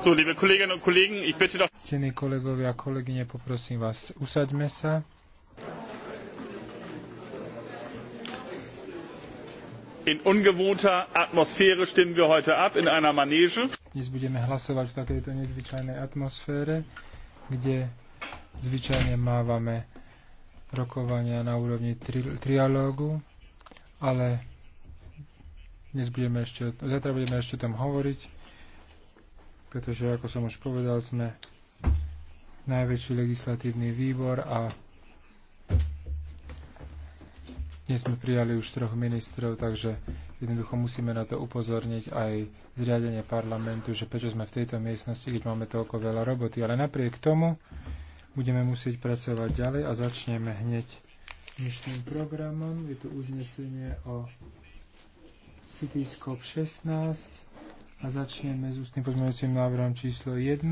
So, liebe Kolleginnen und Kollegen, ich bitte doch... Ctení kolegovia a kolegyne, poprosím vás, usaďme sa. In ungewohnter Atmosphäre stimmen wir heute ab, in einer Manege. Dnes budeme hlasovať v takejto nezvyčajnej atmosfére, kde zvyčajne mávame rokovania na úrovni tri- trialógu, ale dnes budeme ešte, zajtra budeme ešte tam hovoriť pretože, ako som už povedal, sme najväčší legislatívny výbor a dnes sme prijali už troch ministrov, takže jednoducho musíme na to upozorniť aj zriadenie parlamentu, že prečo sme v tejto miestnosti, keď máme toľko veľa roboty. Ale napriek tomu budeme musieť pracovať ďalej a začneme hneď dnešným programom. Je tu uznesenie o Cityscope 16 a začneme s ústnym pozmeňujúcim návrhom číslo 1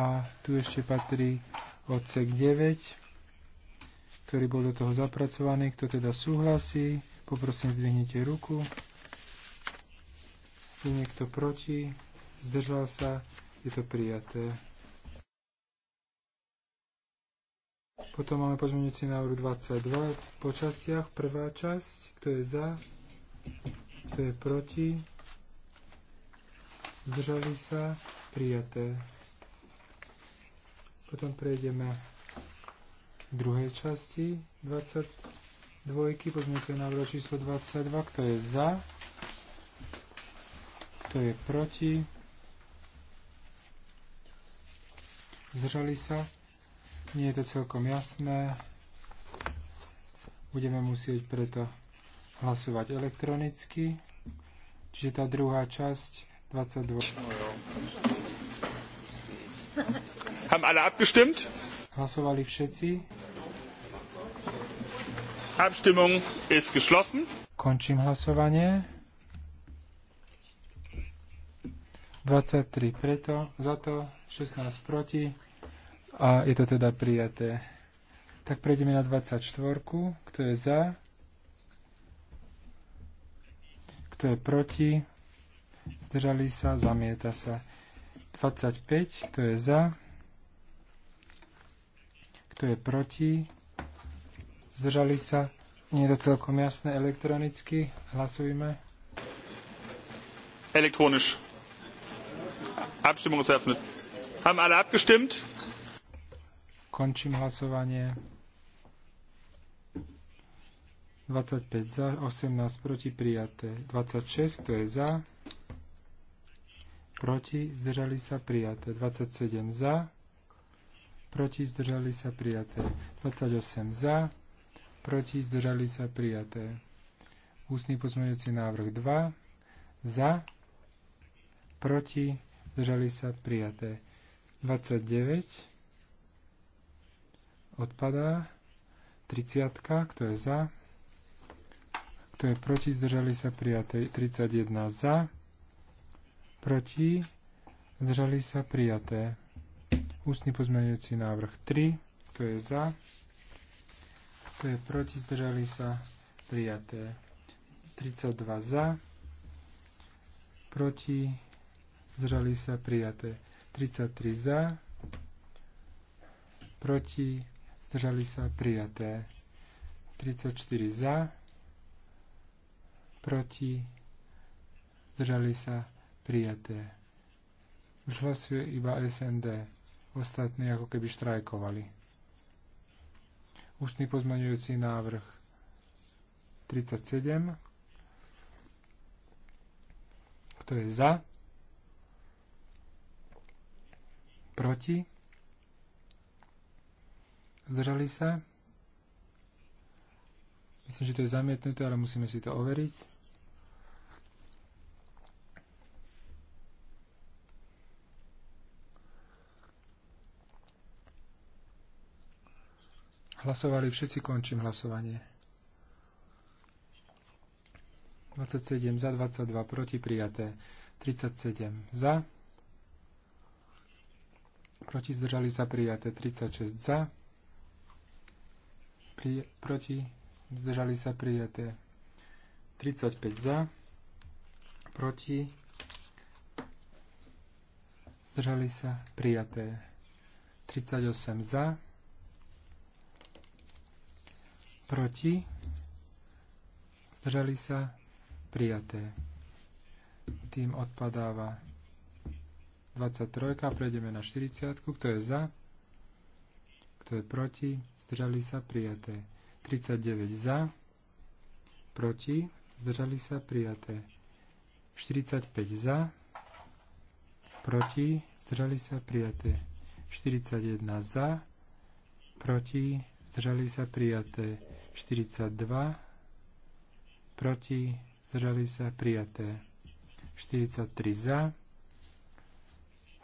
a tu ešte patrí odsek 9, ktorý bol do toho zapracovaný. Kto teda súhlasí, poprosím zdvihnite ruku. Je niekto proti? Zdržal sa? Je to prijaté. Potom máme pozmeňujúci návrh 22 po častiach. Prvá časť, kto je za, kto je proti, zdržali sa, prijaté. Potom prejdeme k druhej časti 22, pozmeňujúce návrh číslo 22, kto je za, kto je proti, zdržali sa, nie je to celkom jasné, budeme musieť preto hlasovať elektronicky, čiže tá druhá časť 22. Haben alle abgestimmt? Hlasovali všetci. Abstimmung ist geschlossen. Končím hlasovanie. 23 preto, za to, 16 proti a je to teda prijaté. Tak prejdeme na 24, kto je za, kto je proti, zdržali sa, zamieta sa. 25, kto je za, kto je proti, zdržali sa. Nie je to celkom jasné elektronicky. Hlasujme. Elektronisch. Abstimmung ist eröffnet. Haben alle abgestimmt? Končím hlasovanie. 25 za, 18 proti prijaté. 26, kto je za? proti, zdržali sa prijaté. 27 za, proti, zdržali sa prijaté. 28 za, proti, zdržali sa prijaté. Ústny pozmeňujúci návrh 2, za, proti, zdržali sa prijaté. 29 odpadá. 30, kto je za, kto je proti, zdržali sa prijaté. 31 za, proti, zdržali sa prijaté. Ústny pozmeňujúci návrh 3, kto je za, kto je proti, zdržali sa prijaté. 32 za, proti, zdržali sa prijaté. 33 za, proti, zdržali sa prijaté. 34 za, proti, zdržali sa prijaté prijaté. Už hlasuje iba SND. Ostatní ako keby štrajkovali. Ústny pozmaňujúci návrh 37. Kto je za? Proti? Zdržali sa? Myslím, že to je zamietnuté, ale musíme si to overiť. Hlasovali všetci, končím hlasovanie. 27 za, 22 proti, prijaté. 37 za, proti, zdržali sa, prijaté. 36 za, pri, proti, zdržali sa, prijaté. 35 za, proti, zdržali sa, prijaté. 38 za, proti, zdržali sa, prijaté. Tým odpadáva 23, prejdeme na 40, kto je za, kto je proti, zdržali sa, prijaté. 39 za, proti, zdržali sa, prijaté. 45 za, proti, zdržali sa, prijaté. 41 za, proti, zdržali sa, prijaté. 42 proti, zdržali sa prijaté. 43 za,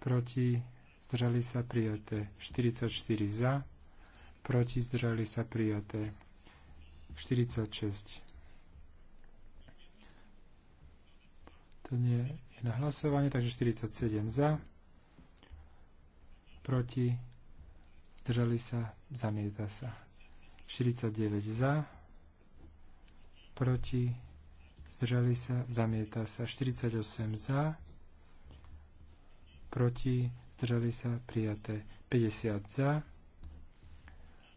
proti, zdržali sa prijaté. 44 za, proti, zdržali sa prijaté. 46. To nie je na hlasovanie, takže 47 za, proti, zdržali sa, zamieta sa. 49 za, proti, zdržali sa, zamieta sa. 48 za, proti, zdržali sa, prijaté. 50 za,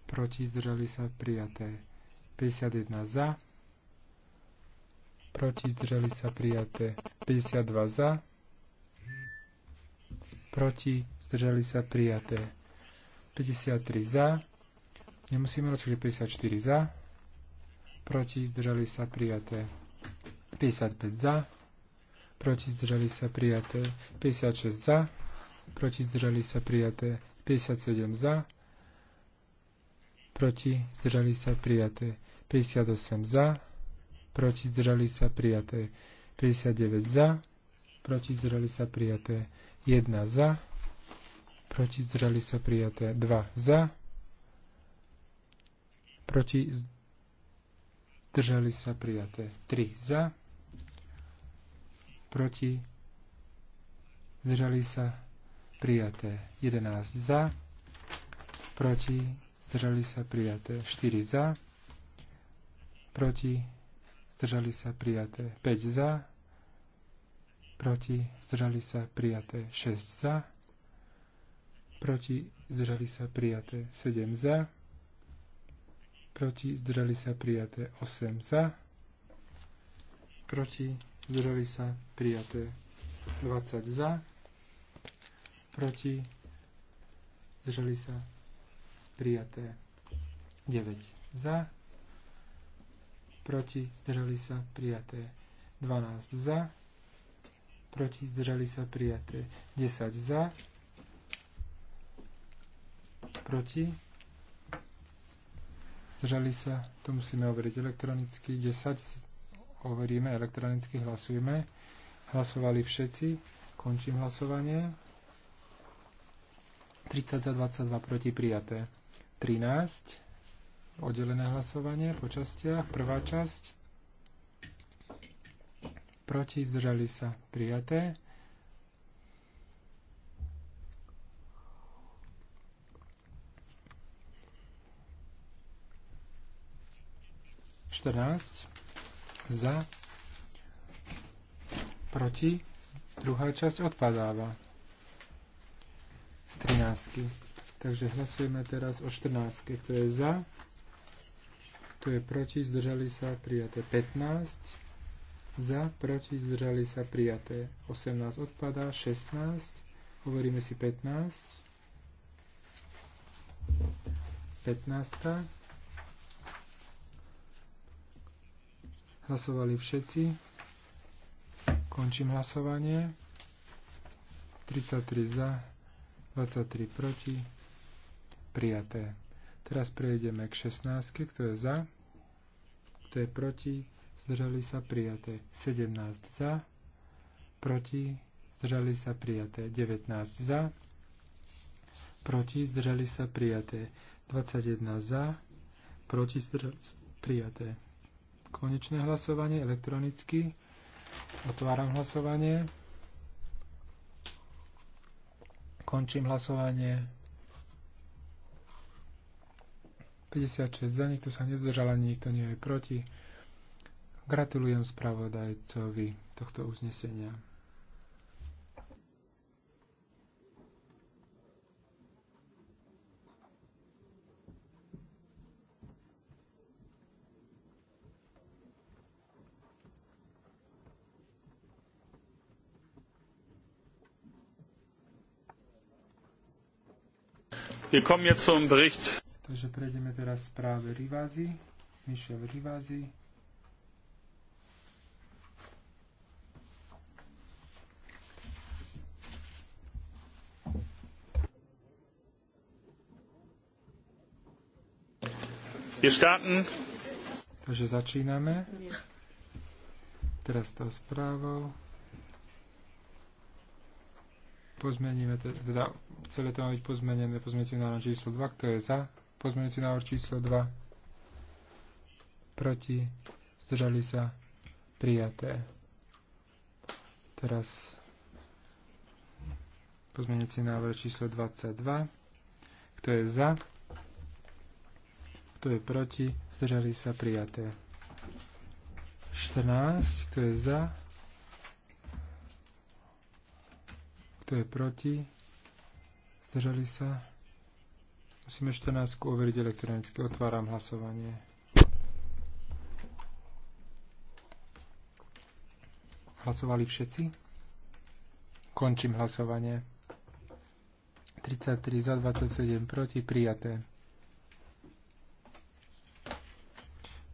proti, zdržali sa, prijaté. 51 za, proti, zdržali sa, prijaté. 52 za, proti, zdržali sa, prijaté. 53 za, Nemusíme rozhodnúť 54 za, proti zdržali sa prijaté 55 za, proti zdržali sa prijaté 56 za, proti zdržali sa prijaté 57 za, proti zdržali sa prijaté 58 za, proti zdržali sa prijaté 59 za, proti zdržali sa prijaté 1 za, proti zdržali sa prijaté 2 za, proti, zdržali sa prijaté. 3 za, proti, zdržali sa prijaté. 11 za, proti, zdržali sa prijaté. 4 za, proti, zdržali sa prijaté. 5 za, proti, zdržali sa prijaté. 6 za, proti, zdržali sa prijaté. 7 za, proti, zdržali sa prijaté 8 za, proti, zdržali sa prijaté 20 za, proti, zdržali sa prijaté 9 za, proti, zdržali sa prijaté 12 za, proti, zdržali sa prijaté 10 za, proti, Zdržali sa? To musíme overiť elektronicky. 10. Overíme elektronicky, hlasujeme. Hlasovali všetci. Končím hlasovanie. 30 za 22 proti prijaté. 13. Oddelené hlasovanie po častiach. Prvá časť. Proti zdržali sa prijaté. 14 za, proti, druhá časť odpadáva z 13. Takže hlasujeme teraz o 14. Kto je za, kto je proti, zdržali sa, prijaté 15. Za, proti, zdržali sa, prijaté 18 odpadá, 16. Hovoríme si 15. 15. Hlasovali všetci. Končím hlasovanie. 33 za, 23 proti. Prijaté. Teraz prejdeme k 16, kto je za, kto je proti, zdržali sa prijaté. 17 za, proti, zdržali sa prijaté. 19 za, proti, zdržali sa prijaté. 21 za, proti, zdržali sa prijaté. Konečné hlasovanie elektronicky. Otváram hlasovanie. Končím hlasovanie. 56 za, nikto sa nezdržal, ani nikto nie je proti. Gratulujem spravodajcovi tohto uznesenia. Wir kommen jetzt zum Bericht. Takže prejdeme teraz správe Rivázy. Michel Rivázy. Wir starten. Takže začíname. Teraz to správou. Pozmeníme teda, celé to má byť pozmenené pozmenujúci návrh číslo 2, kto je za, pozmenujúci návrh číslo 2, proti, zdržali sa, prijaté. Teraz pozmenujúci návrh číslo 22, kto je za, kto je proti, zdržali sa, prijaté. 14, kto je za, Kto je proti? Zdržali sa? Musíme 14 overiť elektronicky. Otváram hlasovanie. Hlasovali všetci? Končím hlasovanie. 33 za 27 proti prijaté.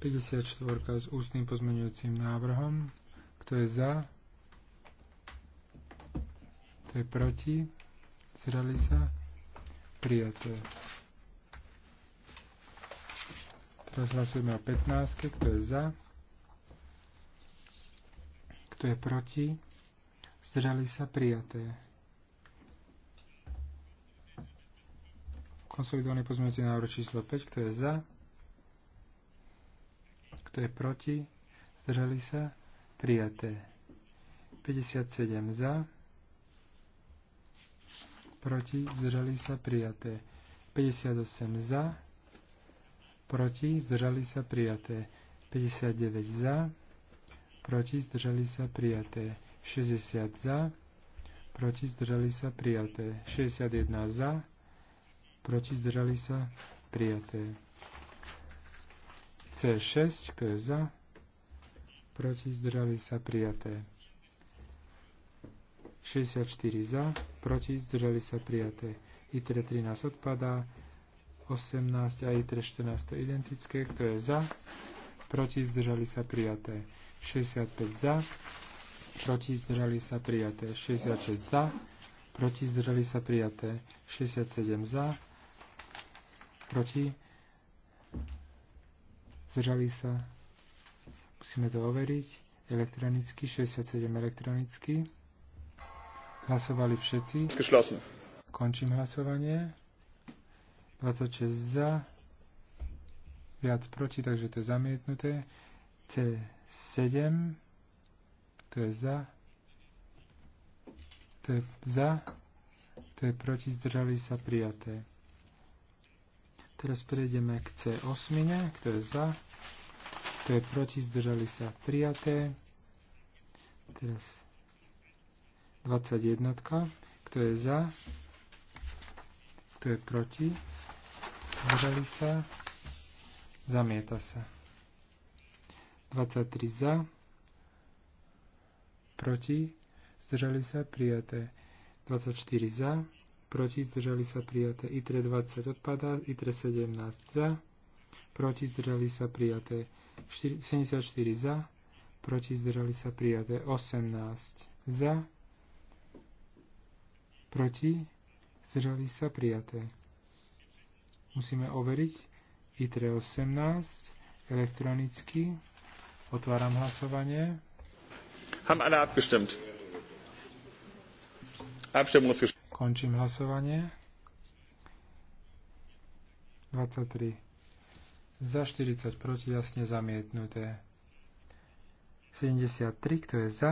54 s ústnym pozmeňujúcim návrhom. Kto je za? Kto je proti? Zreli sa? Prijaté. Teraz hlasujeme o 15. Kto je za? Kto je proti? Zdržali sa? Prijaté. Konsolidovaný pozmeňujúci návrh číslo 5. Kto je za? Kto je proti? Zdržali sa? Prijaté. 57 za proti, zdržali sa prijaté. 58 za, proti, zdržali sa prijaté. 59 za, proti, zdržali sa prijaté. 60 za, proti, zdržali sa prijaté. 61 za, proti, zdržali sa prijaté. C6, kto je za, proti, zdržali sa prijaté. 64 za, proti, zdržali sa prijaté. ITRE 13 odpadá, 18 a ITRE 14 identické, kto je za, proti, zdržali sa prijaté. 65 za, proti, zdržali sa prijaté. 66 za, proti, zdržali sa prijaté. 67 za, proti, zdržali sa. Musíme to overiť. Elektronicky, 67 elektronicky. Hlasovali všetci. Geschlossen. Končím hlasovanie. 26 za, viac proti, takže to je zamietnuté. C7, to je za, to je za, to je proti, zdržali sa prijaté. Teraz prejdeme k C8, kto je za, kto je proti, zdržali sa prijaté. Teraz 21. Kto je za? Kto je proti? Zdržali sa? Zamieta sa. 23 za. Proti? Zdržali sa? Prijaté. 24 za. Proti? Zdržali sa? Prijaté. ITRE 20 odpadá. ITRE 17 za. Proti? Zdržali sa? Prijaté. 74 za. Proti? Zdržali sa? Prijaté. 18 za proti, zdržali sa prijaté. Musíme overiť ITR 18 elektronicky. Otváram hlasovanie. Haben alle abgestimmt. Abstimmung ist Končím hlasovanie. 23. Za 40 proti jasne zamietnuté. 73, kto je za?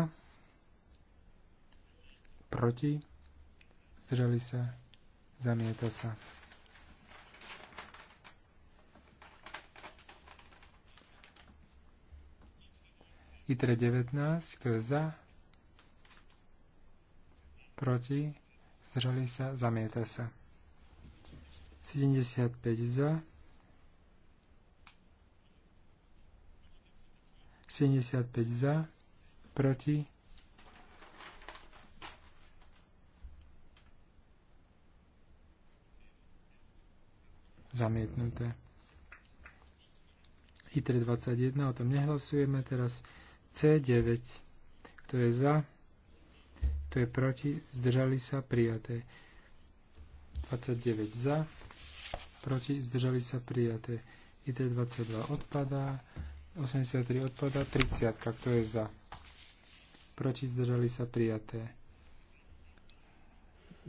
Proti? zdržali sa, zamieta sa. ITRE 19, kto je za, proti, zdržali sa, zamieta sa. 75 za, 75 za, proti, sa, zamietnuté. i 21, o tom nehlasujeme. Teraz C9, kto je za, kto je proti, zdržali sa, prijaté. 29 za, proti, zdržali sa, prijaté. ITRE 22 odpadá, 83 odpadá, 30, kto je za, proti, zdržali sa, prijaté.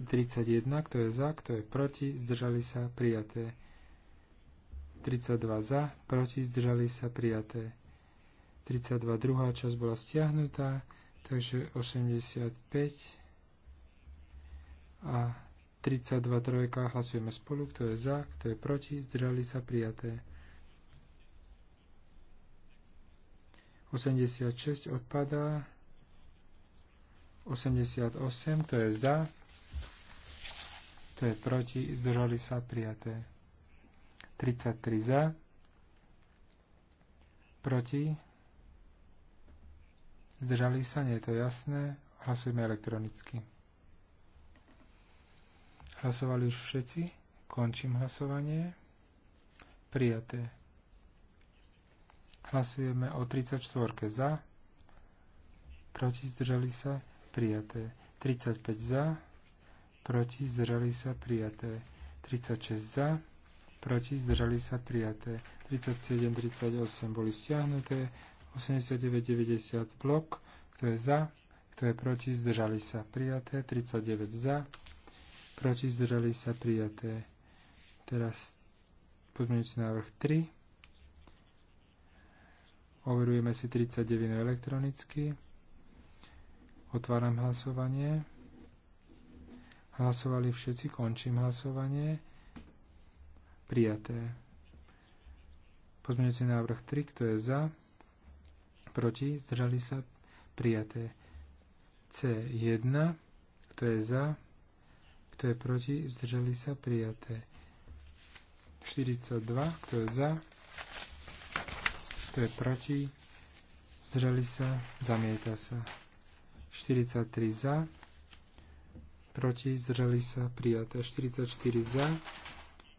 31, kto je za, kto je proti, zdržali sa, prijaté. 32 za, proti, zdržali sa prijaté. 32 druhá časť bola stiahnutá, takže 85 a 32 trojka hlasujeme spolu, kto je za, kto je proti, zdržali sa prijaté. 86 odpadá, 88, kto je za, kto je proti, zdržali sa prijaté. 33 za, proti, zdržali sa, nie je to jasné, hlasujeme elektronicky. Hlasovali už všetci, končím hlasovanie, prijaté. Hlasujeme o 34 za, proti, zdržali sa, prijaté. 35 za, proti, zdržali sa, prijaté. 36 za, proti, zdržali sa prijaté. 37, 38 boli stiahnuté, 89, 90 blok, kto je za, kto je proti, zdržali sa prijaté, 39 za, proti, zdržali sa prijaté. Teraz pozmeňujúci návrh 3. Overujeme si 39 elektronicky. Otváram hlasovanie. Hlasovali všetci, končím hlasovanie prijaté. Pozmeňujúci návrh 3, kto je za, proti, zdržali sa, prijaté. C1, kto je za, kto je proti, zdržali sa, prijaté. 42, kto je za, kto je proti, zdržali sa, zamieta sa. 43 za, proti, zdržali sa, prijaté. 44 za,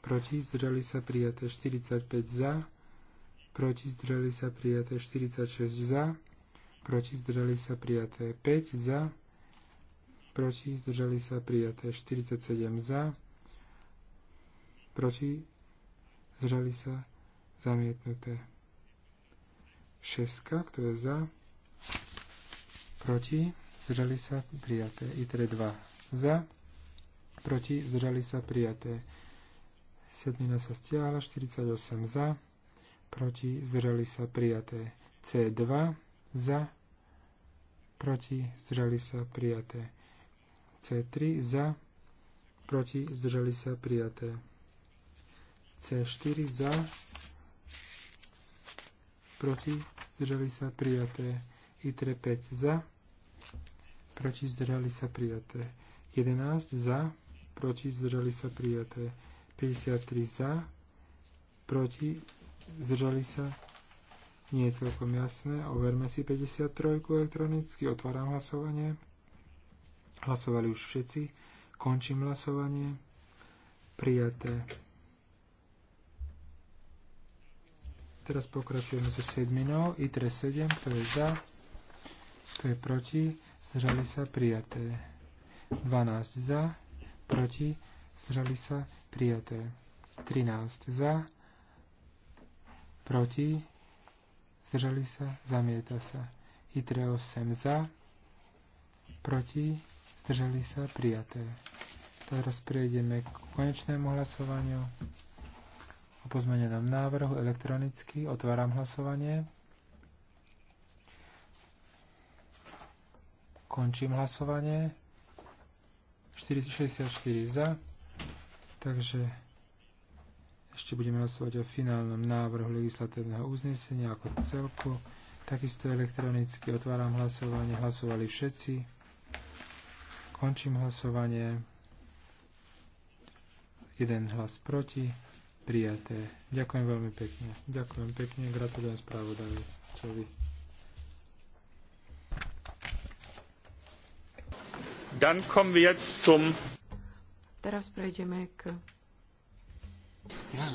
proti, zdržali sa prijaté 45 za, proti, zdržali sa prijaté 46 za, proti, zdržali sa prijaté 5 za, proti, zdržali sa prijaté 47 za, proti, zdržali sa zamietnuté 6, kto je za, proti, zdržali sa prijaté ITRE 2 za, proti, zdržali sa prijaté Sedmina sa stiahla, 48 za, proti, zdržali sa prijaté. C2 za, proti, zdržali sa prijaté. C3 za, proti, zdržali sa prijaté. C4 za, proti, zdržali sa prijaté. ITRE 5 za, proti, zdržali sa prijaté. 11 za, proti, zdržali sa prijaté. 53 za, proti, zdržali sa, nie je celkom jasné. Overme si 53 elektronicky, otváram hlasovanie. Hlasovali už všetci, končím hlasovanie, prijaté. Teraz pokračujeme so sedminou, ITRE 7, kto je za, kto je proti, zdržali sa, prijaté. 12 za, proti, zdržali sa, prijaté. 13 za, proti, zdržali sa, zamieta sa. ITRE 8 za, proti, zdržali sa, prijaté. Teraz prejdeme k konečnému hlasovaniu o pozmenenom návrhu elektronicky. Otváram hlasovanie. Končím hlasovanie. 464 za. Takže ešte budeme hlasovať o finálnom návrhu legislatívneho uznesenia ako celku. Takisto elektronicky otváram hlasovanie. Hlasovali všetci. Končím hlasovanie. Jeden hlas proti. Prijaté. Ďakujem veľmi pekne. Ďakujem pekne. Gratulujem správodajcovi. Dann kommen wir jetzt zum Teraz prejdeme k... No?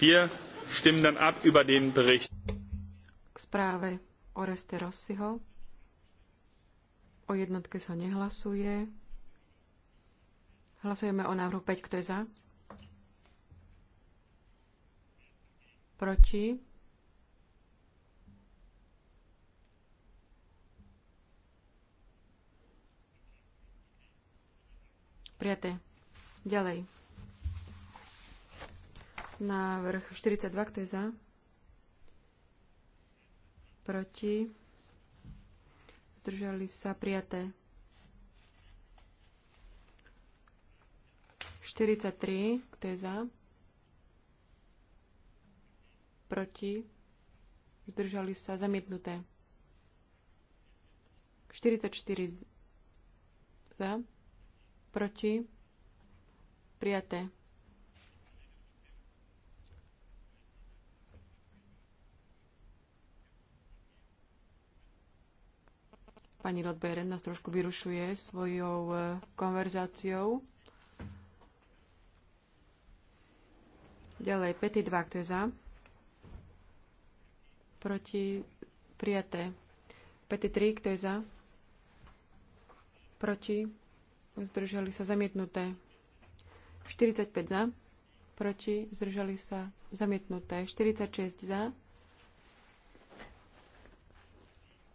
Wir stimmen dann ab über den Bericht. K správe Oreste Rossiho. O jednotke sa nehlasuje. Hlasujeme o návrhu 5. Kto je za? Proti? Prijaté. Ďalej. Návrh 42, kto je za? Proti? Zdržali sa prijaté. 43, kto je za? Proti? Zdržali sa zamietnuté. 44 za proti, prijaté. Pani Lodberen nás trošku vyrušuje svojou e, konverzáciou. Ďalej, 5. 2, kto je za? Proti, prijaté. 5. 3, kto je za? Proti, zdržali sa zamietnuté. 45 za, proti, zdržali sa zamietnuté. 46 za,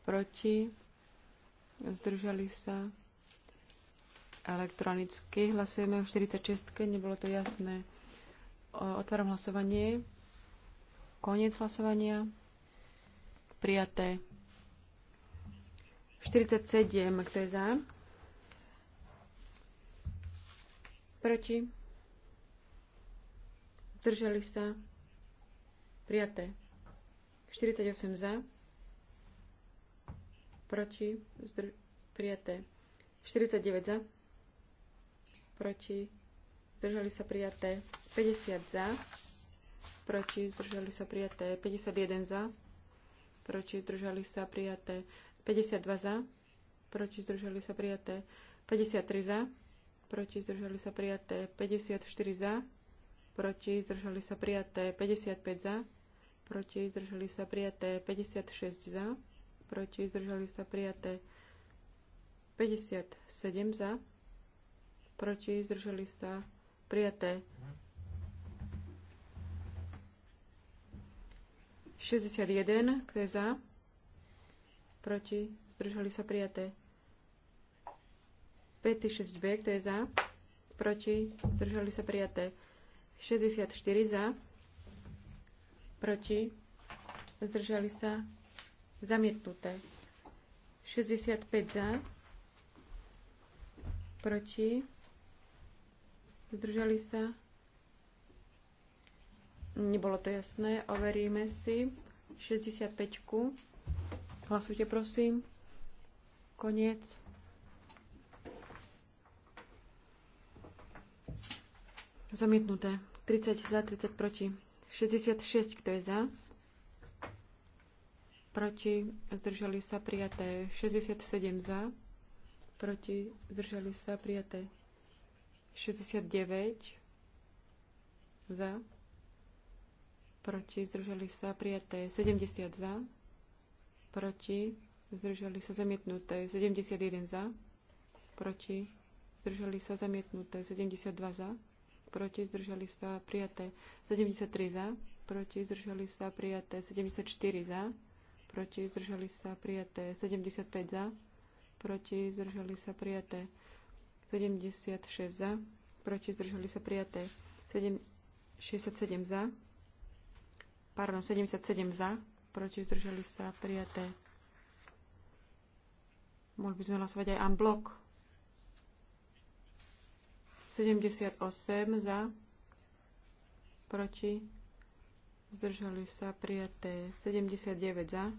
proti, zdržali sa elektronicky. Hlasujeme o 46, nebolo to jasné. Otváram hlasovanie. Koniec hlasovania. Prijaté. 47, kto je za? Proti? Zdržali sa? Prijaté. 48 za. Proti? Zdr- prijaté. 49 za. Proti? Zdržali sa prijaté. 50 za. Proti? Zdržali sa prijaté. 51 za. Proti? Zdržali sa prijaté. 52 za. Proti? Zdržali sa prijaté. 53 za proti zdržali sa prijaté 54 za, proti zdržali sa prijaté 55 za, proti zdržali sa prijaté 56 za, proti zdržali sa prijaté 57 za, proti zdržali sa prijaté 61, kto je za, proti zdržali sa prijaté 5, 6b, kto je za? Proti? Zdržali sa prijaté. 64 za. Proti? Zdržali sa zamietnuté. 65 za. Proti? Zdržali sa. Nebolo to jasné. Overíme si. 65. -ku. Hlasujte, prosím. Koniec. Zamietnuté. 30 za, 30 proti. 66, kto je za? Proti, zdržali sa prijaté. 67 za, proti, zdržali sa prijaté. 69 za, proti, zdržali sa prijaté. 70 za, proti, zdržali sa zamietnuté. 71 za, proti, zdržali sa zamietnuté. 72 za, proti, zdržali sa prijaté 73 za, proti, zdržali sa prijaté 74 za, proti, zdržali sa prijaté 75 za, proti, zdržali sa prijaté 76 za, proti, zdržali sa prijaté 7, 67 za, pardon, 77 za, proti, zdržali sa prijaté. Mohli by sme hlasovať aj unblock. 78 za, proti, zdržali sa prijaté 79 za,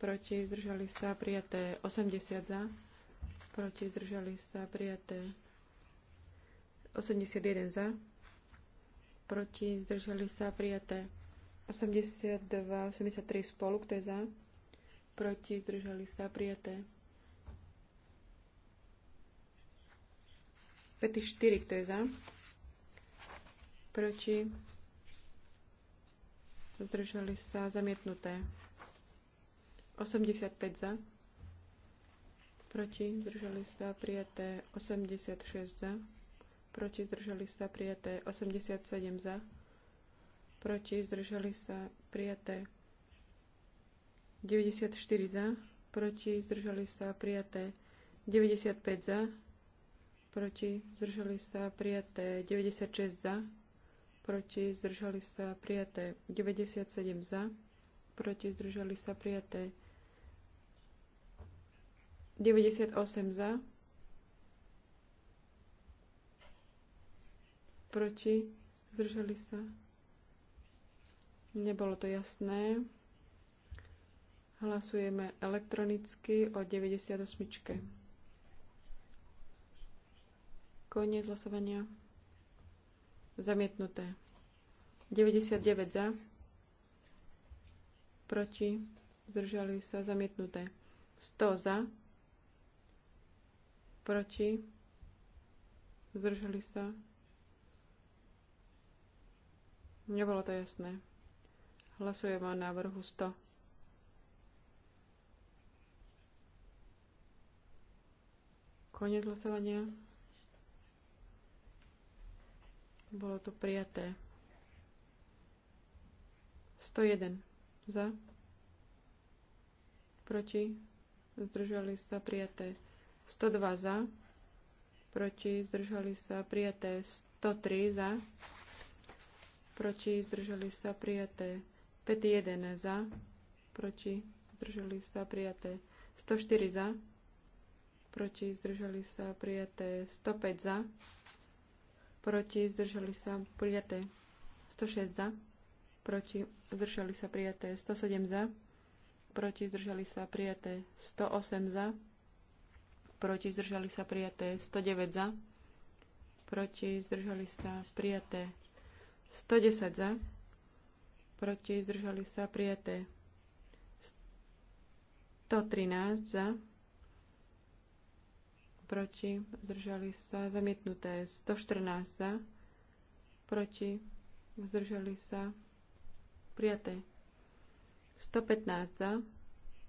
proti, zdržali sa prijaté 80 za, proti, zdržali sa prijaté 81 za, proti, zdržali sa prijaté 82, 83 spolu, kto je za, proti, zdržali sa prijaté 5, 4, kto je za? Proti? Zdržali sa zamietnuté. 85 za. Proti? Zdržali sa prijaté. 86 za. Proti? Zdržali sa prijaté. 87 za. Proti? Zdržali sa prijaté. 94 za. Proti? Zdržali sa prijaté. 95 za proti, zdržali sa prijaté 96 za, proti, zdržali sa prijaté 97 za, proti, zdržali sa prijaté 98 za, proti, zdržali sa. Nebolo to jasné. Hlasujeme elektronicky o 98. Koniec hlasovania. Zamietnuté. 99 za. Proti. Zdržali sa. Zamietnuté. 100 za. Proti. Zdržali sa. Nebolo to jasné. Hlasujeme o návrhu 100. Koniec hlasovania. Bolo to prijaté. 101 za. Proti. Zdržali sa prijaté. 102 za. Proti. Zdržali sa prijaté. 103 za. Proti. Zdržali sa prijaté. 51 za. Proti. Zdržali sa prijaté. 104 za. Proti. Zdržali sa prijaté. 105 za proti, zdržali sa prijaté 106 za, proti, zdržali sa prijaté 107 za, proti, zdržali sa prijaté 108 za, proti, zdržali sa prijaté 109 za, proti, zdržali sa prijaté 110 za, proti, zdržali sa prijaté 113 za, proti, zdržali sa, zamietnuté 114 za, proti, zdržali sa, prijaté 115 za,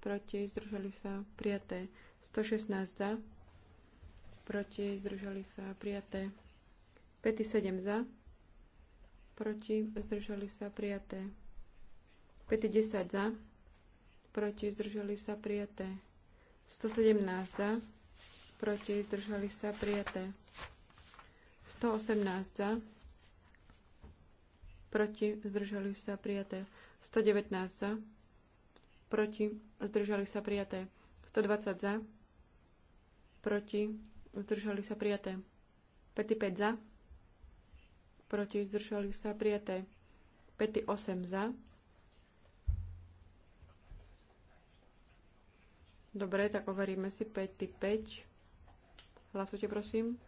proti, zdržali sa, prijaté 116 za, proti, zdržali sa, prijaté 57 za, proti, zdržali sa, prijaté 510 za, proti, zdržali sa, prijaté 117 za, proti, zdržali sa, prijaté. 118 za, proti, zdržali sa, prijaté. 119 za, proti, zdržali sa, prijaté. 120 za, proti, zdržali sa, prijaté. 55 za, proti, zdržali sa, prijaté. 58 za, Dobre, tak overíme si 5, 5. Hlasujte, prosím.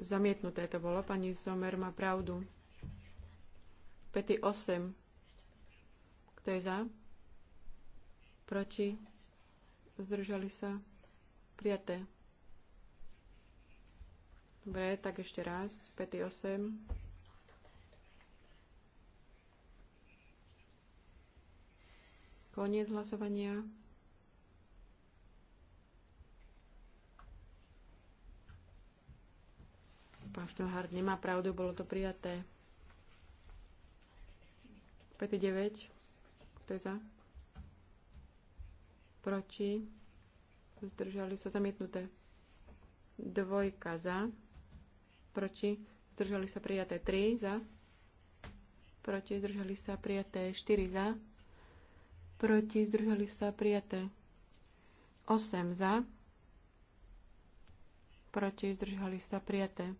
Zamietnuté to bolo, pani Somer má pravdu. Pety 8. Kto je za? Proti? Zdržali sa? Prijaté. Dobre, tak ešte raz. Pety 8. Koniec hlasovania. Pán Štohár nemá pravdu, bolo to prijaté. 5.9. Kto je za? Proti? Zdržali sa zamietnuté. Dvojka za. Proti? Zdržali sa prijaté 3 za. Proti? Zdržali sa prijaté 4 za proti, zdržali sa prijaté. 8 za, proti, zdržali sa prijaté.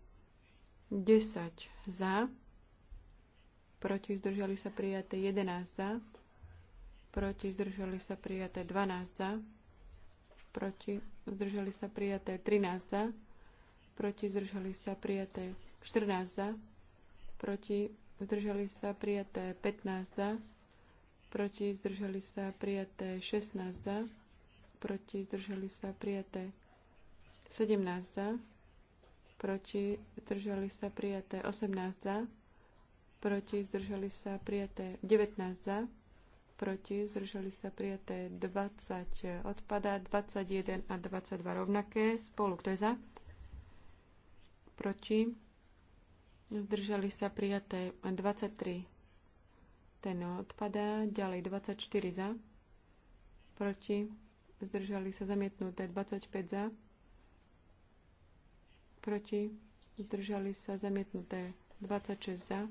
10 za, proti, zdržali sa prijaté. 11 za, proti, zdržali sa prijaté. 12 za, proti, zdržali sa prijaté. 13 za, proti, zdržali sa prijaté. 14 za, proti, zdržali sa prijaté. 15 za, proti zdržali sa prijaté 16 za, proti zdržali sa prijaté 17 za, proti zdržali sa prijaté 18 za, proti zdržali sa prijaté 19 za, proti zdržali sa prijaté 20 odpada, 21 a 22 rovnaké spolu. Kto je za? Proti zdržali sa prijaté 23 ten odpadá. Ďalej 24 za, proti, zdržali sa zamietnuté 25 za, proti, zdržali sa zamietnuté 26 za,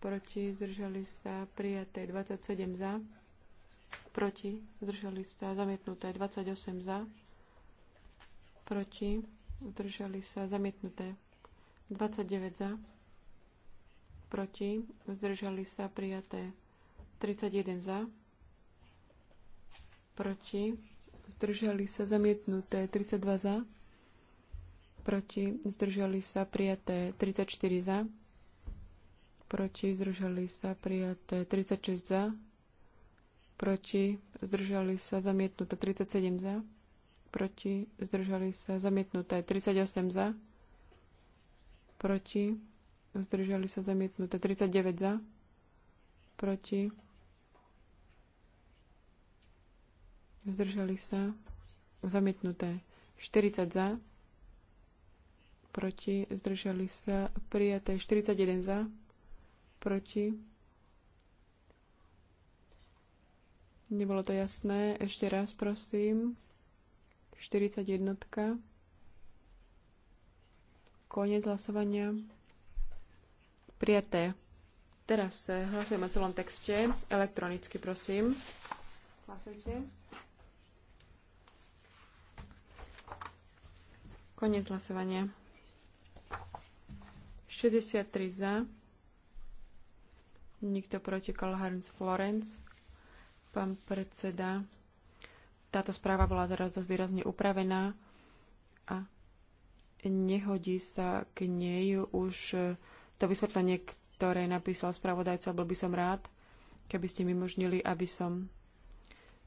proti, zdržali sa prijaté 27 za, proti, zdržali sa zamietnuté 28 za, proti, zdržali sa zamietnuté 29 za, proti, zdržali sa prijaté 31 za, proti, zdržali sa zamietnuté 32 za, proti, zdržali sa prijaté 34 za, proti, zdržali sa prijaté 36 za, proti, zdržali sa zamietnuté 37 za, proti, zdržali sa zamietnuté 38 za, proti, zdržali sa zamietnuté. 39 za, proti, zdržali sa zamietnuté. 40 za, proti, zdržali sa prijaté. 41 za, proti. Nebolo to jasné. Ešte raz prosím. 41. Koniec hlasovania. Prijaté. Teraz eh, hlasujeme o celom texte. Elektronicky, prosím. Hlasujte. Koniec hlasovania. 63 za. Nikto proti Kalharns Florence. Pán predseda, táto správa bola teraz dosť výrazne upravená a nehodí sa k nej už eh, to vysvetlenie, ktoré napísal spravodajca, bol by som rád, keby ste mi možnili, aby som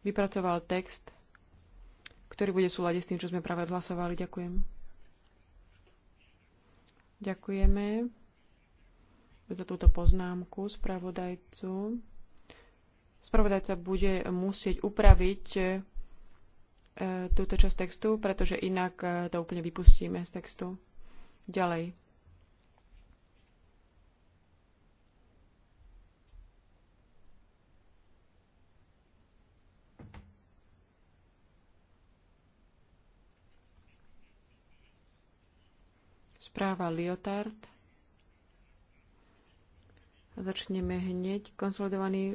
vypracoval text, ktorý bude súľadiť s tým, čo sme práve odhlasovali. Ďakujem. Ďakujeme za túto poznámku spravodajcu. Spravodajca bude musieť upraviť e, túto časť textu, pretože inak e, to úplne vypustíme z textu. Ďalej. Správa Lyotard. Začneme hneď. Konsolidovaný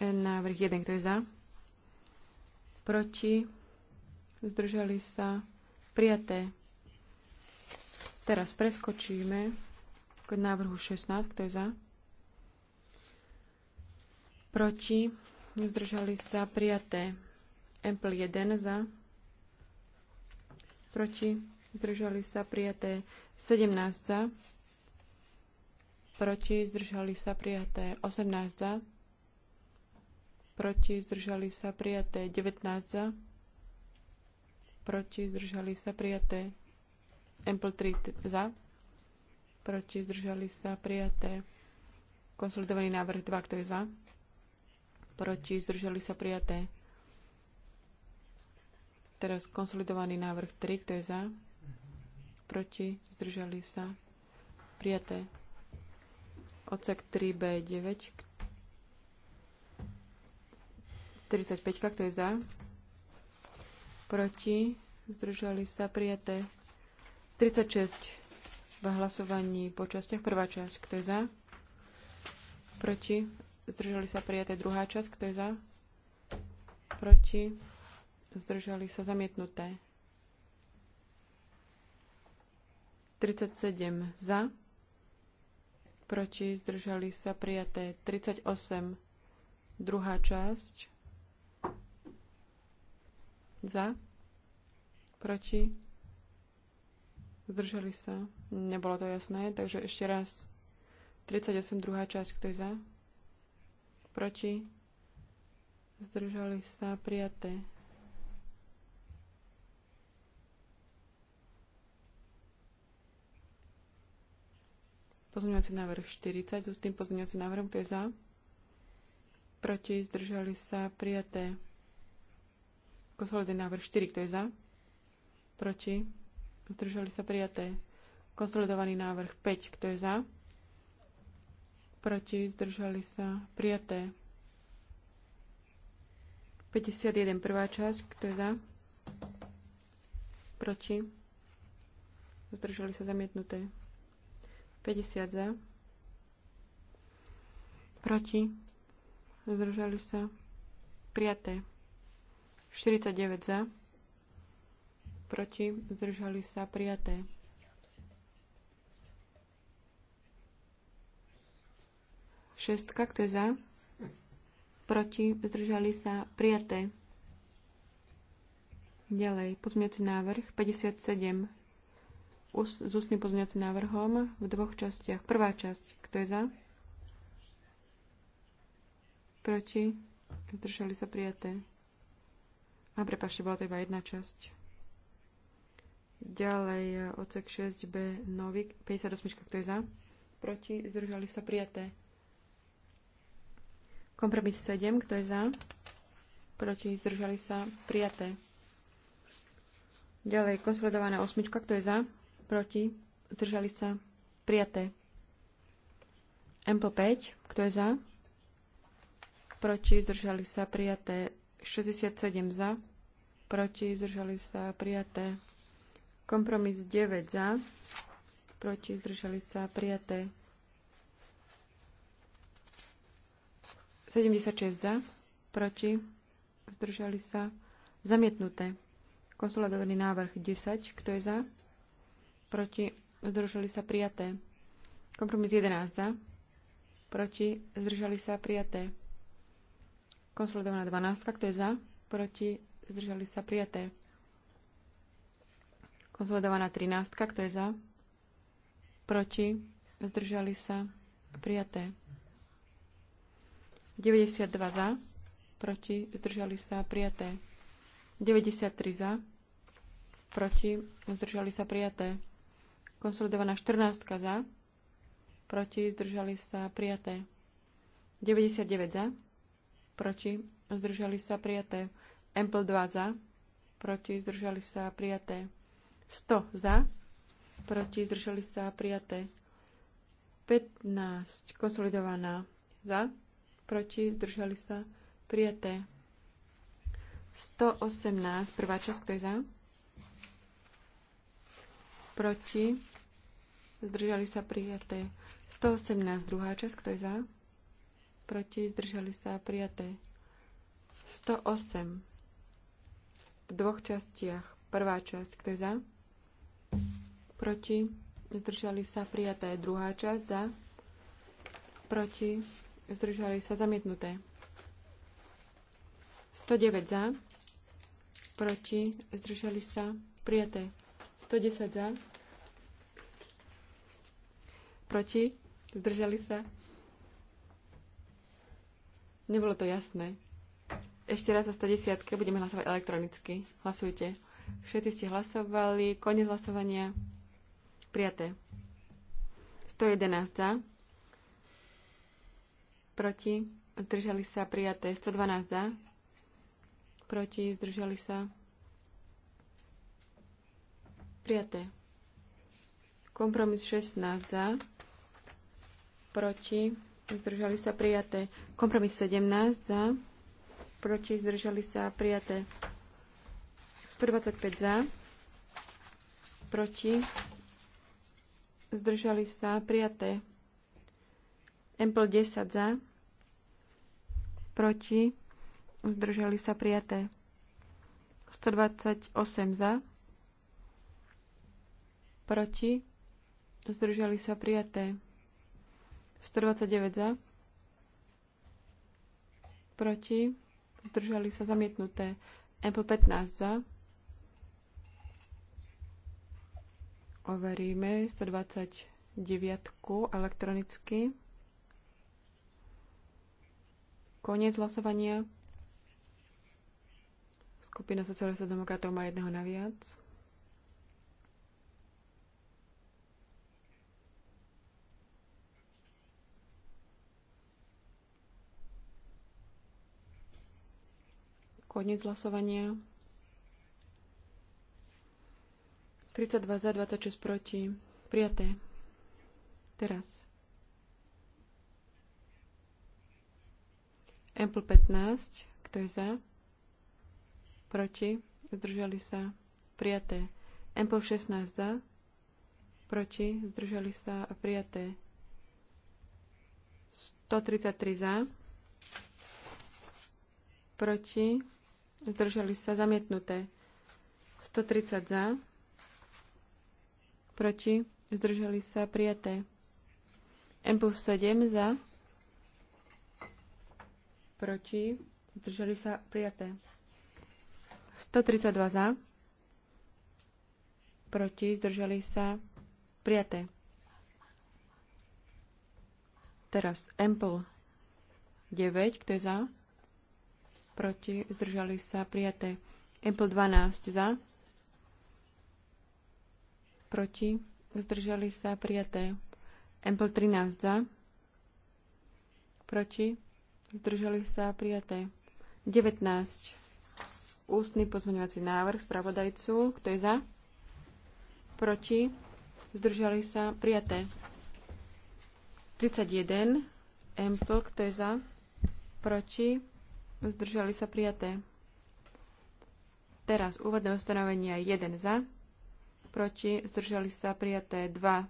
e, návrh 1, kto je za? Proti? Zdržali sa? Prijaté. Teraz preskočíme k návrhu 16, kto je za? Proti? Zdržali sa? Prijaté. Empl 1 za? Proti? zdržali sa prijaté 17 za, proti zdržali sa prijaté 18 za, proti zdržali sa prijaté 19 za, proti zdržali sa prijaté Ample 3 za, proti zdržali sa prijaté konsolidovaný návrh 2, kto je za, proti zdržali sa prijaté Teraz konsolidovaný návrh 3, kto je za? proti, zdržali sa, prijaté. Odsek 3B9, 35, kto je za, proti, zdržali sa, prijaté. 36 v hlasovaní po častiach. Prvá časť, kto je za, proti, zdržali sa, prijaté. Druhá časť, kto je za, proti, zdržali sa, zamietnuté. 37 za, proti zdržali sa prijaté 38, druhá časť, za, proti, zdržali sa, nebolo to jasné, takže ešte raz, 38, druhá časť, kto je za, proti, zdržali sa prijaté Pozmeňovací návrh 40 so s tým pozmeňovacím návrhom, kto je za? Proti zdržali sa prijaté. Konsolidný návrh 4, kto je za? Proti zdržali sa prijaté. Konsolidovaný návrh 5, kto je za? Proti zdržali sa prijaté. 51, prvá časť, kto je za? Proti zdržali sa zamietnuté. 50 za. Proti. Zdržali sa. Prijaté. 49 za. Proti. Zdržali sa. Prijaté. Šestka, kto je za? Proti. Zdržali sa. Prijaté. Ďalej. Pozmiaci návrh. 57 s ústnym pozňacím návrhom v dvoch častiach. Prvá časť, kto je za? Proti? Zdržali sa prijaté. A prepašte, bola to iba jedna časť. Ďalej e, odsek 6b nový, 58, kto je za? Proti? Zdržali sa prijaté. Kompromis 7, kto je za? Proti? Zdržali sa prijaté. Ďalej konsolidovaná osmička, kto je za? proti, zdržali sa, prijaté. Ample 5, kto je za, proti, zdržali sa, prijaté. 67 za, proti, zdržali sa, prijaté. Kompromis 9 za, proti, zdržali sa, prijaté. 76 za, proti, zdržali sa, zamietnuté. Konsolidovaný návrh 10, kto je za? proti, zdržali sa prijaté. Kompromis 11 za, proti, zdržali sa prijaté. Konsolidovaná 12, kto je za, proti, zdržali sa prijaté. Konsolidovaná 13, kto je za, proti, zdržali sa prijaté. 92 za, proti, zdržali sa prijaté. 93 za, proti, zdržali sa prijaté. Konsolidovaná 14 za. Proti zdržali sa prijaté. 99 za. Proti zdržali sa prijaté. Ample 2 za. Proti zdržali sa prijaté. 100 za. Proti zdržali sa prijaté. 15 konsolidovaná za. Proti zdržali sa prijaté. 118 prvá časť za proti, zdržali sa prijaté. 118, druhá časť, kto je za, proti, zdržali sa prijaté. 108, v dvoch častiach. Prvá časť, kto je za, proti, zdržali sa prijaté. Druhá časť, za, proti, zdržali sa zamietnuté. 109 za, proti, zdržali sa prijaté. 110 za. Proti? Zdržali sa? Nebolo to jasné. Ešte raz za 110 budeme hlasovať elektronicky. Hlasujte. Všetci ste hlasovali. Koniec hlasovania. Prijaté. 111 za. Proti? Zdržali sa? Prijaté. 112 za. Proti? Zdržali sa? Prijaté. Kompromis 16 za. Proti. Zdržali sa prijaté. Kompromis 17 za. Proti. Zdržali sa prijaté. 125 za. Proti. Zdržali sa prijaté. Empl 10 za. Proti. Zdržali sa prijaté. 128 za proti, zdržali sa prijaté. 129 za, proti, zdržali sa zamietnuté. MP15 za, overíme 129 elektronicky. Koniec hlasovania. Skupina sociálnych demokratov má jedného naviac. Koniec hlasovania. 32 za, 26 proti. Prijaté. Teraz. Ample 15. Kto je za? Proti. Zdržali sa. Prijaté. Ample 16 za. Proti. Zdržali sa. Prijaté. 133 za. Proti zdržali sa zamietnuté. 130 za, proti, zdržali sa prijaté. M plus 7 za, proti, zdržali sa prijaté. 132 za, proti, zdržali sa prijaté. Teraz plus 9, kto je za? proti, zdržali sa prijaté. Apple 12 za, proti, zdržali sa prijaté. Apple 13 za, proti, zdržali sa prijaté. 19. Ústny pozmeňovací návrh spravodajcu. Kto je za? Proti? Zdržali sa? Prijaté. 31. Empl. Kto je za? Proti? zdržali sa prijaté. Teraz úvodné ustanovenia 1 za, proti, zdržali sa prijaté 2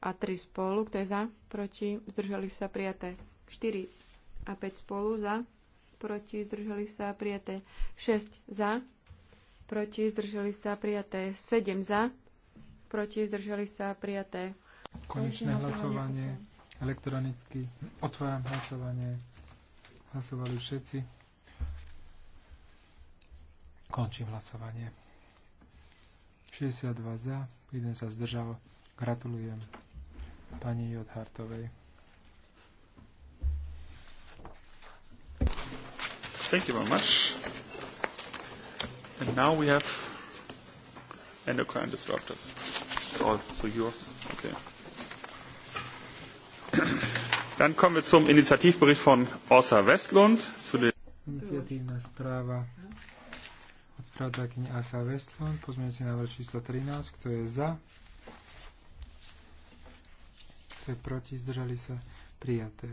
a 3 spolu, kto je za, proti, zdržali sa prijaté 4 a 5 spolu za, proti, zdržali sa prijaté 6 za, proti, zdržali sa prijaté 7 za, proti, zdržali sa prijaté. Konečné hlasovanie, elektronicky, otváram hlasovanie. Hlasovali všetci. Končím hlasovanie. 62 za, jeden sa zdržal. Gratulujem pani Jodhartovej. Thank you very much. And now we have endocrine disruptors. all, so you're, okay. Dann kommen wir zum Initiativbericht von Orsa Westlund. Zu den Iniciatívna správa od správdakyne Asa Westlund, pozmeňujúci návrh číslo 13, kto je za, kto je proti, zdržali sa prijaté.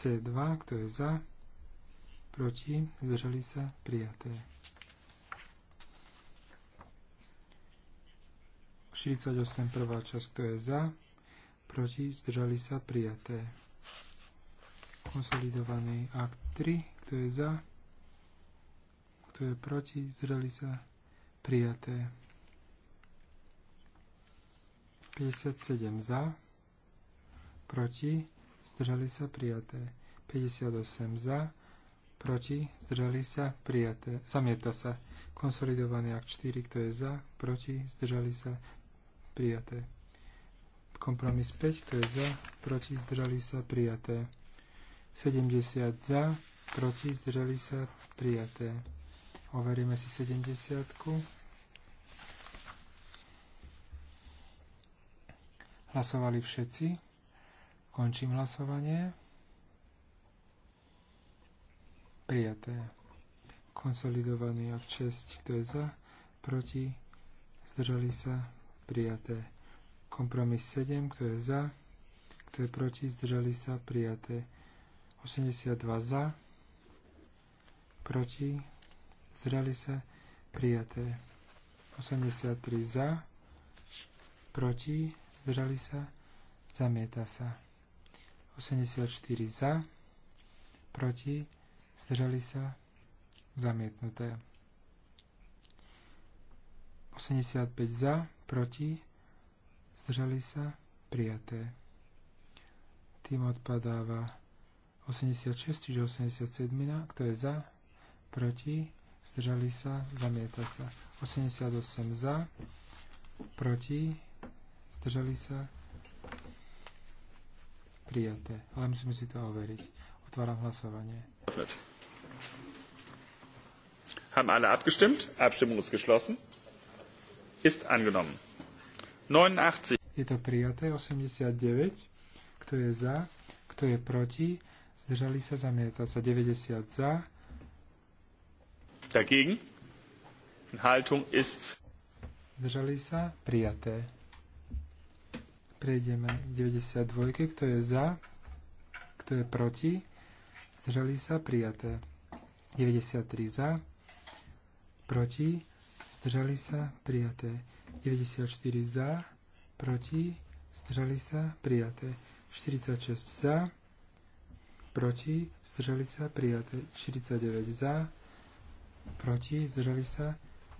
C2, kto je za, proti, zdržali sa prijaté. 48 prvá časť, kto je za, proti, zdržali sa, prijaté. Konsolidovaný akt 3, kto je za, kto je proti, zdržali sa, prijaté. 57 za, proti, zdržali sa, prijaté. 58 za, proti, zdržali sa, prijaté, zamieta sa. Konsolidovaný akt 4, kto je za, proti, zdržali sa, prijaté. Kompromis 5, kto je za, proti, zdržali sa, prijaté. 70 za, proti, zdržali sa, prijaté. Overíme si 70. Hlasovali všetci. Končím hlasovanie. Prijaté. Konsolidovaný ak 6, kto je za, proti, zdržali sa, prijaté. Kompromis 7, kto je za, kto je proti, zdržali sa, prijaté. 82 za, proti, zdržali sa, prijaté. 83 za, proti, zdržali sa, zamieta sa. 84 za, proti, zdržali sa, zamietnuté. 85 za, proti, zdržali sa, prijaté. Tým odpadáva 86, čiže 87, kto je za, proti, zdržali sa, zamieta sa. 88 za, proti, zdržali sa, prijaté. Ale musíme si to overiť. Otváram hlasovanie. Haben alle abgestimmt? Abstimmung ist geschlossen ist angenommen. 89. Je to prijaté 89. Kto je za? Kto je proti? Zdržali sa, zamieta sa 90 za. Dagegen. Haltung ist. Zdržali sa, prijaté. Prejdeme 92. Kto je za? Kto je proti? Zdržali sa, prijaté. 93 za. Proti zdržali sa, prijaté. 94 za, proti, zdržali sa, prijaté. 46 za, proti, zdržali sa, prijaté. 49 za, proti, zdržali sa,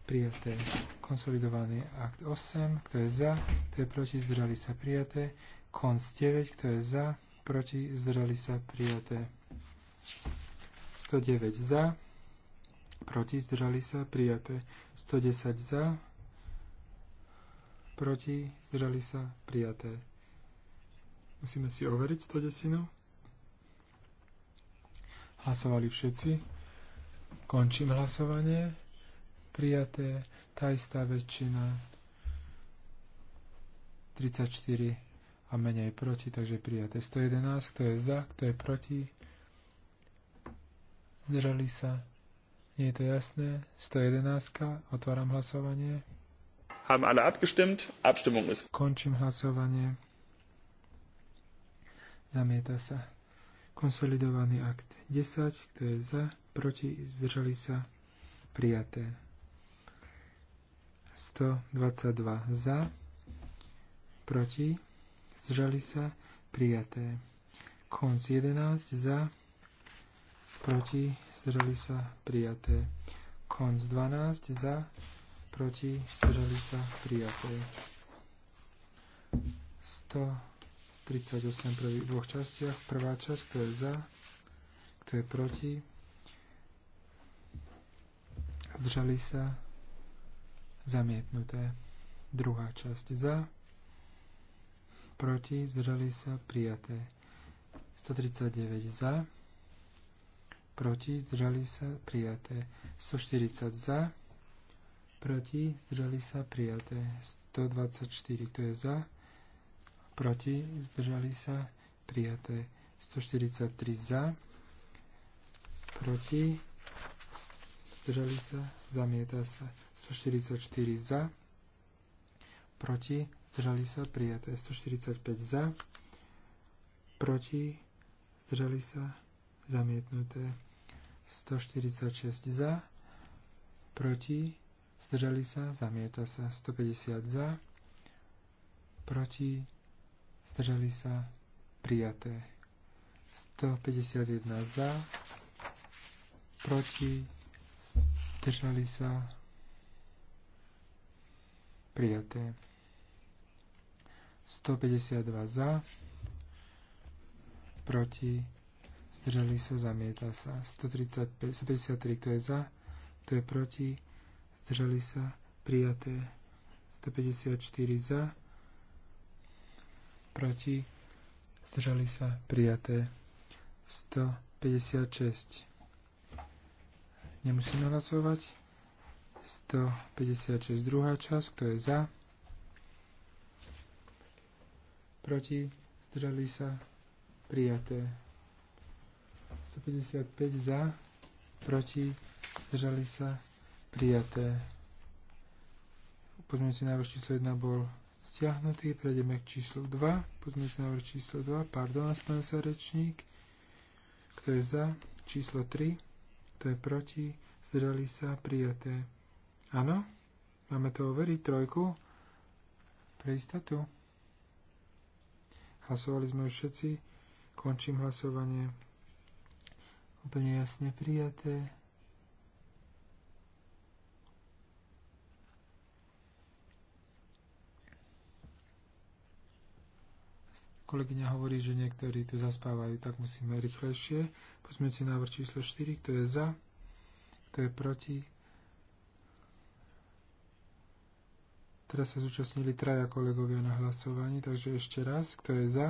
prijaté. Konsolidovaný akt 8, kto je za, kto je proti, zdržali sa, prijaté. Konc 9, kto je za, proti, zdržali sa, prijaté. 109 za, proti, zdržali sa, prijaté. 110 za, proti, zdržali sa, prijaté. Musíme si overiť 110. Hlasovali všetci. Končím hlasovanie. Prijaté tá istá väčšina 34 a menej proti, takže prijaté 111, kto je za, kto je proti, zdržali sa, nie je to jasné. 111. Otváram hlasovanie. Haben alle abgestimmt. Abstimmung ist... Končím hlasovanie. Zamieta sa. Konsolidovaný akt 10. Kto je za? Proti? Zdržali sa? Prijaté. 122 za, proti, zdržali sa, prijaté. Konc 11 za, proti, zdržali sa prijaté. Konc 12 za, proti, zdržali sa prijaté. 138 prvých dvoch častiach. Prvá časť, kto je za, kto je proti, zdržali sa zamietnuté. Druhá časť za, proti, zdržali sa prijaté. 139 za, proti, zdržali sa, prijaté. 140 za, proti, zdržali sa, prijaté. 124, kto je za, proti, zdržali sa, prijaté. 143 za, proti, zdržali sa, zamieta sa. 144 za, proti, zdržali sa, prijaté. 145 za, proti, zdržali sa, zamietnuté. 146 za, proti, zdržali sa, zamieta sa, 150 za, proti, zdržali sa, prijaté. 151 za, proti, zdržali sa, prijaté. 152 za, proti, zdržali sa, zamieta sa. 135, 153, kto je za, kto je proti, zdržali sa, prijaté. 154 za, proti, zdržali sa, prijaté. 156. Nemusíme hlasovať. 156 druhá časť, kto je za, proti, zdržali sa, prijaté. 155 za, proti, zdržali sa, prijaté. Pozmeňujúci návrh číslo 1 bol stiahnutý. Prejdeme k číslu 2. Pozmeňujúci návrh číslo 2. Pardon, aspoň sa rečník. Kto je za? Číslo 3. Kto je proti? Zdržali sa, prijaté. Áno? Máme to overiť? Trojku? Pre istotu. Hlasovali sme už všetci. Končím hlasovanie. Úplne jasne prijaté. Kolegyňa hovorí, že niektorí tu zaspávajú, tak musíme rýchlejšie. Poďme si návrh číslo 4, kto je za, kto je proti. Teraz sa zúčastnili traja kolegovia na hlasovaní, takže ešte raz, kto je za,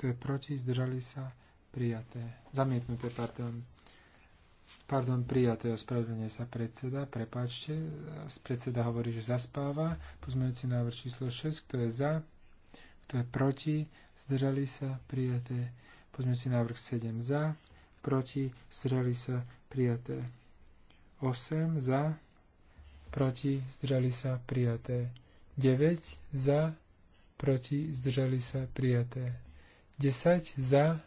kto je proti, zdržali sa, prijaté, zamietnuté, pardon, pardon, prijaté, ospravedlňuje sa predseda, prepáčte, predseda hovorí, že zaspáva, pozmeňujúci návrh číslo 6, kto je za, kto je proti, zdržali sa, prijaté, pozmeňujúci návrh 7 za, proti, zdržali sa, prijaté, 8 za, proti, zdržali sa, prijaté, 9 za, proti, zdržali sa, prijaté, 10 za,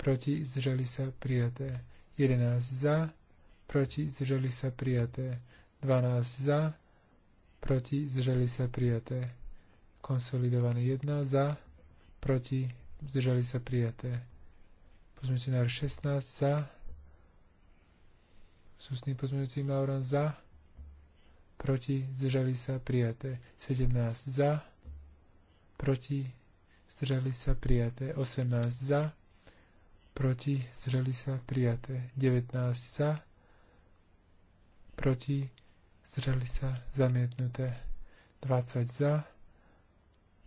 proti zdržali sa prijaté. 11 za, proti zdržali sa prijaté. 12 za, proti zdržali sa prijaté. Konsolidovaný 1 za, proti zdržali sa prijaté. Pozmeňujúci návr 16 za, sústný pozmeňujúci návrh za, proti zdržali sa prijaté. 17 za, proti zdržali sa prijaté. 18 za, proti, zdržali sa, prijaté. 19 za, proti, zdržali sa, zamietnuté. 20 za,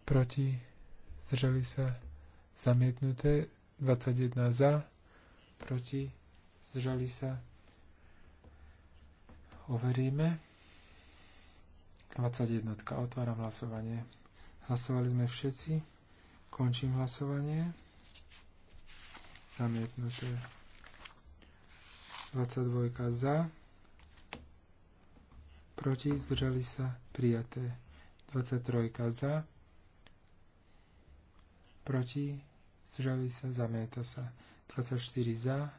proti, zdržali sa, zamietnuté. 21 za, proti, zdržali sa. Overíme. 21. Otváram hlasovanie. Hlasovali sme všetci. Končím hlasovanie zamietnuté. 22 za, proti, zdržali sa, prijaté. 23 za, proti, zdržali sa, zamieta sa. 24 za,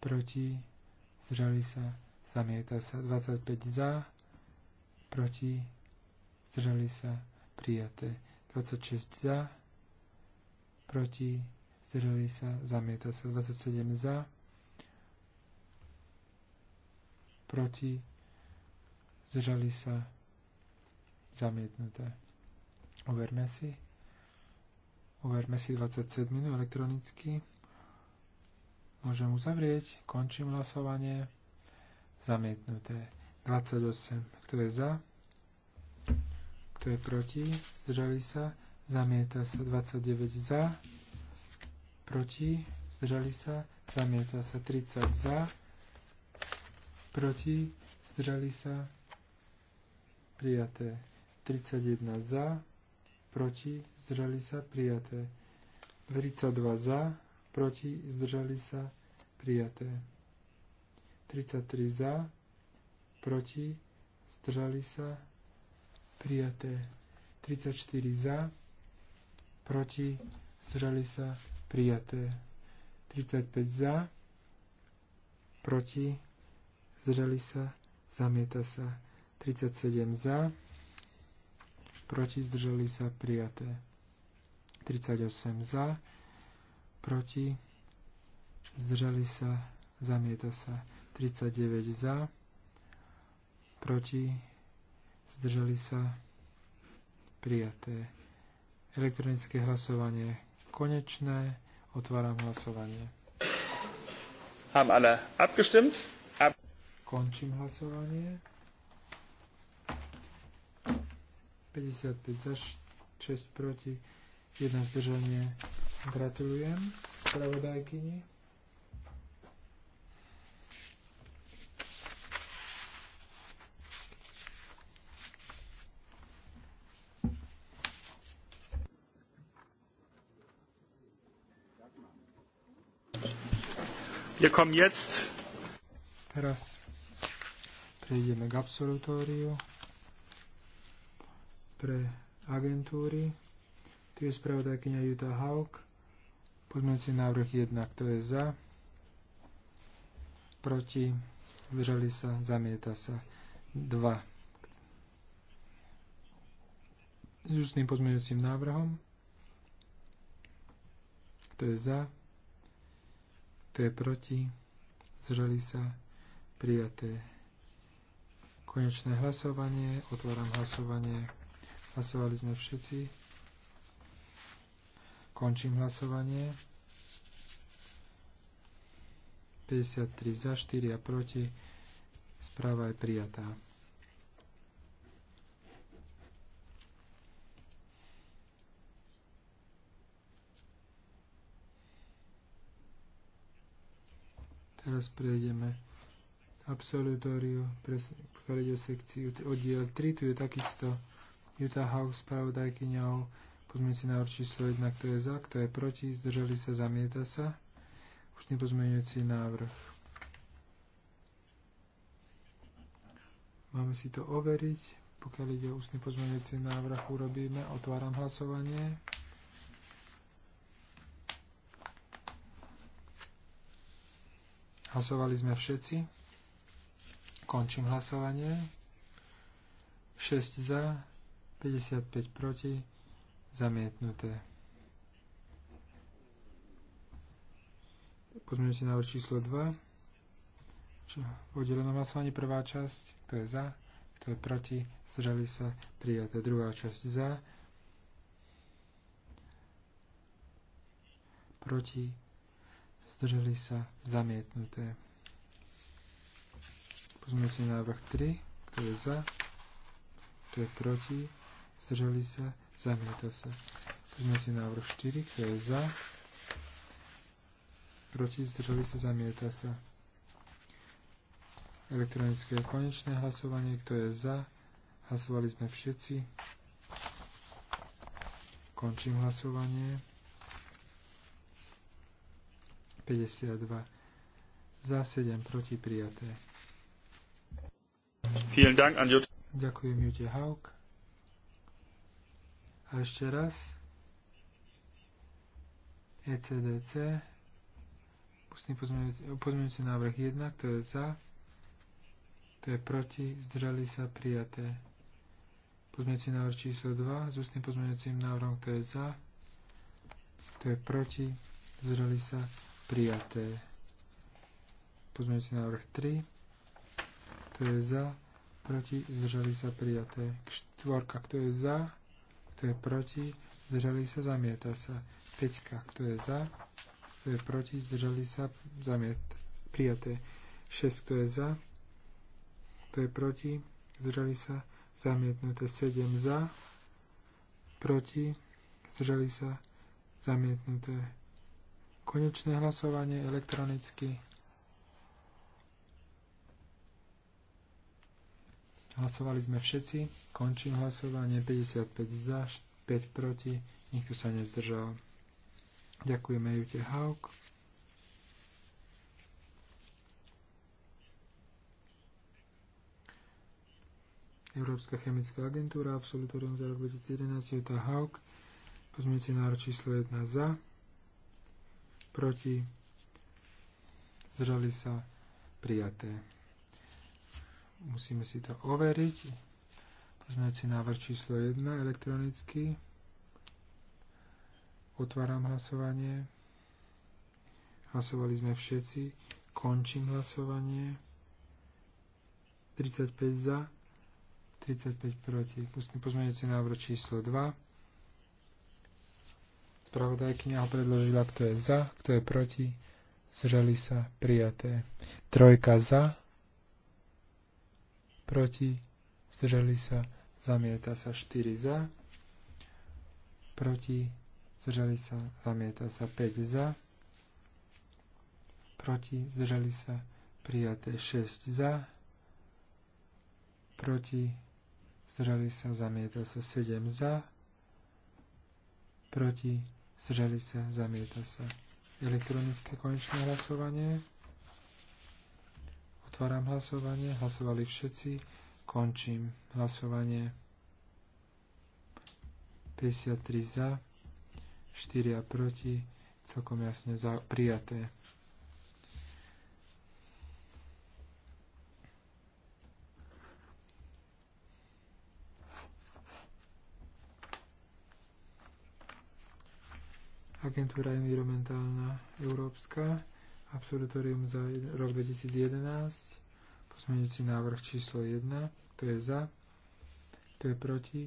proti, zdržali sa, zamieta sa. 25 za, proti, zdržali sa, prijaté. 26 za, proti, zdržali sa, zamieta sa 27 za, proti, zdržali sa, zamietnuté. Overme si. Overme si 27 elektronicky. Môžem uzavrieť. Končím hlasovanie. Zamietnuté. 28. Kto je za? Kto je proti? Zdržali sa? Zamieta sa 29 za proti, zdržali sa, zamieta sa 30 za, proti, zdržali sa, prijaté 31 za, proti, zdržali sa, prijaté 32 za, proti, zdržali sa, prijaté 33 za, proti, zdržali sa, prijaté 34 za, proti, zdržali sa, prijaté prijaté. 35 za, proti, zdržali sa, zamieta sa. 37 za, proti, zdržali sa, prijaté. 38 za, proti, zdržali sa, zamieta sa. 39 za, proti, zdržali sa, prijaté. Elektronické hlasovanie konečné. Otváram hlasovanie. Haben alle abgestimmt? Ab Končím hlasovanie. 55 za 6 proti, 1 zdržanie. Gratulujem spravodajkyni. Wir kommen jetzt. Teraz prejdeme k absolutóriu pre agentúry. Tu je spravodajkynia Juta Haug. Pozmeňujúci návrh 1, kto je za, proti, zdržali sa, zamieta sa. 2. S ústnym pozmeňujúcim návrhom. Kto je za, kto je proti? Zdržali sa? Prijaté. Konečné hlasovanie. Otváram hlasovanie. Hlasovali sme všetci. Končím hlasovanie. 53 za, 4 a proti. Správa je prijatá. Teraz prejdeme absolutóriu, pokiaľ ide o sekciu oddiel 3, tu je takisto Utah House spravodajkyňou, pozmeň si návrh číslo 1, kto je za, kto je proti, zdržali sa, zamieta sa. Už nepozmeňujúci návrh. Máme si to overiť. Pokiaľ ide o ústny pozmeňujúci návrh, urobíme. Otváram hlasovanie. Hlasovali sme všetci. Končím hlasovanie. 6 za, 55 proti, zamietnuté. si návrh číslo 2. Čo? Oddelenom hlasovaní prvá časť, kto je za, kto je proti, zdržali sa, prijaté. Druhá časť za, proti, zdržali sa, zamietnuté. si návrh 3, kto je za, kto je proti, zdržali sa, zamieta sa. si návrh 4, kto je za, proti, zdržali sa, zamieta sa. Elektronické konečné hlasovanie, kto je za, hlasovali sme všetci. Končím hlasovanie. 52. Za 7 proti prijaté. Ďakujem Jute Haug. A ešte raz. ECDC. Ústny pozmeňujúci návrh 1, kto je za, kto je proti, zdržali sa prijaté. Pozmeňujúci návrh číslo 2 s ústnym pozmeňujúcim návrhom, kto je za, kto je proti, zdržali sa prijaté prijaté. Pozmeňujúci návrh 3, kto je za, proti, zdržali sa prijaté. Štvorka, kto je za, kto je proti, zdržali sa, zamieta sa. Peťka, kto je za, kto je proti, zdržali sa, zamiet, prijaté. Šesť. kto je za, kto je proti, zdržali sa, zamietnuté. 7 za, proti, zdržali sa, zamietnuté. Konečné hlasovanie elektronicky. Hlasovali sme všetci. Končím hlasovanie. 55 za, 5 proti. Nikto sa nezdržal. Ďakujeme Jute Hauk. Európska chemická agentúra, absolutorium za rok 2011, Jutta Haug, pozmeňujúci návrh číslo 1 za, proti, zdržali sa prijaté. Musíme si to overiť. Pozmeňujúci návrh číslo 1 elektronicky. Otváram hlasovanie. Hlasovali sme všetci. Končím hlasovanie. 35 za, 35 proti. Pustný pozmeňujúci návrh číslo 2. Spravodajkyňa ho predložila, kto je za, kto je proti. Zdržali sa prijaté. Trojka za, proti. Zdržali sa, zamieta sa štyri za, proti. Zdržali sa, zamieta sa 5 za, proti. Zdržali sa, prijaté Šesť za, proti. Zdržali sa, zamieta sa 7 za, proti Zdržali sa, zamieta sa. Elektronické konečné hlasovanie. Otváram hlasovanie. Hlasovali všetci. Končím hlasovanie. 53 za, 4 proti, celkom jasne za, prijaté. agentúra environmentálna európska, absolutorium za rok 2011, pozmeňujúci návrh číslo 1, to je za, to je proti,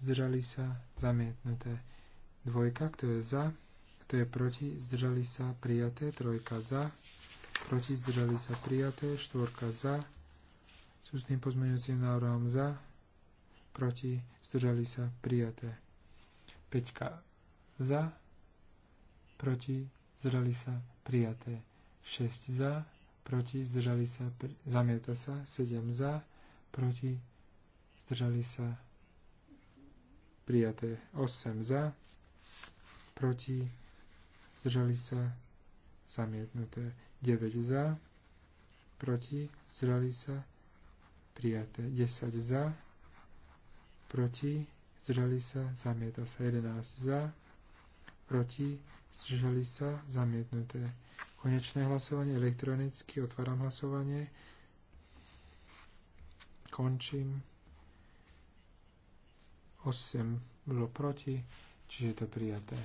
zdržali sa, zamietnuté. Dvojka, kto je za, kto je proti, zdržali sa, prijaté, trojka za, proti, zdržali sa, prijaté, štvorka za, sú s tým pozmeňujúcim návrhom za, proti, zdržali sa, prijaté. Peťka za, proti, zdržali sa, prijaté. 6 za, proti, zdržali sa, pri, zamieta sa, 7 za, proti, zdržali sa, prijaté. 8 za, proti, zdržali sa, zamietnuté. 9 za, proti, zdržali sa, prijaté. 10 za, proti, zdržali sa, zamieta sa. 11 za, proti, zdržali sa, zamietnuté. Konečné hlasovanie elektronicky, otváram hlasovanie, končím. 8 bolo proti, čiže je to prijaté.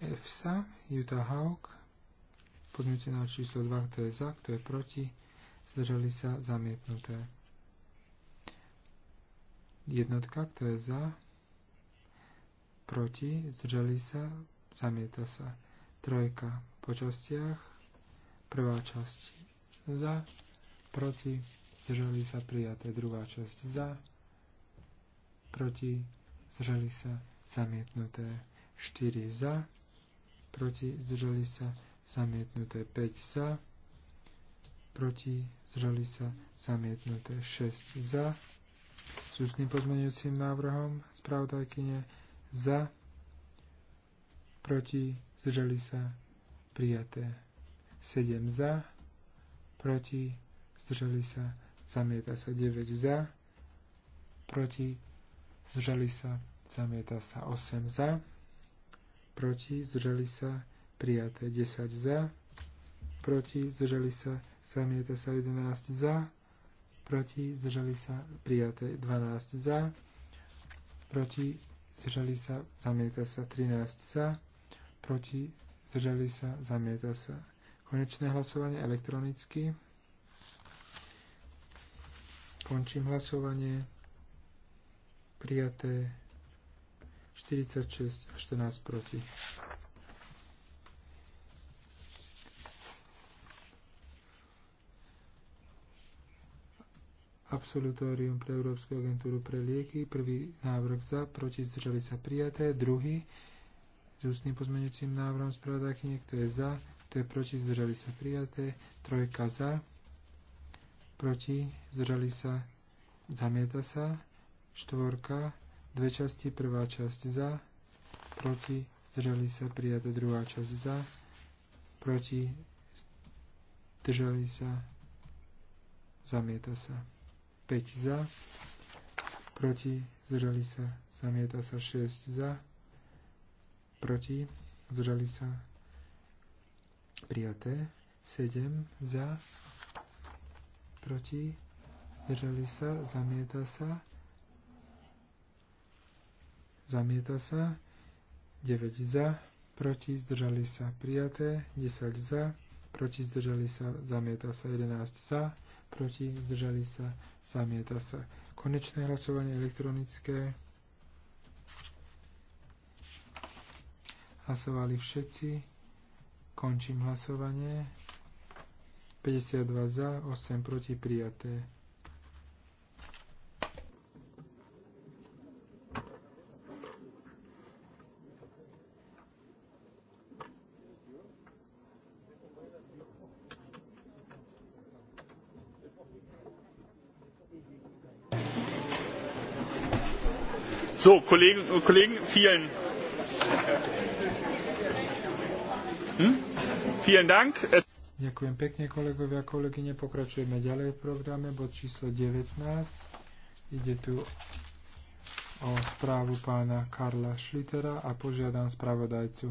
EFSA, Utah Hawk, Pozmite na číslo 2, kto je za, kto je proti. Zdržali sa zamietnuté. Jednotka, kto je za, proti, zdržali sa, zamieta sa. Trojka po častiach, prvá časť za, proti, zdržali sa, prijaté. Druhá časť za, proti, zdržali sa, zamietnuté. 4 za, proti, zdržali sa, zamietnuté 5 za, proti, zdržali sa, zamietnuté 6 za, s ústnym pozmeňujúcim návrhom spravodajkyne za, proti, zdržali sa, prijaté 7 za, proti, zdržali sa, zamieta sa 9 za, proti, zdržali sa, zamieta sa 8 za, proti, zdržali sa, prijaté 10 za, proti, zdržali sa, zamieta sa 11 za, proti, zdržali sa, prijaté 12 za, proti, zdržali sa, zamieta sa 13 za, proti, zdržali sa, zamieta sa. Konečné hlasovanie elektronicky. Končím hlasovanie. Prijaté 46 a 14 proti. absolutórium pre Európsku agentúru pre lieky. Prvý návrh za, proti zdržali sa prijaté. Druhý s ústnym pozmeňujúcim návrhom spravodajkyne, kto je za, kto je proti, zdržali sa prijaté. Trojka za, proti, zdržali sa, zamieta sa. Štvorka, dve časti, prvá časť za, proti, zdržali sa, prijaté druhá časť za, proti, zdržali sa, zamieta sa. 5 za, proti, zdržali sa, zamieta sa 6 za, proti, zdržali sa, prijaté, 7 za, proti, zdržali sa, zamieta sa, zamieta sa, 9 za, proti, zdržali sa, prijaté, 10 za, proti, zdržali sa, zamieta sa, 11 za, proti, zdržali sa, zamieta sa. Konečné hlasovanie elektronické. Hlasovali všetci. Končím hlasovanie. 52 za, 8 proti, prijaté. So, Kollegen und Kollegen, vielen, hm? vielen Dank. Es Ďakujem pekne, kolegovia a kolegyne. Pokračujeme ďalej v programe, bod číslo 19. Ide tu o správu pána Karla Šlitera a požiadam spravodajcu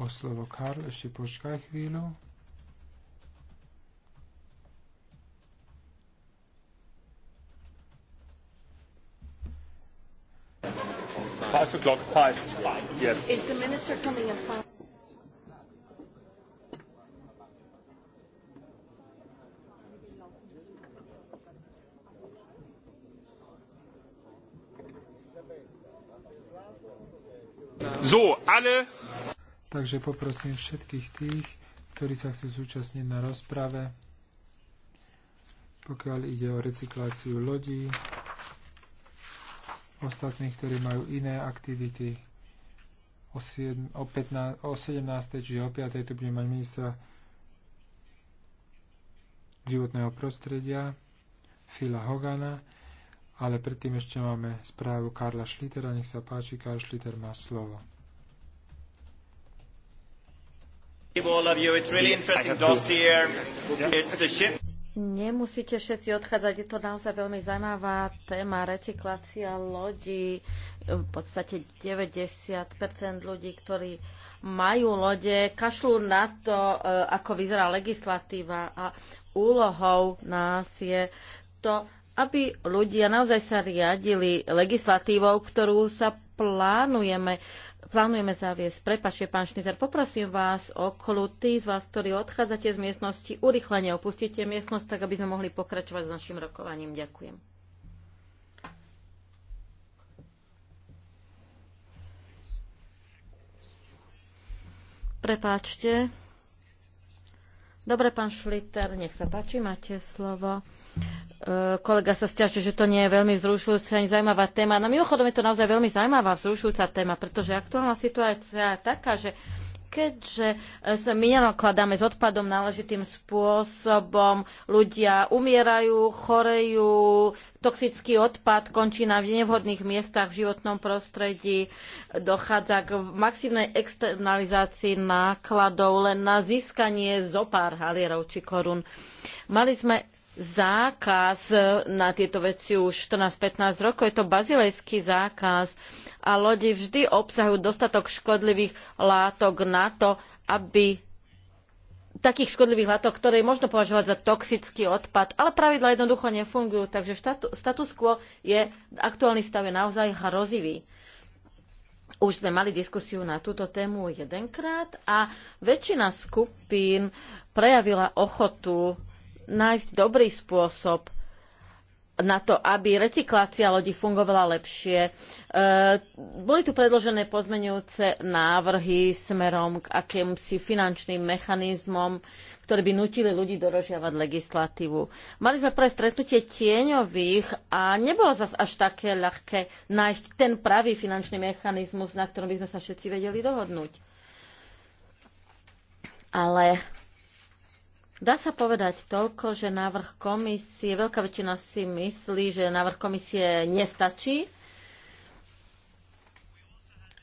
o slovo. Karl, ešte počkaj chvíľu. o'clock. Five. Five. Yes. Is the minister coming at five? So, alle. Takže poprosím všetkých tých, ktorí sa chcú zúčastniť na rozprave, pokiaľ ide o recykláciu lodí, ostatných, ktorí majú iné aktivity. O, 7, o, 15, o 17. čiže o 5. tu budeme mať ministra životného prostredia Fila Hogana, ale predtým ešte máme správu Karla Šlitera. Nech sa páči, Karl Schlitter má slovo. All of you. It's really interesting dossier. It's the ship. Nemusíte všetci odchádzať, je to naozaj veľmi zaujímavá téma, recyklácia lodí. V podstate 90% ľudí, ktorí majú lode, kašľú na to, e, ako vyzerá legislatíva a úlohou nás je to, aby ľudia naozaj sa riadili legislatívou, ktorú sa plánujeme, plánujeme zaviesť. Prepašte, pán Šnitar, poprosím vás o kľud. z vás, ktorí odchádzate z miestnosti, urychlene opustite miestnosť, tak aby sme mohli pokračovať s našim rokovaním. Ďakujem. Prepáčte. Dobre, pán Šliter, nech sa páči, máte slovo. E, kolega sa stiaže, že to nie je veľmi vzrušujúca ani zaujímavá téma. No mimochodom je to naozaj veľmi zaujímavá, vzrušujúca téma, pretože aktuálna situácia je taká, že keďže e, sa my nenakladáme s odpadom náležitým spôsobom, ľudia umierajú, chorejú, toxický odpad končí na nevhodných miestach v životnom prostredí, dochádza k maximnej externalizácii nákladov len na získanie zo pár halierov či korún. Mali sme zákaz e, na tieto veci už 14-15 rokov. Je to bazilejský zákaz a lodi vždy obsahujú dostatok škodlivých látok na to, aby takých škodlivých látok, ktoré je možno považovať za toxický odpad, ale pravidla jednoducho nefungujú, takže štatu, status quo je, aktuálny stav je naozaj hrozivý. Už sme mali diskusiu na túto tému jedenkrát a väčšina skupín prejavila ochotu nájsť dobrý spôsob na to, aby recyklácia lodí fungovala lepšie. E, boli tu predložené pozmenujúce návrhy smerom k akýmsi finančným mechanizmom, ktoré by nutili ľudí dorožiavať legislatívu. Mali sme pre stretnutie tieňových a nebolo zas až také ľahké nájsť ten pravý finančný mechanizmus, na ktorom by sme sa všetci vedeli dohodnúť. Ale Dá sa povedať toľko, že návrh komisie, veľká väčšina si myslí, že návrh komisie nestačí.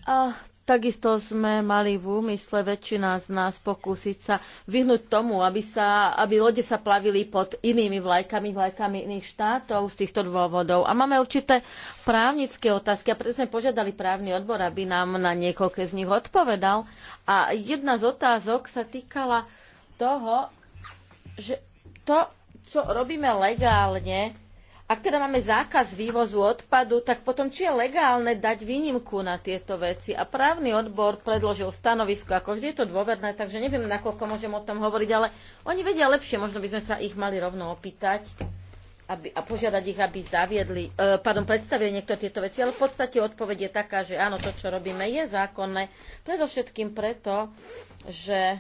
A Takisto sme mali v úmysle väčšina z nás pokúsiť sa vyhnúť tomu, aby, sa, aby lode sa plavili pod inými vlajkami, vlajkami iných štátov z týchto dôvodov. A máme určité právnické otázky a preto sme požiadali právny odbor, aby nám na niekoľké z nich odpovedal. A jedna z otázok sa týkala toho, že to, čo robíme legálne, ak teda máme zákaz vývozu odpadu, tak potom či je legálne dať výnimku na tieto veci. A právny odbor predložil stanovisko, ako vždy je to dôverné, takže neviem, nakoľko môžem o tom hovoriť, ale oni vedia lepšie, možno by sme sa ich mali rovno opýtať aby, a požiadať ich, aby zaviedli, e, pardon, predstavili niektoré tieto veci, ale v podstate odpoveď je taká, že áno, to, čo robíme, je zákonné, predovšetkým preto, že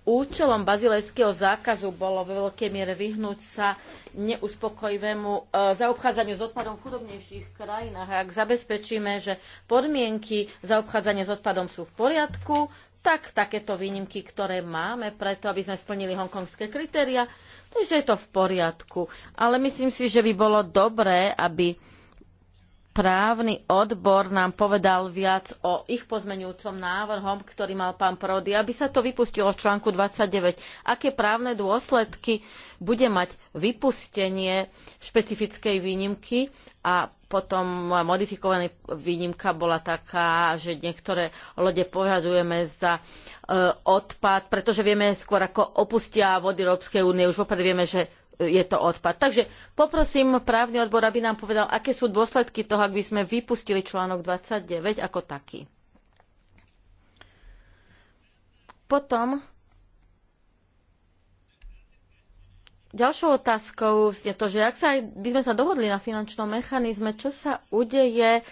Účelom bazilejského zákazu bolo vo veľkej miere vyhnúť sa neuspokojivému e, zaobchádzaniu s odpadom v chudobnejších krajinách. ak zabezpečíme, že podmienky zaobchádzania s odpadom sú v poriadku, tak takéto výnimky, ktoré máme preto, aby sme splnili hongkongské kritéria, takže je to v poriadku. Ale myslím si, že by bolo dobré, aby právny odbor nám povedal viac o ich pozmeňujúcom návrhom, ktorý mal pán Prody, aby sa to vypustilo v článku 29. Aké právne dôsledky bude mať vypustenie špecifickej výnimky a potom modifikovaná výnimka bola taká, že niektoré lode považujeme za e, odpad, pretože vieme skôr ako opustia vody Európskej únie, už vopred vieme, že je to odpad. Takže poprosím právny odbor, aby nám povedal, aké sú dôsledky toho, ak by sme vypustili článok 29 ako taký. Potom Ďalšou otázkou je to, že ak sa aj, by sme sa dohodli na finančnom mechanizme, čo sa udeje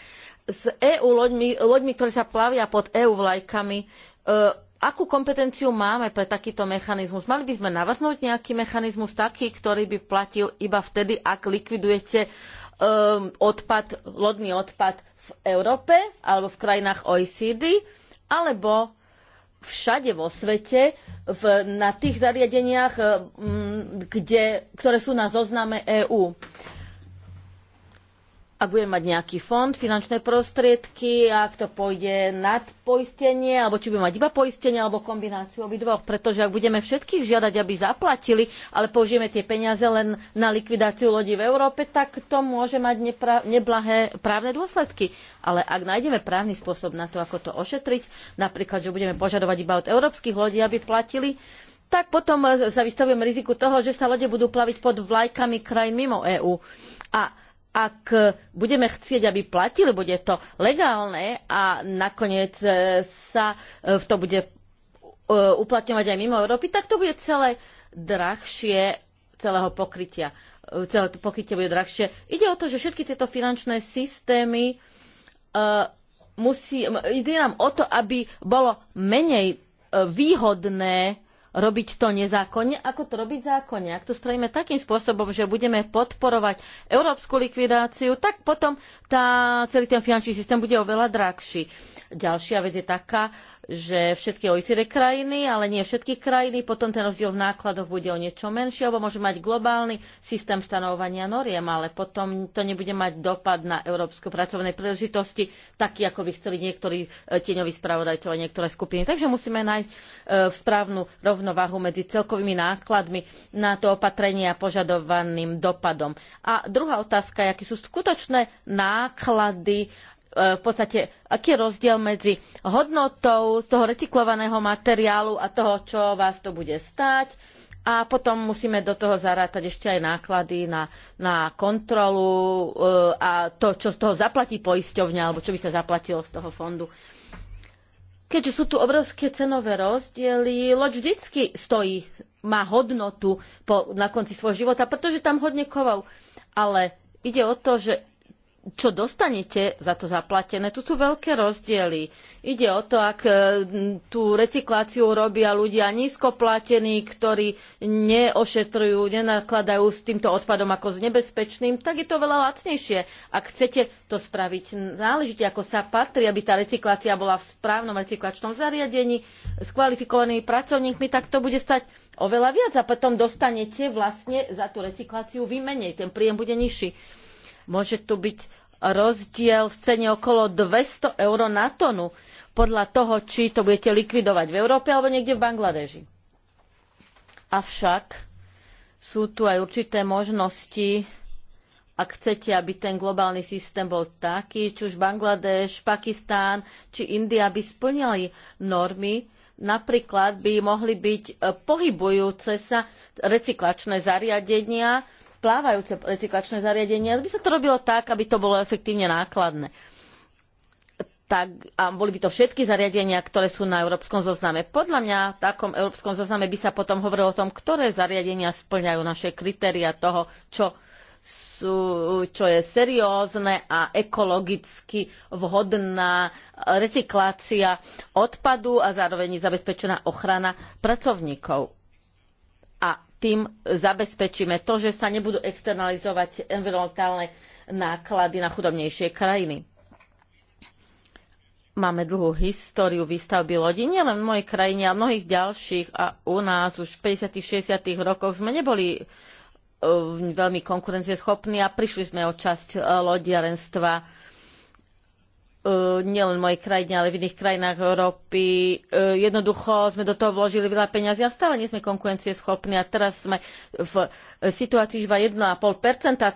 s EU loďmi, loďmi ktoré sa plavia pod EU vlajkami. E, akú kompetenciu máme pre takýto mechanizmus? Mali by sme navrhnúť nejaký mechanizmus taký, ktorý by platil iba vtedy, ak likvidujete um, odpad, lodný odpad v Európe alebo v krajinách OECD, alebo všade vo svete v, na tých zariadeniach, um, kde, ktoré sú na zozname EÚ ak budem mať nejaký fond, finančné prostriedky, ak to pôjde nad poistenie, alebo či budem mať iba poistenie, alebo kombináciu obidvoch, pretože ak budeme všetkých žiadať, aby zaplatili, ale použijeme tie peniaze len na likvidáciu lodí v Európe, tak to môže mať neblahé právne dôsledky. Ale ak nájdeme právny spôsob na to, ako to ošetriť, napríklad, že budeme požadovať iba od európskych lodí, aby platili, tak potom e, sa vystavujem riziku toho, že sa lode budú plaviť pod vlajkami krajín mimo EÚ. A ak budeme chcieť, aby platili, bude to legálne a nakoniec e, sa e, v to bude e, uplatňovať aj mimo Európy, tak to bude celé drahšie celého pokrytia. Celé to pokrytie bude drahšie. Ide o to, že všetky tieto finančné systémy musí, ide nám o to, aby bolo menej výhodné robiť to nezákonne, ako to robiť zákonne. Ak to spravíme takým spôsobom, že budeme podporovať európsku likvidáciu, tak potom tá, celý ten finančný systém bude oveľa drahší. Ďalšia vec je taká, že všetky OECD krajiny, ale nie všetky krajiny, potom ten rozdiel v nákladoch bude o niečo menší, alebo môže mať globálny systém stanovania noriem, ale potom to nebude mať dopad na európsko pracovné príležitosti, taký ako by chceli niektorí e, tieňoví spravodajcovia, niektoré skupiny. Takže musíme nájsť e, správnu rovnováhu rovnováhu medzi celkovými nákladmi na to opatrenie a požadovaným dopadom. A druhá otázka je, aké sú skutočné náklady e, v podstate, aký je rozdiel medzi hodnotou toho recyklovaného materiálu a toho, čo vás to bude stáť. A potom musíme do toho zarátať ešte aj náklady na, na kontrolu e, a to, čo z toho zaplatí poisťovňa, alebo čo by sa zaplatilo z toho fondu keďže sú tu obrovské cenové rozdiely, loď vždycky stojí, má hodnotu po, na konci svojho života, pretože tam hodne kovov. Ale ide o to, že čo dostanete za to zaplatené. Tu sú veľké rozdiely. Ide o to, ak e, tú recykláciu robia ľudia nízko platení, ktorí neošetrujú, nenakladajú s týmto odpadom ako s nebezpečným, tak je to veľa lacnejšie. Ak chcete to spraviť náležite, ako sa patrí, aby tá recyklácia bola v správnom recyklačnom zariadení s kvalifikovanými pracovníkmi, tak to bude stať oveľa viac a potom dostanete vlastne za tú recykláciu vymenej. Ten príjem bude nižší. Môže tu byť rozdiel v cene okolo 200 eur na tonu podľa toho, či to budete likvidovať v Európe alebo niekde v Bangladeži. Avšak sú tu aj určité možnosti, ak chcete, aby ten globálny systém bol taký, či už Bangladeš, Pakistán či India by splňali normy, napríklad by mohli byť pohybujúce sa recyklačné zariadenia, plávajúce recyklačné zariadenia, by sa to robilo tak, aby to bolo efektívne nákladné. Tak, a boli by to všetky zariadenia, ktoré sú na európskom zozname. Podľa mňa v takom európskom zozname by sa potom hovorilo o tom, ktoré zariadenia splňajú naše kritéria toho, čo sú, čo je seriózne a ekologicky vhodná recyklácia odpadu a zároveň zabezpečená ochrana pracovníkov tým zabezpečíme to, že sa nebudú externalizovať environmentálne náklady na chudobnejšie krajiny. Máme dlhú históriu výstavby lodí, nielen v mojej krajine, a mnohých ďalších. A u nás už v 50. 60. rokoch sme neboli e, veľmi konkurencieschopní a prišli sme o časť e, lodiarenstva E, nielen v mojej krajine, ale v iných krajinách Európy. E, jednoducho sme do toho vložili veľa peniazy a stále nie sme konkurencieschopní a teraz sme v situácii že 1,5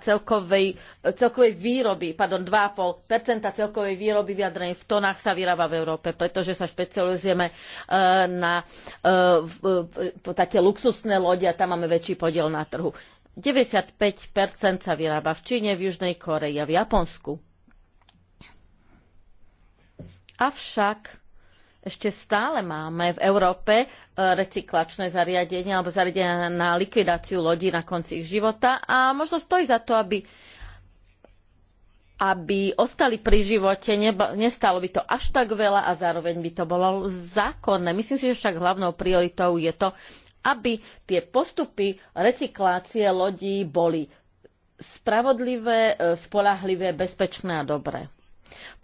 celkovej, celkovej výroby, pardon, 2,5 celkovej výroby vyjadrenej v tonách sa vyrába v Európe, pretože sa špecializujeme e, na v také luxusné lode a tam máme väčší podiel na trhu. 95 sa vyrába v Číne, v Južnej Koreji a v Japonsku Avšak ešte stále máme v Európe e, recyklačné zariadenia alebo zariadenia na likvidáciu lodí na konci ich života a možno stojí za to, aby aby ostali pri živote, nestalo by to až tak veľa a zároveň by to bolo zákonné. Myslím si, že však hlavnou prioritou je to, aby tie postupy recyklácie lodí boli spravodlivé, e, spolahlivé, bezpečné a dobré.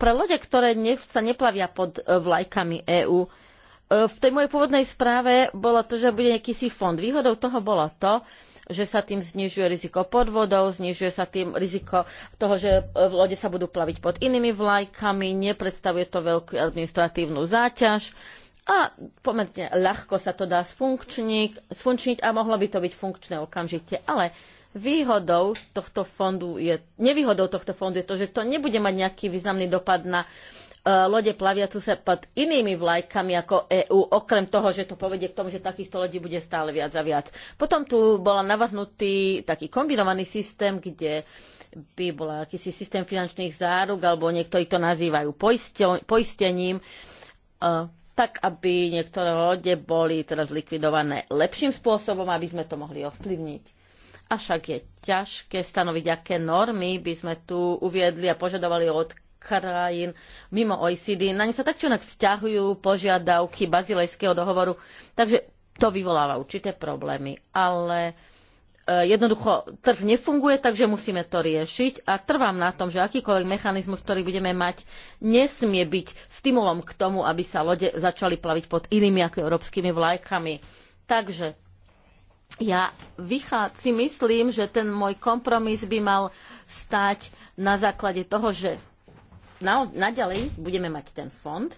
Pre lode, ktoré sa neplavia pod e, vlajkami EÚ, e, v tej mojej pôvodnej správe bolo to, že bude nejaký si fond. Výhodou toho bolo to, že sa tým znižuje riziko podvodov, znižuje sa tým riziko toho, že e, v lode sa budú plaviť pod inými vlajkami, nepredstavuje to veľkú administratívnu záťaž a pomerne ľahko sa to dá sfunkčniť, sfunkčniť a mohlo by to byť funkčné okamžite. Ale Výhodou tohto fondu je, nevýhodou tohto fondu je to, že to nebude mať nejaký významný dopad na e, lode plaviacu sa pod inými vlajkami ako EÚ, okrem toho, že to povedie k tomu, že takýchto lodí bude stále viac a viac. Potom tu bola navrhnutý taký kombinovaný systém, kde by bola akýsi systém finančných záruk, alebo niektorí to nazývajú poistením, e, tak aby niektoré lode boli teraz likvidované lepším spôsobom, aby sme to mohli ovplyvniť. Avšak je ťažké stanoviť, aké normy by sme tu uviedli a požadovali od krajín mimo OECD. Na ne sa tak či onak vzťahujú požiadavky bazilejského dohovoru, takže to vyvoláva určité problémy. Ale e, jednoducho trh nefunguje, takže musíme to riešiť a trvám na tom, že akýkoľvek mechanizmus, ktorý budeme mať, nesmie byť stimulom k tomu, aby sa lode začali plaviť pod inými ako európskymi vlajkami. Takže ja si myslím, že ten môj kompromis by mal stať na základe toho, že naďalej budeme mať ten fond,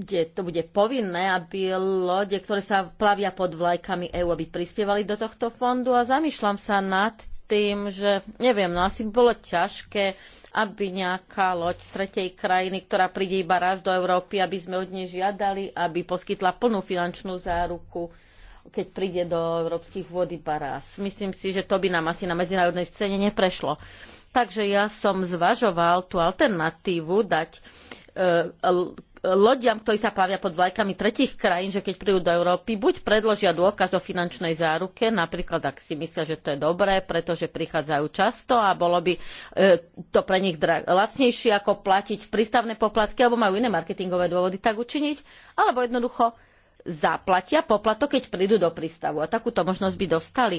kde to bude povinné, aby lode, ktoré sa plavia pod vlajkami EÚ, aby prispievali do tohto fondu a zamýšľam sa nad tým, že neviem, no asi bolo ťažké, aby nejaká loď z tretej krajiny, ktorá príde iba raz do Európy, aby sme od nej žiadali, aby poskytla plnú finančnú záruku keď príde do európskych vody parás. Myslím si, že to by nám asi na medzinárodnej scéne neprešlo. Takže ja som zvažoval tú alternatívu dať e, lodiam, ktorí sa plavia pod vlajkami tretich krajín, že keď prídu do Európy, buď predložia dôkaz o finančnej záruke, napríklad ak si myslia, že to je dobré, pretože prichádzajú často a bolo by e, to pre nich lacnejšie ako platiť prístavné poplatky, alebo majú iné marketingové dôvody tak učiniť, alebo jednoducho zaplatia poplatok, keď prídu do prístavu. A takúto možnosť by dostali.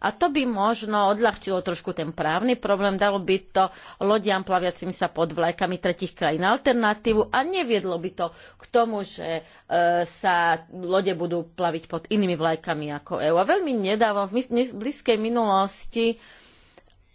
A to by možno odľahčilo trošku ten právny problém, dalo by to lodiam plaviacim sa pod vlajkami tretich krajín alternatívu a neviedlo by to k tomu, že e, sa lode budú plaviť pod inými vlajkami ako EU. A veľmi nedávno, v blízkej minulosti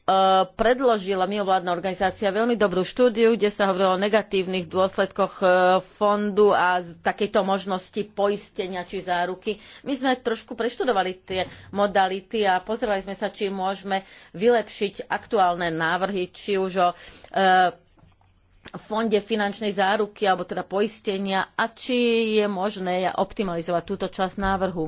Eh, predložila mimovládna organizácia veľmi dobrú štúdiu, kde sa hovorilo o negatívnych dôsledkoch eh, fondu a takejto možnosti poistenia či záruky. My sme trošku preštudovali tie modality a pozerali sme sa, či môžeme vylepšiť aktuálne návrhy, či už o eh, fonde finančnej záruky alebo teda poistenia a či je možné optimalizovať túto časť návrhu.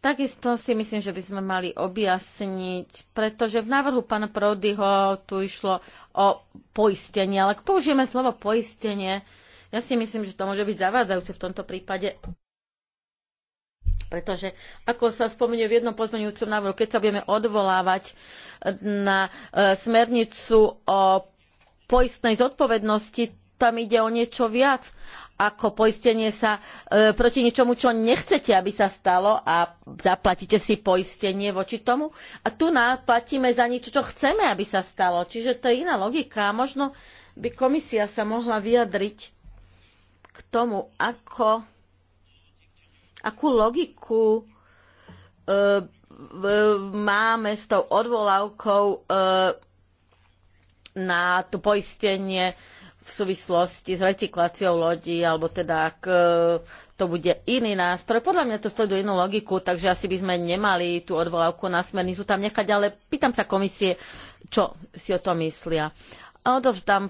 Takisto si myslím, že by sme mali objasniť, pretože v návrhu pána Prodyho tu išlo o poistenie, ale ak použijeme slovo poistenie, ja si myslím, že to môže byť zavádzajúce v tomto prípade. Pretože, ako sa spomenie v jednom pozmeňujúcom návrhu, keď sa budeme odvolávať na e, smernicu o poistnej zodpovednosti, tam ide o niečo viac ako poistenie sa e, proti ničomu, čo nechcete, aby sa stalo a zaplatíte si poistenie voči tomu. A tu naplatíme za niečo, čo chceme, aby sa stalo. Čiže to je iná logika. Možno by komisia sa mohla vyjadriť k tomu, ako, akú logiku e, máme s tou odvolávkou e, na to poistenie v súvislosti s recykláciou lodí, alebo teda ak e, to bude iný nástroj. Podľa mňa to sleduje inú logiku, takže asi by sme nemali tú odvolávku na smernicu tam nechať, ale pýtam sa komisie, čo si o to myslia. A odovzdám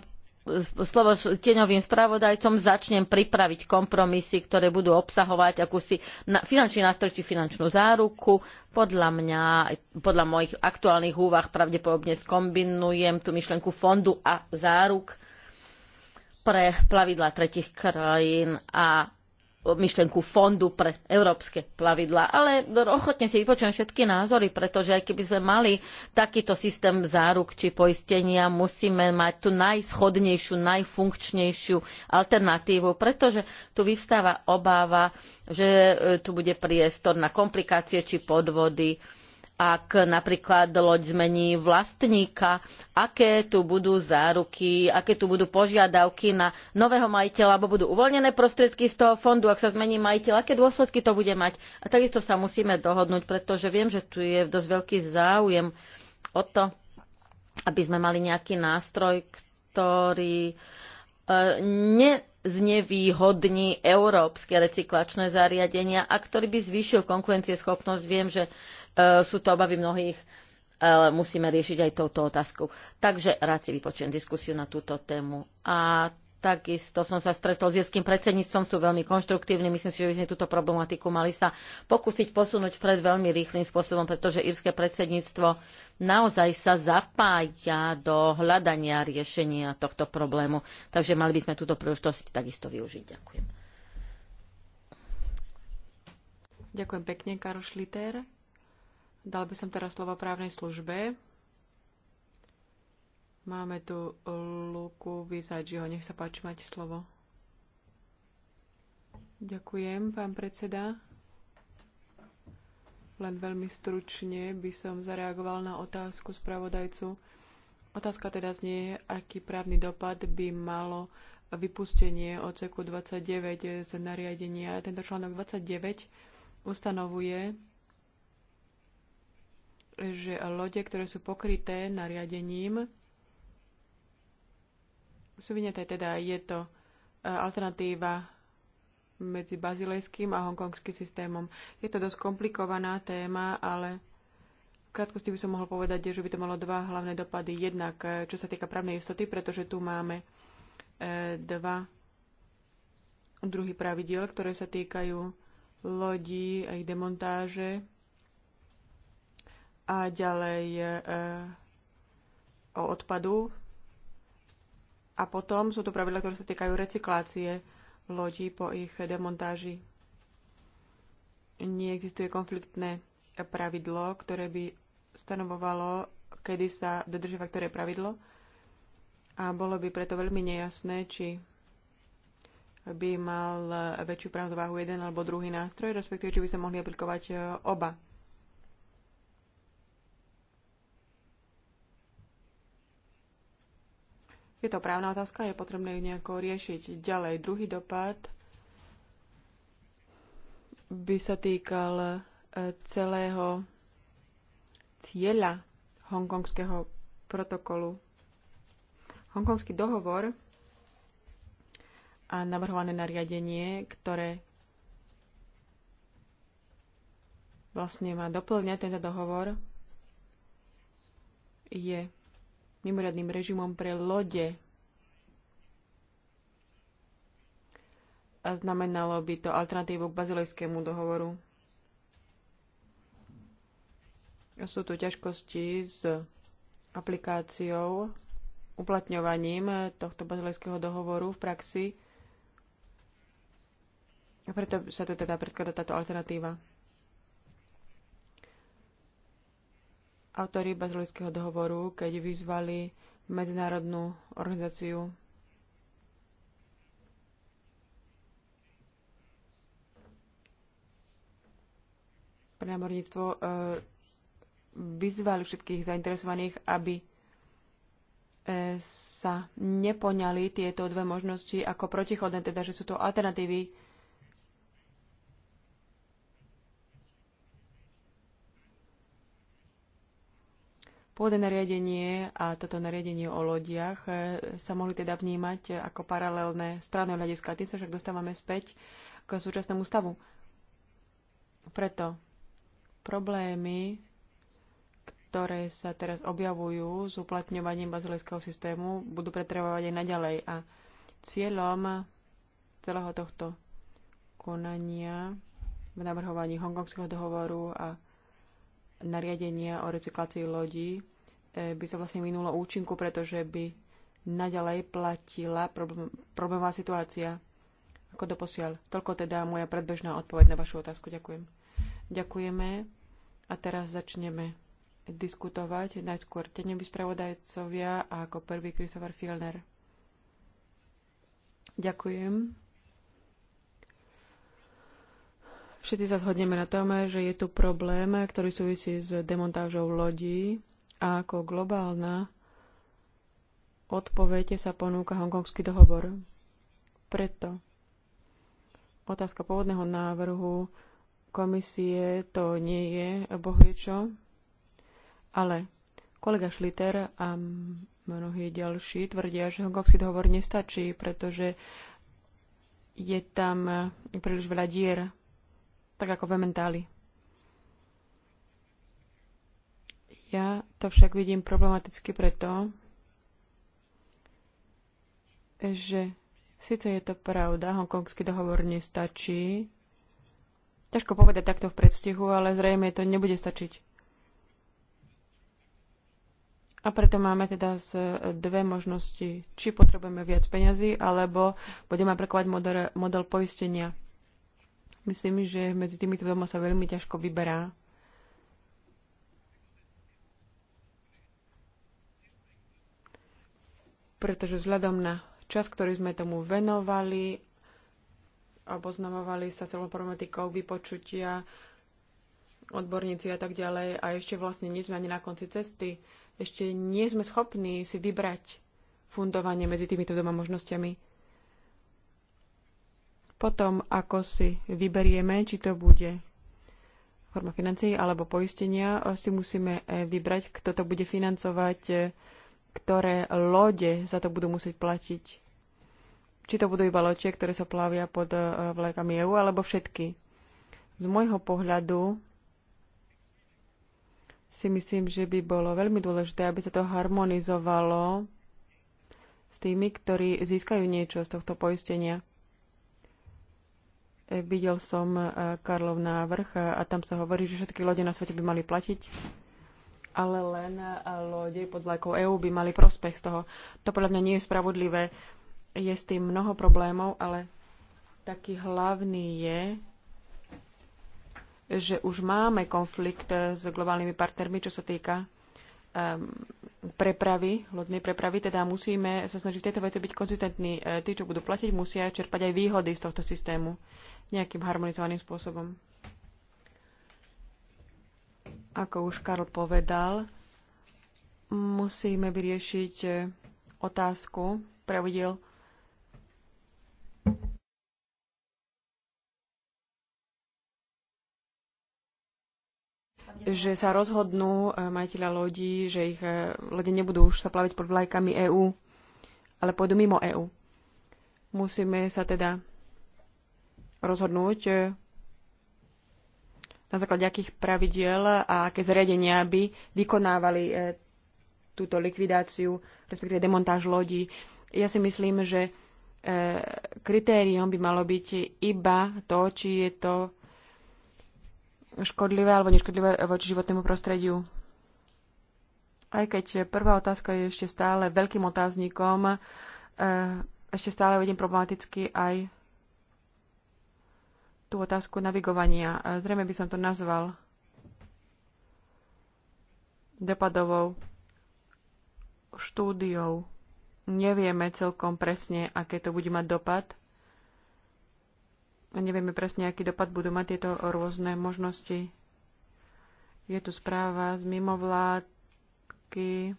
slovo tieňovým spravodajcom, začnem pripraviť kompromisy, ktoré budú obsahovať akúsi na, finančný nástroj či finančnú záruku. Podľa mňa, podľa mojich aktuálnych úvah pravdepodobne skombinujem tú myšlenku fondu a záruk pre plavidla tretich krajín a myšlenku fondu pre európske plavidla. Ale ochotne si vypočujem všetky názory, pretože aj keby sme mali takýto systém záruk či poistenia, musíme mať tú najschodnejšiu, najfunkčnejšiu alternatívu, pretože tu vyvstáva obáva, že e, tu bude priestor na komplikácie či podvody ak napríklad loď zmení vlastníka, aké tu budú záruky, aké tu budú požiadavky na nového majiteľa, alebo budú uvoľnené prostriedky z toho fondu, ak sa zmení majiteľ, aké dôsledky to bude mať. A takisto sa musíme dohodnúť, pretože viem, že tu je dosť veľký záujem o to, aby sme mali nejaký nástroj, ktorý e, neznevýhodní európske recyklačné zariadenia a ktorý by zvýšil konkurencieschopnosť. Viem, že E, sú to obavy mnohých, ale musíme riešiť aj touto otázku. Takže rád si vypočujem diskusiu na túto tému. A Takisto som sa stretol s jeským predsedníctvom, sú veľmi konštruktívni. Myslím si, že by sme túto problematiku mali sa pokúsiť posunúť pred veľmi rýchlým spôsobom, pretože írske predsedníctvo naozaj sa zapája do hľadania riešenia tohto problému. Takže mali by sme túto príležitosť takisto využiť. Ďakujem. Ďakujem pekne, Karol Šliter. Dal by som teraz slovo právnej službe. Máme tu Luku Vizadžiho. Nech sa páči, máte slovo. Ďakujem, pán predseda. Len veľmi stručne by som zareagoval na otázku spravodajcu. Otázka teda znie, aký právny dopad by malo vypustenie odseku 29 z nariadenia. Tento článok 29 ustanovuje, že lode, ktoré sú pokryté nariadením, sú vyňaté. Teda je to e, alternatíva medzi bazilejským a hongkongským systémom. Je to dosť komplikovaná téma, ale v krátkosti by som mohol povedať, že by to malo dva hlavné dopady. Jednak, e, čo sa týka právnej istoty, pretože tu máme e, dva druhy pravidiel, ktoré sa týkajú lodí a ich demontáže a ďalej e, e, o odpadu. A potom sú to pravidla, ktoré sa týkajú recyklácie lodí po ich demontáži. Neexistuje konfliktné pravidlo, ktoré by stanovovalo, kedy sa dodržiava ktoré pravidlo. A bolo by preto veľmi nejasné, či by mal väčšiu právnu jeden alebo druhý nástroj, respektíve či by sa mohli aplikovať e, oba. Je to právna otázka, je potrebné ju nejako riešiť. Ďalej, druhý dopad by sa týkal e, celého cieľa hongkongského protokolu. Hongkongský dohovor a navrhované nariadenie, ktoré vlastne má doplňať tento dohovor, je mimoriadným režimom pre lode. A znamenalo by to alternatívu k bazilejskému dohovoru. A Sú tu ťažkosti s aplikáciou, uplatňovaním tohto bazilejského dohovoru v praxi. A preto sa tu teda predkladá táto alternatíva. Autori Bazilijského dohovoru, keď vyzvali medzinárodnú organizáciu pre námorníctvo e, vyzvali všetkých zainteresovaných, aby e, sa nepoňali tieto dve možnosti ako protichodné, teda že sú to alternatívy Pôvodné nariadenie a toto nariadenie o lodiach e, sa mohli teda vnímať e, ako paralelné správne hľadiska. Tým sa však dostávame späť k súčasnému stavu. Preto problémy, ktoré sa teraz objavujú s uplatňovaním bazilejského systému, budú pretrvávať aj naďalej. A cieľom celého tohto konania v navrhovaní hongkongského dohovoru a nariadenia o recyklácii lodí E, by sa vlastne minulo účinku, pretože by naďalej platila problémová situácia ako doposiaľ. Toľko teda moja predbežná odpoveď na vašu otázku. Ďakujem. Ďakujeme a teraz začneme diskutovať najskôr tenevy spravodajcovia a ako prvý Christopher Filner. Ďakujem. Všetci sa zhodneme na tom, že je tu problém, ktorý súvisí s demontážou lodí a ako globálna odpoveď sa ponúka hongkongský dohovor. Preto otázka pôvodného návrhu komisie to nie je bohviečo, ale kolega Šliter a mnohí ďalší tvrdia, že hongkongský dohovor nestačí, pretože je tam príliš veľa dier, tak ako v mentáli. Ja to však vidím problematicky preto, že síce je to pravda, hongkongský dohovor nestačí. Ťažko povedať takto v predstihu, ale zrejme to nebude stačiť. A preto máme teda z e, dve možnosti. Či potrebujeme viac peňazí, alebo budeme aplikovať model, model poistenia. Myslím, že medzi týmito dvoma sa veľmi ťažko vyberá. pretože vzhľadom na čas, ktorý sme tomu venovali, oboznamovali sa s problematikou vypočutia, odborníci a tak ďalej a ešte vlastne nie sme ani na konci cesty. Ešte nie sme schopní si vybrať fundovanie medzi týmito dvoma možnosťami. Potom, ako si vyberieme, či to bude forma financií alebo poistenia, si musíme e, vybrať, kto to bude financovať, e, ktoré lode za to budú musieť platiť. Či to budú iba loďe, ktoré sa plavia pod e, vlajkami EU, alebo všetky. Z môjho pohľadu si myslím, že by bolo veľmi dôležité, aby sa to harmonizovalo s tými, ktorí získajú niečo z tohto poistenia. E, videl som e, Karlov návrh a tam sa hovorí, že všetky lode na svete by mali platiť ale len e, lode pod vlajkou EÚ by mali prospech z toho. To podľa mňa nie je spravodlivé. Je s tým mnoho problémov, ale taký hlavný je, že už máme konflikt e, s globálnymi partnermi, čo sa týka um, prepravy, lodnej prepravy, teda musíme sa snažiť v tejto veci byť konzistentní. E, tí, čo budú platiť, musia čerpať aj výhody z tohto systému nejakým harmonizovaným spôsobom. Ako už Karl povedal, musíme vyriešiť e, otázku pravidel že sa rozhodnú e, majiteľa lodí, že ich e, lode nebudú už sa plaviť pod vlajkami EÚ, ale pôjdu mimo EÚ. Musíme sa teda rozhodnúť, na základe akých pravidiel a aké zariadenia by vykonávali e, túto likvidáciu, respektíve demontáž lodí. Ja si myslím, že e, kritériom by malo byť iba to, či je to škodlivé alebo neškodlivé voči životnému prostrediu. Aj keď prvá otázka je ešte stále veľkým otáznikom, e, ešte stále vidím problematicky aj tú otázku navigovania. Zrejme by som to nazval dopadovou štúdiou. Nevieme celkom presne, aké to bude mať dopad. Nevieme presne, aký dopad budú mať tieto rôzne možnosti. Je tu správa z mimovládky.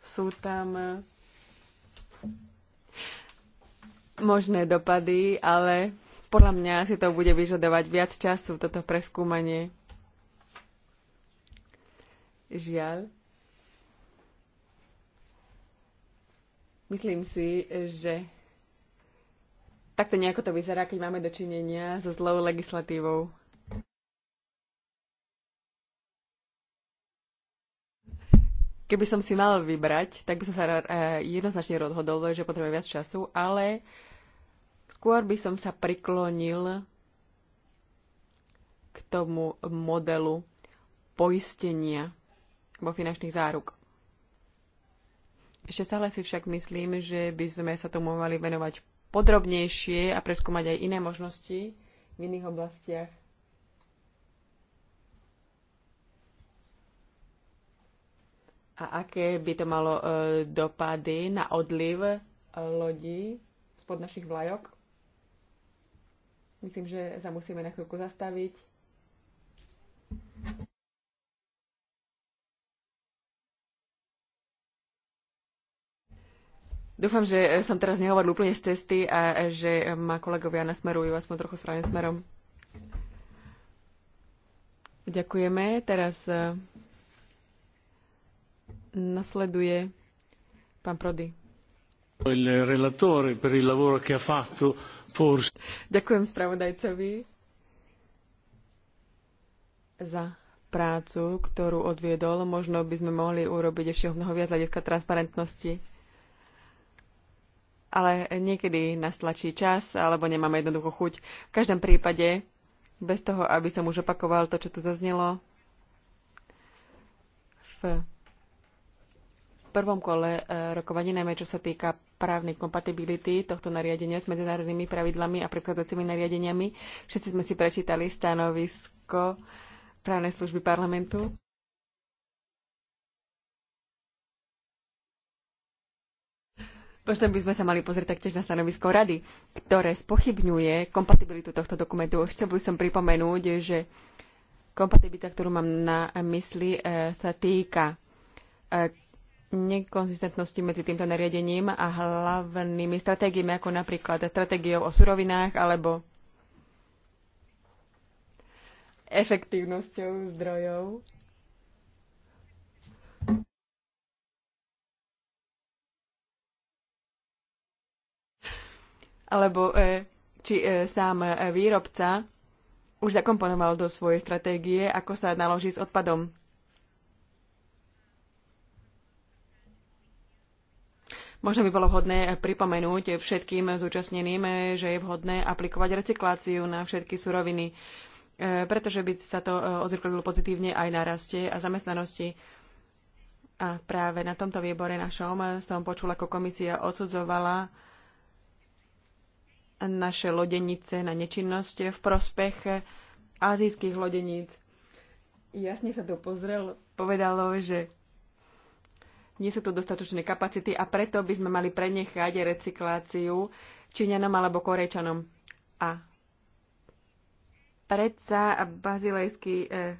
Sú tam možné dopady, ale podľa mňa si to bude vyžadovať viac času, toto preskúmanie. Žiaľ. Myslím si, že takto nejako to vyzerá, keď máme dočinenia so zlou legislatívou. Keby som si mal vybrať, tak by som sa eh, jednoznačne rozhodol, že potrebujem viac času, ale Skôr by som sa priklonil k tomu modelu poistenia vo finančných záruk. Ešte stále si však myslím, že by sme sa tomu mali venovať podrobnejšie a preskúmať aj iné možnosti v iných oblastiach. A aké by to malo e, dopady na odliv e, lodí spod našich vlajok? Myslím, že sa musíme na chvíľku zastaviť. Dúfam, že som teraz nehovoril úplne z cesty a že ma kolegovia nasmerujú aspoň trochu správnym smerom. Ďakujeme. Teraz e, nasleduje pán Prody. Il relatore per il lavoro che ha fatto Ďakujem spravodajcovi za prácu, ktorú odviedol. Možno by sme mohli urobiť ešte mnoho viac hľadiska transparentnosti. Ale niekedy nás tlačí čas, alebo nemáme jednoducho chuť. V každom prípade, bez toho, aby som už opakoval to, čo tu zaznelo, v prvom kole e, rokovaní, najmä čo sa týka právnej kompatibility tohto nariadenia s medzinárodnými pravidlami a predchádzajúcimi nariadeniami. Všetci sme si prečítali stanovisko právnej služby parlamentu. Možno by sme sa mali pozrieť taktiež na stanovisko rady, ktoré spochybňuje kompatibilitu tohto dokumentu. Chcel by som pripomenúť, že kompatibilita, ktorú mám na mysli, e, sa týka e, nekonzistentnosti medzi týmto nariadením a hlavnými stratégiami, ako napríklad stratégiou o surovinách alebo efektívnosťou zdrojov. Alebo e, či e, sám e, výrobca už zakomponoval do svojej stratégie, ako sa naloží s odpadom. Možno by bolo vhodné pripomenúť všetkým zúčastneným, že je vhodné aplikovať recykláciu na všetky suroviny, e, pretože by sa to e, odzrkadlilo pozitívne aj na raste a zamestnanosti. A práve na tomto výbore našom som počula, ako komisia odsudzovala naše lodenice na nečinnosť v prospech azijských lodeníc. Jasne sa to pozrel, povedalo, že nie sú tu dostatočné kapacity a preto by sme mali prenechať recykláciu Číňanom alebo Korejčanom. A predsa bazilejský eh,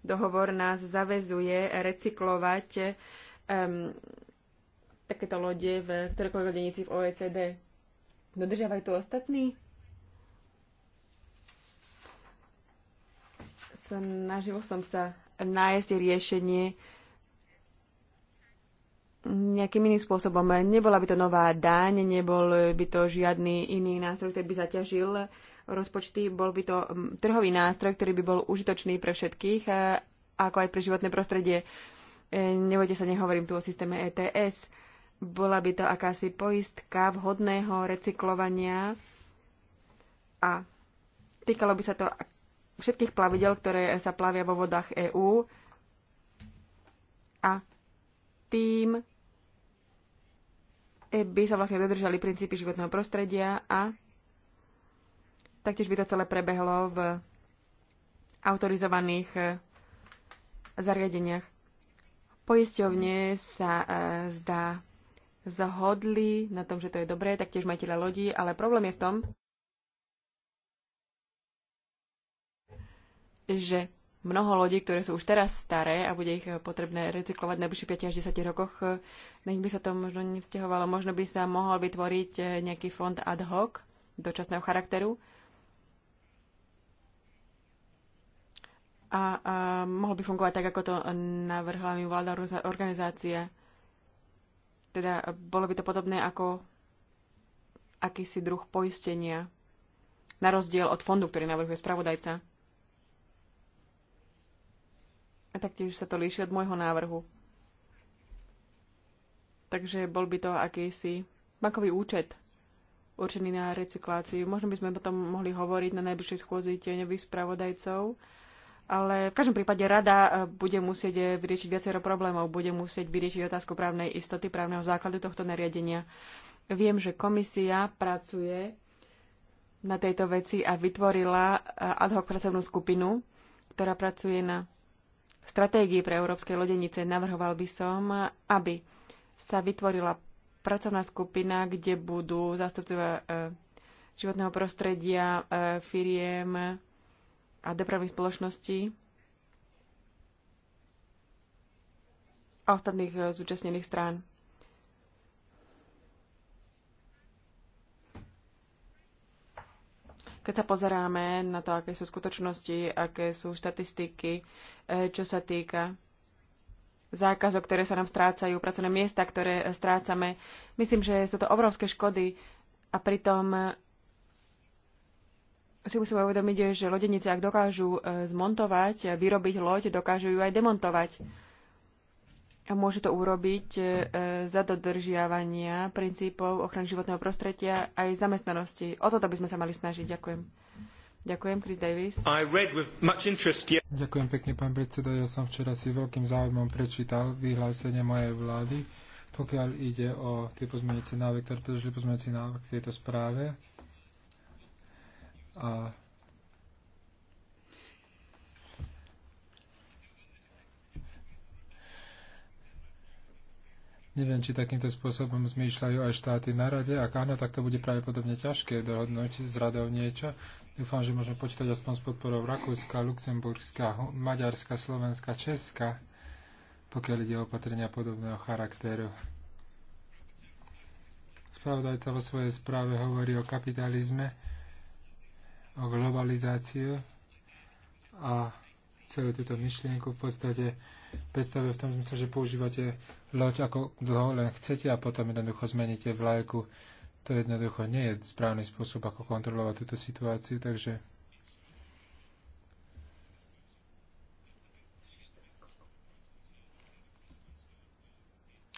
dohovor nás zavezuje recyklovať eh, takéto lode v ktorejkoľvek lodenici v OECD. Dodržiavajú tu ostatní? Snažil som sa nájsť riešenie nejakým iným spôsobom. Nebola by to nová daň, nebol by to žiadny iný nástroj, ktorý by zaťažil rozpočty, bol by to mm, trhový nástroj, ktorý by bol užitočný pre všetkých, e, ako aj pre životné prostredie. E, nebojte sa, nehovorím tu o systéme ETS. Bola by to akási poistka vhodného recyklovania a týkalo by sa to všetkých plavidel, ktoré sa plavia vo vodách EÚ a tým by sa vlastne dodržali princípy životného prostredia a taktiež by to celé prebehlo v autorizovaných eh, zariadeniach. Poisťovne sa eh, zdá zhodli na tom, že to je dobré, taktiež majiteľa lodí, ale problém je v tom, že mnoho lodí, ktoré sú už teraz staré a bude ich eh, potrebné recyklovať v najbližších 5 až 10 rokoch. Na nich by sa to možno nevzťahovalo. Možno by sa mohol vytvoriť eh, nejaký fond ad hoc dočasného charakteru. A, a mohol by fungovať tak, ako to navrhla mi vláda organizácia. Teda eh, bolo by to podobné ako akýsi druh poistenia na rozdiel od fondu, ktorý navrhuje spravodajca. A taktiež sa to líši od môjho návrhu. Takže bol by to akýsi bankový účet určený na recykláciu. Možno by sme potom mohli hovoriť na najbližšej schôdzi tieňových spravodajcov, ale v každom prípade rada e, bude musieť e, vyriešiť viacero problémov, bude musieť vyriešiť otázku právnej istoty, právneho základu tohto nariadenia. Viem, že komisia pracuje na tejto veci a vytvorila e, ad hoc pracovnú skupinu, ktorá pracuje na stratégii pre európske lodenice navrhoval by som, aby sa vytvorila pracovná skupina, kde budú zástupcovia e, životného prostredia, e, firiem a dopravných spoločností a ostatných e, zúčastnených strán. Keď sa pozeráme na to, aké sú skutočnosti, aké sú štatistiky, e, čo sa týka zákazov, ktoré sa nám strácajú, pracovné miesta, ktoré e, strácame, myslím, že sú to obrovské škody a pritom e, si musíme uvedomiť, že lodenice, ak dokážu zmontovať, vyrobiť loď, dokážu ju aj demontovať a môže to urobiť e, e, za dodržiavania princípov ochrany životného prostredia aj zamestnanosti. O toto by sme sa mali snažiť. Ďakujem. Ďakujem, Chris Davis. Ďakujem pekne, pán predseda. Ja som včera si veľkým záujmom prečítal vyhlásenie mojej vlády, pokiaľ ide o tie pozmeňujúce návrhy, ktoré predložili pozmeňujúci návrh k tejto správe. A Neviem, či takýmto spôsobom zmýšľajú aj štáty na rade. Ak áno, tak to bude pravdepodobne ťažké dohodnúť s radou niečo. Dúfam, že môžeme počítať aspoň s podporou Rakúska, Luxemburska, Maďarska, Slovenska, Česka, pokiaľ ide o opatrenia podobného charakteru. Spravodajca vo svojej správe hovorí o kapitalizme, o globalizáciu a celú túto myšlienku v podstate predstavuje v tom zmysle, že používate loď ako dlho len chcete a potom jednoducho zmeníte vlajku. To jednoducho nie je správny spôsob, ako kontrolovať túto situáciu, takže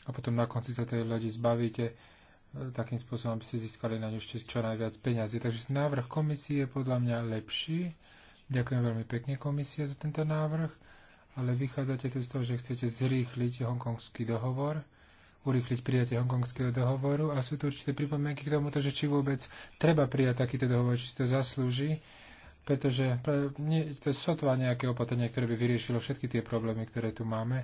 a potom na konci sa tej lodi zbavíte e, takým spôsobom, aby ste získali na ňu ešte čo najviac peňazí. Takže návrh komisie je podľa mňa lepší. Ďakujem veľmi pekne komisie za tento návrh ale vychádzate tu z toho, že chcete zrýchliť hongkongský dohovor, urýchliť prijatie hongkongského dohovoru a sú tu určité pripomienky k tomu, že či vôbec treba prijať takýto dohovor, či si to zaslúži, pretože nie, to sotva nejaké opatrenie, ktoré by vyriešilo všetky tie problémy, ktoré tu máme.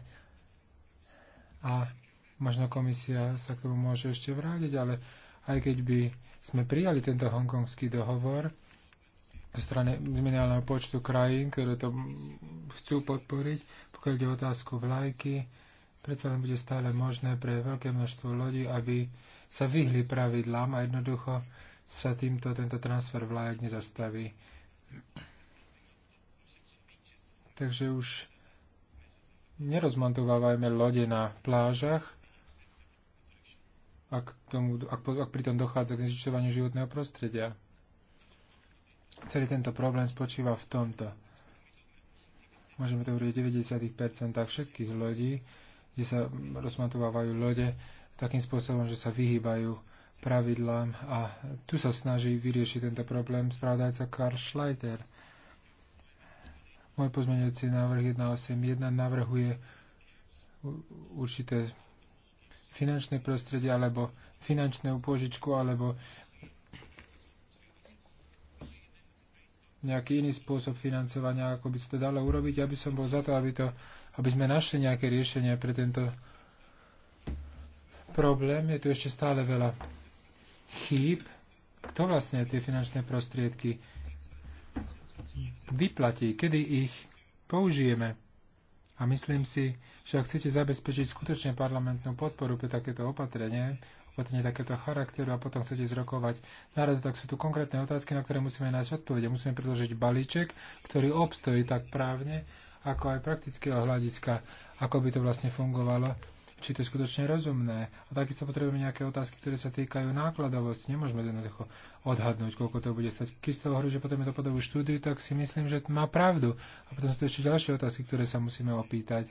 A možno komisia sa k tomu môže ešte vrátiť, ale aj keď by sme prijali tento hongkongský dohovor, zo strany minimálneho počtu krajín, ktoré to chcú podporiť. Pokiaľ ide otázku vlajky, predsa len bude stále možné pre veľké množstvo ľudí, aby sa vyhli pravidlám a jednoducho sa týmto tento transfer vlajek nezastaví. Takže už nerozmontovávajme lode na plážach, ak, tomu, ak, ak pritom dochádza k zničovaniu životného prostredia celý tento problém spočíva v tomto. Môžeme to urieť 90% všetkých lodí, kde sa rozmatovávajú lode takým spôsobom, že sa vyhýbajú pravidlám a tu sa snaží vyriešiť tento problém správdajca Karl Schleiter. Môj pozmeňujúci návrh 181 navrhuje určité finančné prostredie alebo finančnú požičku alebo nejaký iný spôsob financovania, ako by sa to dalo urobiť. Ja by som bol za to, aby, to, aby sme našli nejaké riešenie pre tento problém. Je tu ešte stále veľa chýb. Kto vlastne tie finančné prostriedky vyplatí, kedy ich použijeme. A myslím si, že ak chcete zabezpečiť skutočne parlamentnú podporu pre takéto opatrenie, opatrenia takéto charakteru a potom chcete zrokovať naraz, tak sú tu konkrétne otázky, na ktoré musíme nájsť odpovede. Musíme predložiť balíček, ktorý obstojí tak právne, ako aj praktického hľadiska, ako by to vlastne fungovalo či to je skutočne rozumné. A takisto potrebujeme nejaké otázky, ktoré sa týkajú nákladovosti. Nemôžeme jednoducho odhadnúť, koľko to bude stať. Keď ste hovorí, že potom je to podobu štúdiu, tak si myslím, že má pravdu. A potom sú tu ešte ďalšie otázky, ktoré sa musíme opýtať.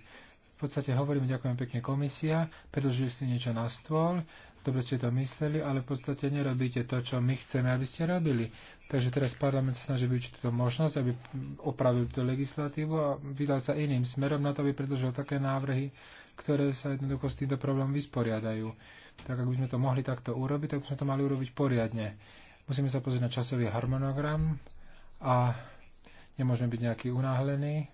V podstate hovoríme, ďakujem pekne komisia, predložili ste niečo na stôl, dobre ste to mysleli, ale v podstate nerobíte to, čo my chceme, aby ste robili. Takže teraz parlament sa snaží využiť túto možnosť, aby opravil túto legislatívu a vydal sa iným smerom na to, aby predložil také návrhy, ktoré sa jednoducho s týmto problémom vysporiadajú. Tak ak by sme to mohli takto urobiť, tak by sme to mali urobiť poriadne. Musíme sa pozrieť na časový harmonogram a nemôžeme byť nejaký unáhlený.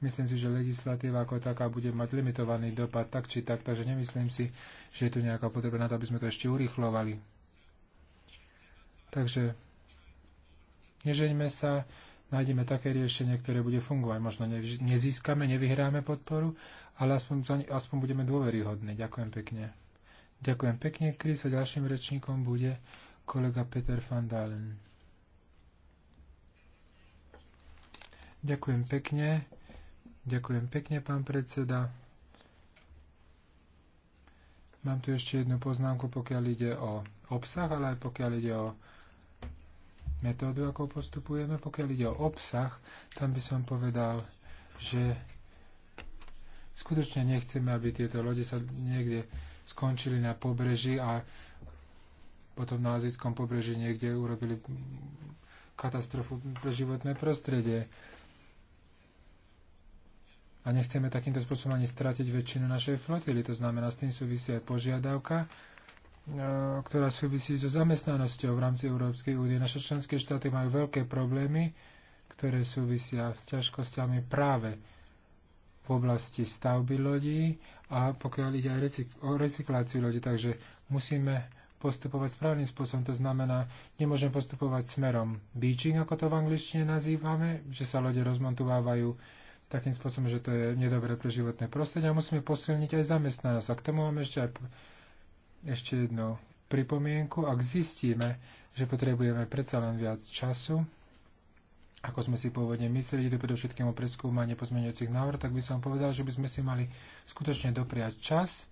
Myslím si, že legislatíva ako taká bude mať limitovaný dopad tak či tak, takže nemyslím si, že je tu nejaká potreba na to, aby sme to ešte urýchlovali. Takže nežeňme sa, nájdeme také riešenie, ktoré bude fungovať. Možno nezískame, nevyhráme podporu, ale aspoň, aspoň budeme dôveryhodní. Ďakujem pekne. Ďakujem pekne, Chris. A ďalším rečníkom bude kolega Peter van Dalen. Ďakujem pekne. Ďakujem pekne, pán predseda. Mám tu ešte jednu poznámku, pokiaľ ide o obsah, ale aj pokiaľ ide o metódu, ako postupujeme. Pokiaľ ide o obsah, tam by som povedal, že skutočne nechceme, aby tieto lode sa niekde skončili na pobreží a potom na azijskom pobreží niekde urobili katastrofu pre životné prostredie a nechceme takýmto spôsobom ani stratiť väčšinu našej flotily. To znamená, s tým súvisí aj požiadavka, e, ktorá súvisí so zamestnanosťou v rámci Európskej únie. Naše členské štáty majú veľké problémy, ktoré súvisia s ťažkosťami práve v oblasti stavby lodí a pokiaľ ide aj o recykláciu lodí. Takže musíme postupovať správnym spôsobom. To znamená, nemôžeme postupovať smerom beaching, ako to v angličtine nazývame, že sa lode rozmontovávajú takým spôsobom, že to je nedobré pre životné prostredie a musíme posilniť aj zamestnanosť. A k tomu máme ešte, aj, ešte jednu pripomienku. Ak zistíme, že potrebujeme predsa len viac času, ako sme si pôvodne mysleli, ide predovšetkým o preskúmanie pozmeňujúcich návrh, tak by som povedal, že by sme si mali skutočne dopriať čas,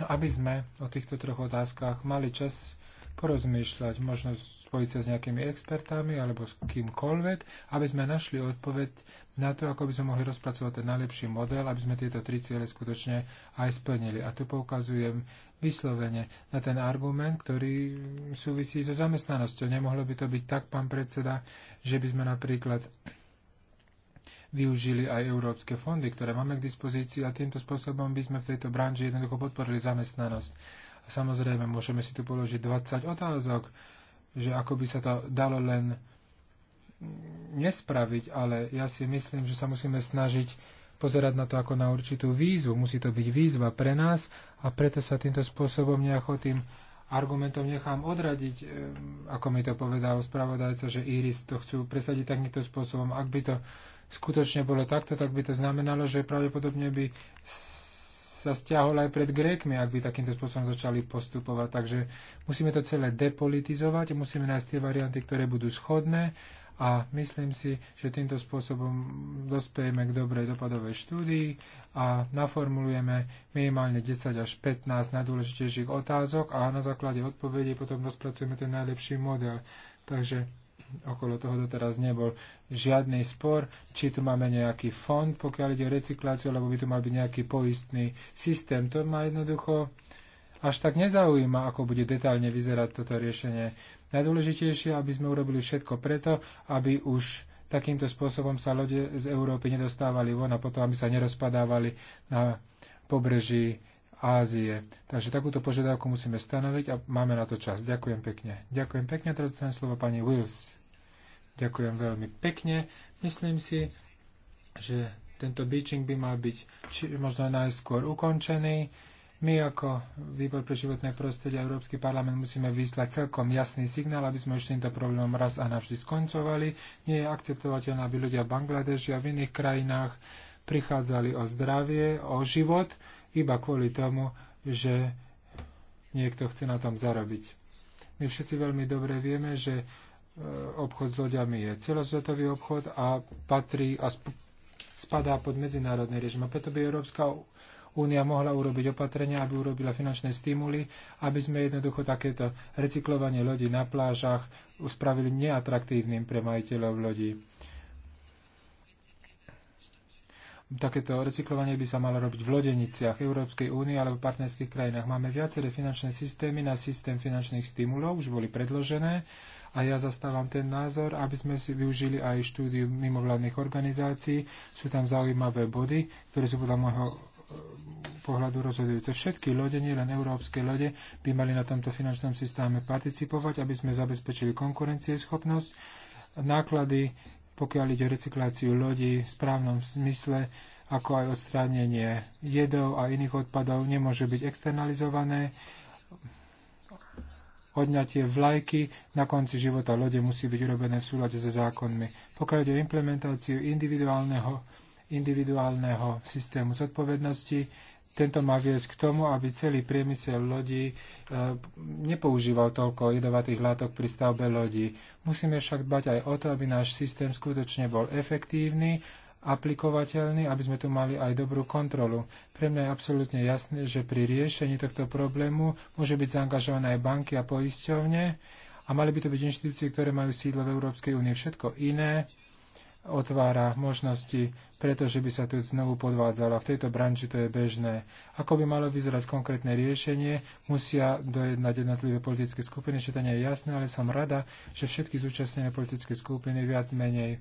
aby sme o týchto troch otázkach mali čas porozmýšľať, možno spojiť sa s nejakými expertami alebo s kýmkoľvek, aby sme našli odpoveď na to, ako by sme mohli rozpracovať ten najlepší model, aby sme tieto tri ciele skutočne aj splnili. A tu poukazujem vyslovene na ten argument, ktorý súvisí so zamestnanosťou. Nemohlo by to byť tak, pán predseda, že by sme napríklad využili aj európske fondy, ktoré máme k dispozícii a týmto spôsobom by sme v tejto branži jednoducho podporili zamestnanosť. Samozrejme, môžeme si tu položiť 20 otázok, že ako by sa to dalo len nespraviť, ale ja si myslím, že sa musíme snažiť pozerať na to ako na určitú výzvu. Musí to byť výzva pre nás a preto sa týmto spôsobom nejako tým argumentom nechám odradiť, ehm, ako mi to povedal spravodajca, že Iris to chcú presadiť takýmto spôsobom. Ak by to skutočne bolo takto, tak by to znamenalo, že pravdepodobne by sa stiahol aj pred Grékmi, ak by takýmto spôsobom začali postupovať. Takže musíme to celé depolitizovať, musíme nájsť tie varianty, ktoré budú schodné a myslím si, že týmto spôsobom dospejeme k dobrej dopadovej štúdii a naformulujeme minimálne 10 až 15 najdôležitejších otázok a na základe odpovedí potom rozpracujeme ten najlepší model. Takže okolo toho doteraz nebol žiadny spor, či tu máme nejaký fond, pokiaľ ide o recykláciu, alebo by tu mal byť nejaký poistný systém. To ma jednoducho až tak nezaujíma, ako bude detálne vyzerať toto riešenie. Najdôležitejšie, aby sme urobili všetko preto, aby už takýmto spôsobom sa lode z Európy nedostávali von a potom, aby sa nerozpadávali na pobreží Ázie. Takže takúto požiadavku musíme stanoviť a máme na to čas. Ďakujem pekne. Ďakujem pekne. Teraz dostanem slovo pani Wills. Ďakujem veľmi pekne. Myslím si, že tento beaching by mal byť či, možno najskôr ukončený. My ako Výbor pre životné prostredie a Európsky parlament musíme vyslať celkom jasný signál, aby sme už týmto problémom raz a navždy skoncovali. Nie je akceptovateľné, aby ľudia v Bangladeži a v iných krajinách prichádzali o zdravie, o život, iba kvôli tomu, že niekto chce na tom zarobiť. My všetci veľmi dobre vieme, že E, obchod s loďami je celosvetový obchod a patrí a spadá pod medzinárodný režim. A preto by Európska únia mohla urobiť opatrenia, aby urobila finančné stimuly, aby sme jednoducho takéto recyklovanie lodí na plážach uspravili neatraktívnym pre majiteľov lodí. Takéto recyklovanie by sa malo robiť v lodeniciach Európskej únie alebo v partnerských krajinách. Máme viaceré finančné systémy na systém finančných stimulov, už boli predložené. A ja zastávam ten názor, aby sme si využili aj štúdiu mimovládnych organizácií. Sú tam zaujímavé body, ktoré sú podľa môjho eh, pohľadu rozhodujúce. Všetky lode, nielen európske lode, by mali na tomto finančnom systéme participovať, aby sme zabezpečili konkurencieschopnosť. Náklady, pokiaľ ide o recykláciu lodí v správnom smysle, ako aj odstránenie jedov a iných odpadov, nemôže byť externalizované odňatie vlajky na konci života lode musí byť urobené v súlade so zákonmi. Pokiaľ ide o implementáciu individuálneho, individuálneho systému zodpovednosti, tento má viesť k tomu, aby celý priemysel lodí e, nepoužíval toľko jedovatých látok pri stavbe lodí. Musíme však dbať aj o to, aby náš systém skutočne bol efektívny aplikovateľný, aby sme tu mali aj dobrú kontrolu. Pre mňa je absolútne jasné, že pri riešení tohto problému môže byť zaangažované aj banky a poisťovne a mali by to byť inštitúcie, ktoré majú sídlo v Európskej únie. Všetko iné otvára možnosti, pretože by sa tu znovu podvádzalo. V tejto branži to je bežné. Ako by malo vyzerať konkrétne riešenie, musia dojednať jednotlivé politické skupiny, že to nie je jasné, ale som rada, že všetky zúčastnené politické skupiny viac menej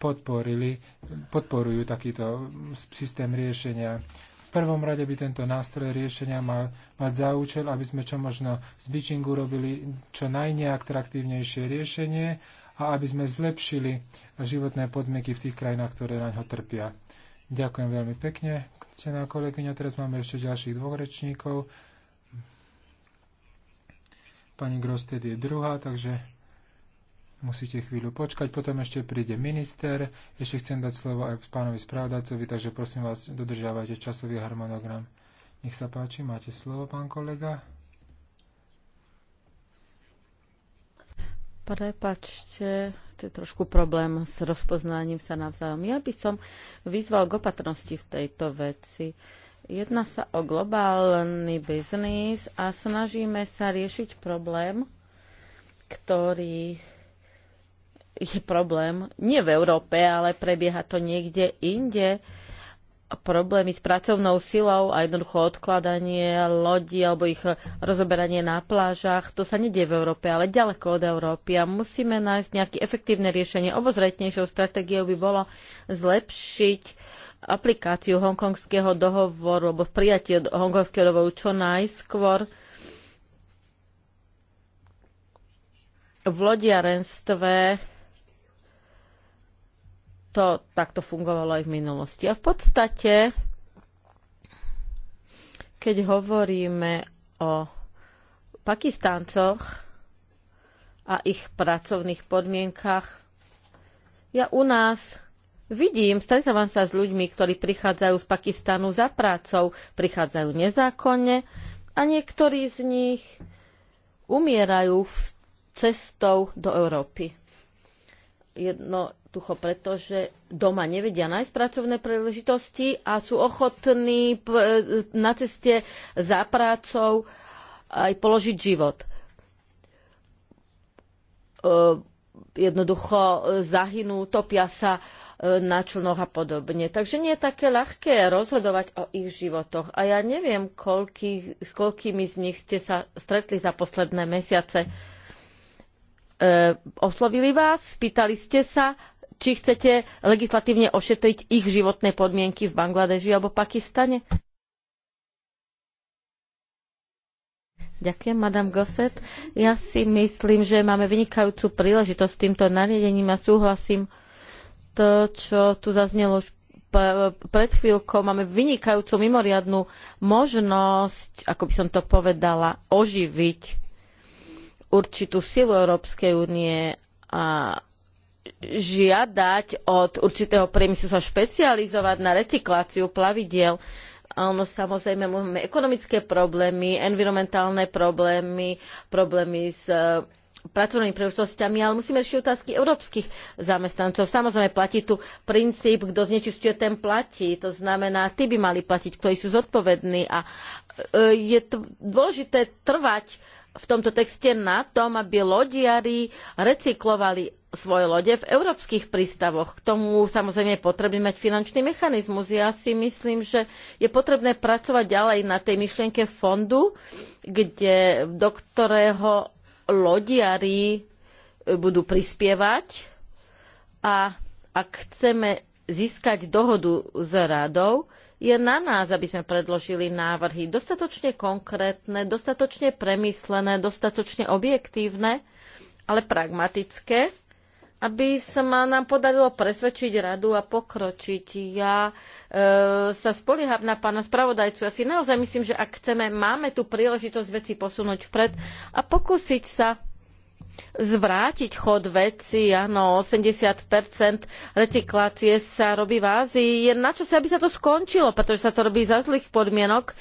podporili, podporujú takýto systém riešenia. V prvom rade by tento nástroj riešenia mal mať za účel, aby sme čo možno z bičingu robili čo najneatraktívnejšie riešenie a aby sme zlepšili životné podmienky v tých krajinách, ktoré na ňo trpia. Ďakujem veľmi pekne, ctená kolegyňa. Teraz máme ešte ďalších dvoch rečníkov. Pani Grosted je druhá, takže Musíte chvíľu počkať, potom ešte príde minister. Ešte chcem dať slovo aj pánovi spravodajcovi, takže prosím vás, dodržiavajte časový harmonogram. Nech sa páči, máte slovo, pán kolega. Prepačte, to je trošku problém s rozpoznaním sa navzájom. Ja by som vyzval k opatrnosti v tejto veci. Jedná sa o globálny biznis a snažíme sa riešiť problém, ktorý je problém nie v Európe, ale prebieha to niekde inde. Problémy s pracovnou silou a jednoducho odkladanie lodí alebo ich rozoberanie na plážach, to sa nedie v Európe, ale ďaleko od Európy a musíme nájsť nejaké efektívne riešenie. Obozretnejšou stratégiou by bolo zlepšiť aplikáciu hongkongského dohovoru alebo prijatie hongkongského dohovoru čo najskôr v lodiarenstve to takto fungovalo aj v minulosti. A v podstate, keď hovoríme o Pakistáncoch a ich pracovných podmienkach, ja u nás vidím, stretávam sa s ľuďmi, ktorí prichádzajú z Pakistanu za prácou, prichádzajú nezákonne a niektorí z nich umierajú cestou do Európy jednoducho preto, že doma nevedia nájsť pracovné príležitosti a sú ochotní na ceste za prácou aj položiť život. E, jednoducho zahynú, topia sa e, na člnoch a podobne. Takže nie je také ľahké rozhodovať o ich životoch. A ja neviem, koľký, s koľkými z nich ste sa stretli za posledné mesiace. Mm E, oslovili vás, spýtali ste sa, či chcete legislatívne ošetriť ich životné podmienky v Bangladeži alebo Pakistane? Ďakujem, madam Gosset. Ja si myslím, že máme vynikajúcu príležitosť s týmto nariadením a súhlasím to, čo tu zaznelo už pred chvíľkou. Máme vynikajúcu mimoriadnú možnosť, ako by som to povedala, oživiť určitú silu Európskej únie a žiadať od určitého priemyslu sa špecializovať na recykláciu plavidiel. Áno, samozrejme, máme ekonomické problémy, environmentálne problémy, problémy s e, pracovnými príležitostiami, ale musíme riešiť otázky európskych zamestnancov. Samozrejme, platí tu princíp, kto znečistuje, ten platí. To znamená, tí by mali platiť, ktorí sú zodpovední. A e, je to dôležité trvať v tomto texte na tom, aby lodiari recyklovali svoje lode v európskych prístavoch. K tomu samozrejme je potrebný mať finančný mechanizmus. Ja si myslím, že je potrebné pracovať ďalej na tej myšlienke fondu, kde, do ktorého lodiari e, budú prispievať a ak chceme získať dohodu s radou, je na nás, aby sme predložili návrhy dostatočne konkrétne, dostatočne premyslené, dostatočne objektívne, ale pragmatické, aby sa nám podarilo presvedčiť radu a pokročiť. Ja e, sa spolieham na pána spravodajcu. Ja si naozaj myslím, že ak chceme, máme tu príležitosť veci posunúť vpred a pokúsiť sa zvrátiť chod veci. Áno, 80 recyklácie sa robí v Ázii. Je na čo sa, aby sa to skončilo, pretože sa to robí za zlých podmienok.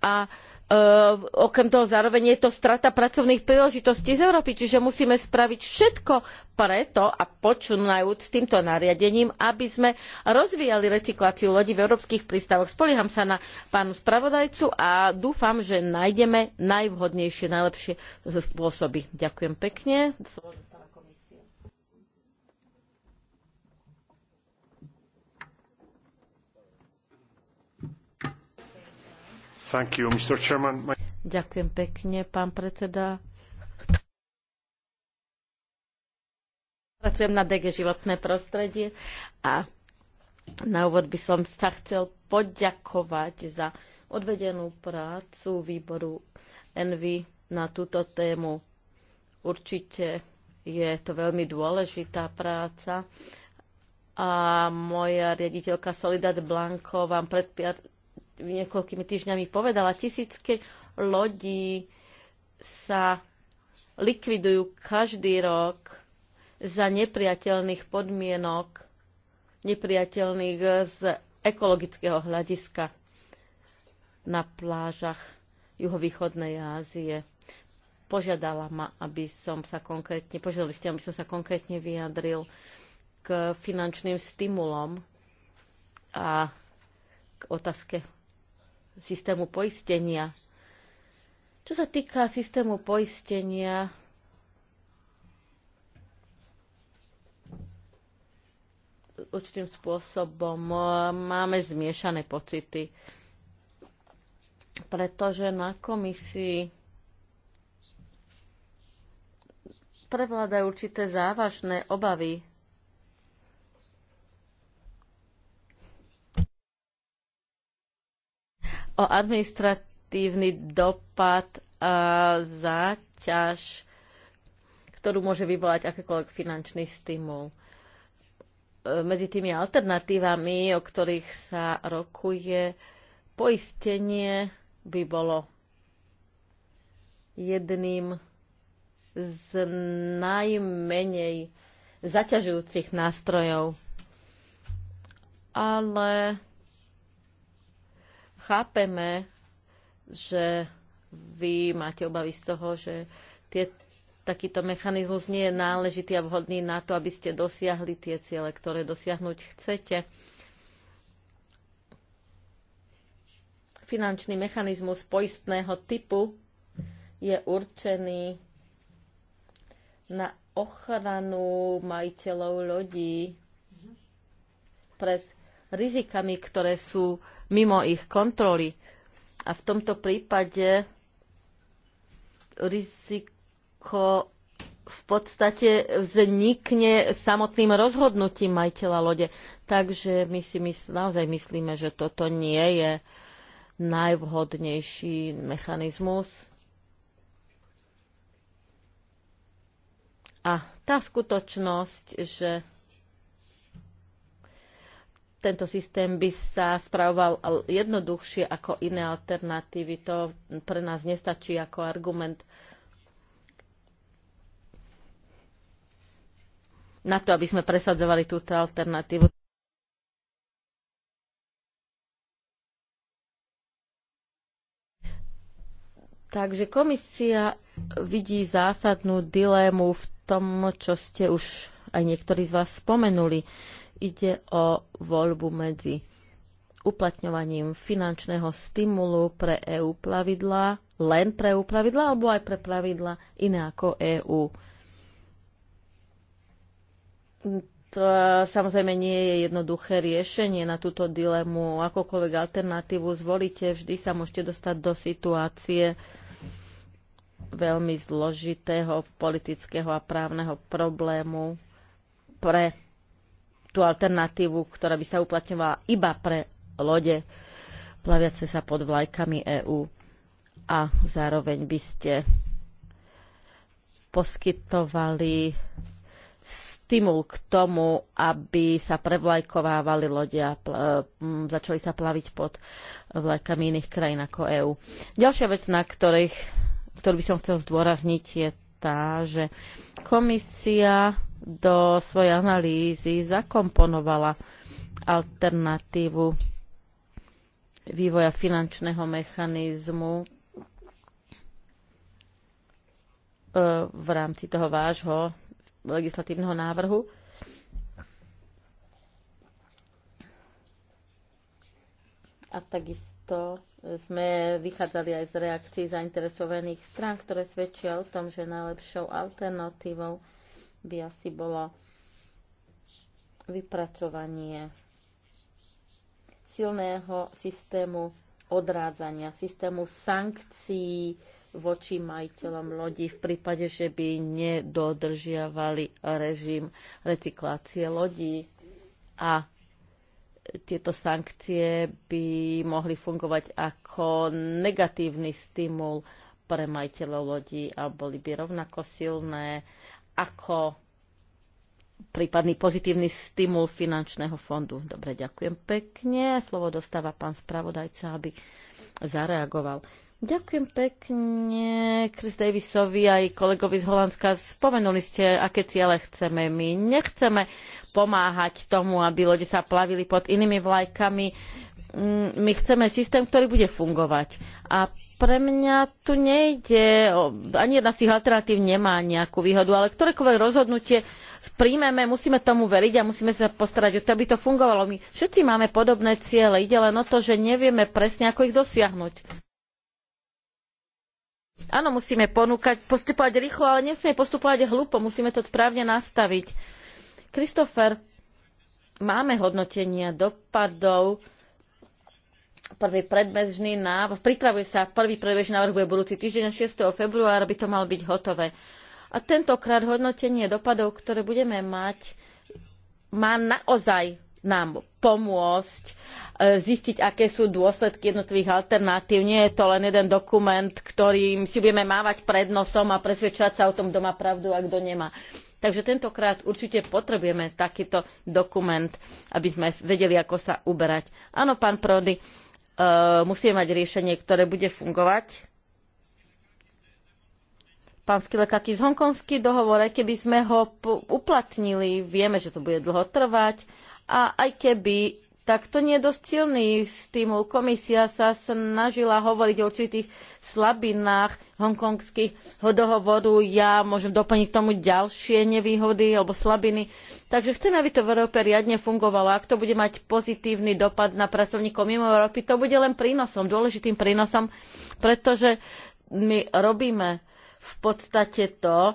A Eh, okrem toho zároveň je to strata pracovných príležitostí z Európy, čiže musíme spraviť všetko preto a počúnajúc týmto nariadením, aby sme rozvíjali recykláciu lodí v európskych prístavoch. Spolieham sa na pánu spravodajcu a dúfam, že nájdeme najvhodnejšie, najlepšie spôsoby. Ďakujem pekne. You, My... Ďakujem pekne, pán predseda. Pracujem na DG životné prostredie a na úvod by som sa chcel poďakovať za odvedenú prácu výboru Envy na túto tému. Určite je to veľmi dôležitá práca a moja riaditeľka Solidad Blanko vám pred niekoľkými týždňami povedala, tisícky lodí sa likvidujú každý rok za nepriateľných podmienok, nepriateľných z ekologického hľadiska na plážach juhovýchodnej Ázie. Požiadala ma, aby som sa konkrétne, požiadali ste, aby som sa konkrétne vyjadril k finančným stimulom a k otázke systému poistenia. Čo sa týka systému poistenia, určitým spôsobom eh, máme zmiešané pocity, pretože na komisii prevládajú určité závažné obavy o administratívny dopad a záťaž, ktorú môže vyvolať akýkoľvek finančný stimul. E, medzi tými alternatívami, o ktorých sa rokuje, poistenie by bolo jedným z najmenej zaťažujúcich nástrojov. Ale chápeme, že vy máte obavy z toho, že tie, takýto mechanizmus nie je náležitý a vhodný na to, aby ste dosiahli tie ciele, ktoré dosiahnuť chcete. Finančný mechanizmus poistného typu je určený na ochranu majiteľov lodí pred rizikami, ktoré sú mimo ich kontroly. A v tomto prípade riziko v podstate vznikne samotným rozhodnutím majiteľa lode. Takže my si mysl, naozaj myslíme, že toto nie je najvhodnejší mechanizmus. A tá skutočnosť, že tento systém by sa spravoval jednoduchšie ako iné alternatívy. To pre nás nestačí ako argument na to, aby sme presadzovali túto alternatívu. Takže komisia vidí zásadnú dilému v tom, čo ste už aj niektorí z vás spomenuli ide o voľbu medzi uplatňovaním finančného stimulu pre EU plavidlá, len pre EU plavidlá, alebo aj pre plavidlá iné ako EU. To samozrejme nie je jednoduché riešenie na túto dilemu. Akokoľvek alternatívu zvolíte, vždy sa môžete dostať do situácie veľmi zložitého politického a právneho problému pre tú alternatívu, ktorá by sa uplatňovala iba pre lode plaviace sa pod vlajkami EÚ a zároveň by ste poskytovali stimul k tomu, aby sa prevlajkovávali lode a začali sa plaviť pod vlajkami iných krajín ako EÚ. Ďalšia vec, na ktorých, ktorú by som chcel zdôrazniť, je tá, že komisia do svojej analýzy zakomponovala alternatívu vývoja finančného mechanizmu e, v rámci toho vášho legislatívneho návrhu. A takisto sme vychádzali aj z reakcií zainteresovaných strán, ktoré svedčia o tom, že najlepšou alternatívou by asi bolo vypracovanie silného systému odrádzania, systému sankcií voči majiteľom lodí v prípade, že by nedodržiavali režim recyklácie lodí a tieto sankcie by mohli fungovať ako negatívny stimul pre majiteľov lodí a boli by rovnako silné ako prípadný pozitívny stimul finančného fondu. Dobre, ďakujem pekne. Slovo dostáva pán spravodajca, aby zareagoval. Ďakujem pekne Chris Davisovi aj kolegovi z Holandska. Spomenuli ste, aké ciele chceme. My nechceme pomáhať tomu, aby lode sa plavili pod inými vlajkami Mm, my chceme systém, ktorý bude fungovať. A pre mňa tu nejde, ani jedna z tých alternatív nemá nejakú výhodu, ale ktorékoľvek rozhodnutie príjmeme, musíme tomu veriť a musíme sa postarať o to, aby to fungovalo. My všetci máme podobné ciele, ide len o to, že nevieme presne, ako ich dosiahnuť. Áno, musíme ponúkať, postupovať rýchlo, ale nesmie postupovať hlúpo, musíme to správne nastaviť. Kristofer, máme hodnotenia dopadov, prvý predbežný návrh, pripravuje sa prvý predbežný návrh bude budúci týždeň 6. februára by to malo byť hotové. A tentokrát hodnotenie dopadov, ktoré budeme mať, má naozaj nám pomôcť e, zistiť, aké sú dôsledky jednotlivých alternatív. Nie je to len jeden dokument, ktorým si budeme mávať pred nosom a presvedčať sa o tom, kto má pravdu a kto nemá. Takže tentokrát určite potrebujeme takýto dokument, aby sme vedeli, ako sa uberať. Áno, pán Prody, Eh, musíme mať riešenie, ktoré bude fungovať. Pán z hongkonský dohovor, aj keby sme ho uplatnili, vieme, že to bude dlho trvať a aj keby tak to nie je dosť silný stimul. Komisia sa snažila hovoriť o určitých slabinách hongkongských dohovoru. Ja môžem doplniť k tomu ďalšie nevýhody alebo slabiny. Takže chceme, aby to v Európe riadne fungovalo. Ak to bude mať pozitívny dopad na pracovníkov mimo Európy, to bude len prínosom, dôležitým prínosom, pretože my robíme v podstate to,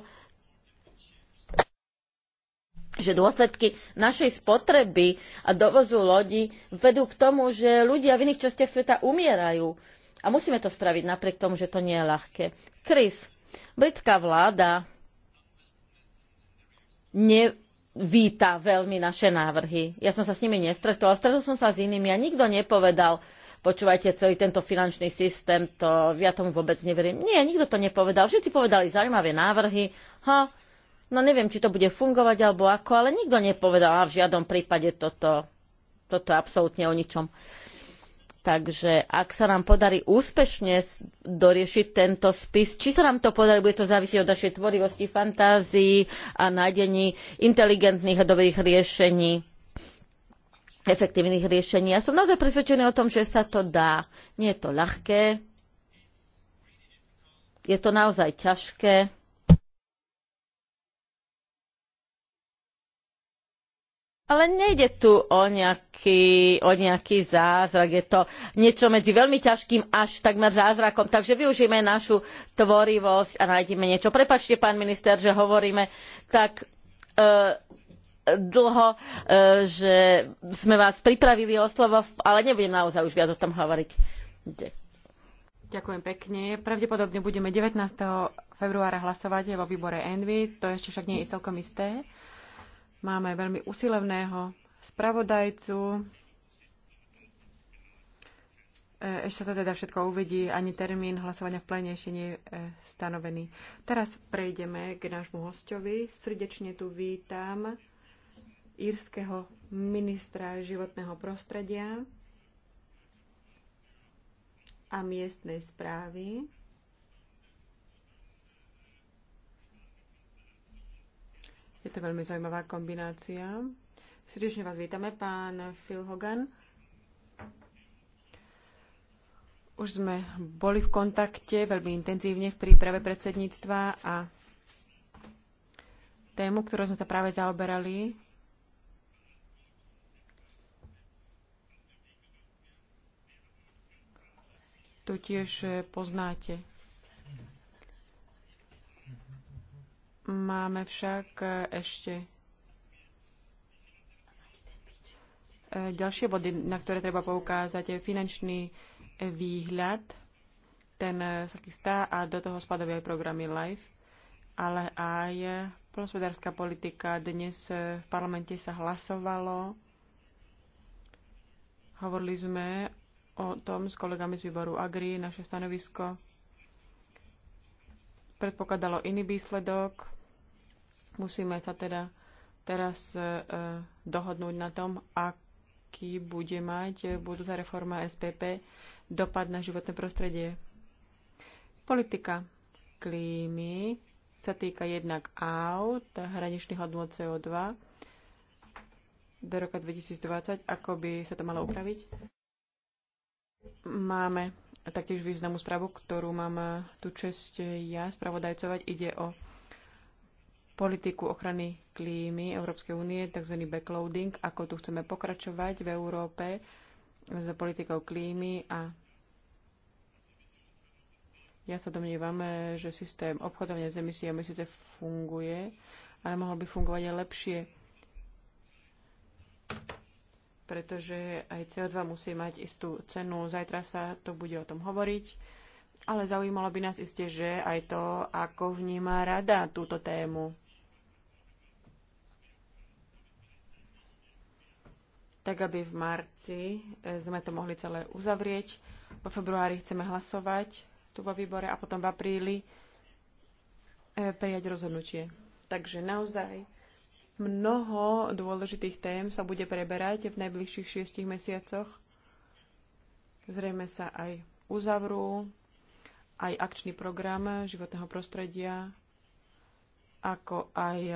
že dôsledky našej spotreby a dovozu lodí vedú k tomu, že ľudia v iných častiach sveta umierajú. A musíme to spraviť napriek tomu, že to nie je ľahké. Chris, britská vláda nevíta veľmi naše návrhy. Ja som sa s nimi nestretol, ale stretol som sa s inými a nikto nepovedal, počúvajte, celý tento finančný systém, to ja tomu vôbec neverím. Nie, nikto to nepovedal. Všetci povedali zaujímavé návrhy. Ha, No neviem, či to bude fungovať alebo ako, ale nikto nepovedal a v žiadom prípade toto, toto absolútne o ničom. Takže ak sa nám podarí úspešne doriešiť tento spis, či sa nám to podarí, bude to závisieť od našej tvorivosti, fantázii a nájdení inteligentných a dobrých riešení efektívnych riešení. Ja som naozaj presvedčený o tom, že sa to dá. Nie je to ľahké, je to naozaj ťažké Ale nejde tu o nejaký, o nejaký zázrak. Je to niečo medzi veľmi ťažkým až takmer zázrakom. Takže využijeme našu tvorivosť a nájdeme niečo. Prepačte, pán minister, že hovoríme tak e, dlho, e, že sme vás pripravili o slovo, ale nebudem naozaj už viac o tom hovoriť. Ďakujem pekne. Pravdepodobne budeme 19. februára hlasovať vo výbore Envy. To ešte však nie je celkom isté. Máme veľmi usilovného spravodajcu. E, ešte sa to teda všetko uvidí, ani termín hlasovania v plene ešte nie je e, stanovený. Teraz prejdeme k nášmu hostovi. Srdečne tu vítam írskeho ministra životného prostredia a miestnej správy Je to veľmi zaujímavá kombinácia. Srdečne vás vítame, pán Phil Hogan. Už sme boli v kontakte veľmi intenzívne v príprave predsedníctva a tému, ktorú sme sa práve zaoberali, tu tiež poznáte. Máme však e, ešte e, ďalšie body, na ktoré treba poukázať. je Finančný e, výhľad, ten sa chystá a do toho spadajú aj programy LIFE, ale aj polospodárska politika. Dnes v parlamente sa hlasovalo. Hovorili sme o tom s kolegami z výboru AGRI, naše stanovisko predpokladalo iný výsledok Musíme sa teda teraz e, e, dohodnúť na tom, aký bude mať e, budúca reforma SPP dopad na životné prostredie. Politika klímy sa týka jednak aut, hraničných hodnot CO2 do roka 2020, ako by sa to malo upraviť. Máme taktiež významnú správu, ktorú mám tu čest ja spravodajcovať. Ide o politiku ochrany klímy Európskej únie, tzv. backloading, ako tu chceme pokračovať v Európe s politikou klímy a ja sa domnívam, že systém obchodovania s emisiami síce funguje, ale mohol by fungovať aj lepšie, pretože aj CO2 musí mať istú cenu. Zajtra sa to bude o tom hovoriť, ale zaujímalo by nás iste, že aj to, ako vníma rada túto tému tak aby v marci e, sme to mohli celé uzavrieť. Vo februári chceme hlasovať tu vo výbore a potom v apríli e, prijať rozhodnutie. Takže naozaj mnoho dôležitých tém sa bude preberať v najbližších šiestich mesiacoch. Zrejme sa aj uzavrú, aj akčný program životného prostredia, ako aj e,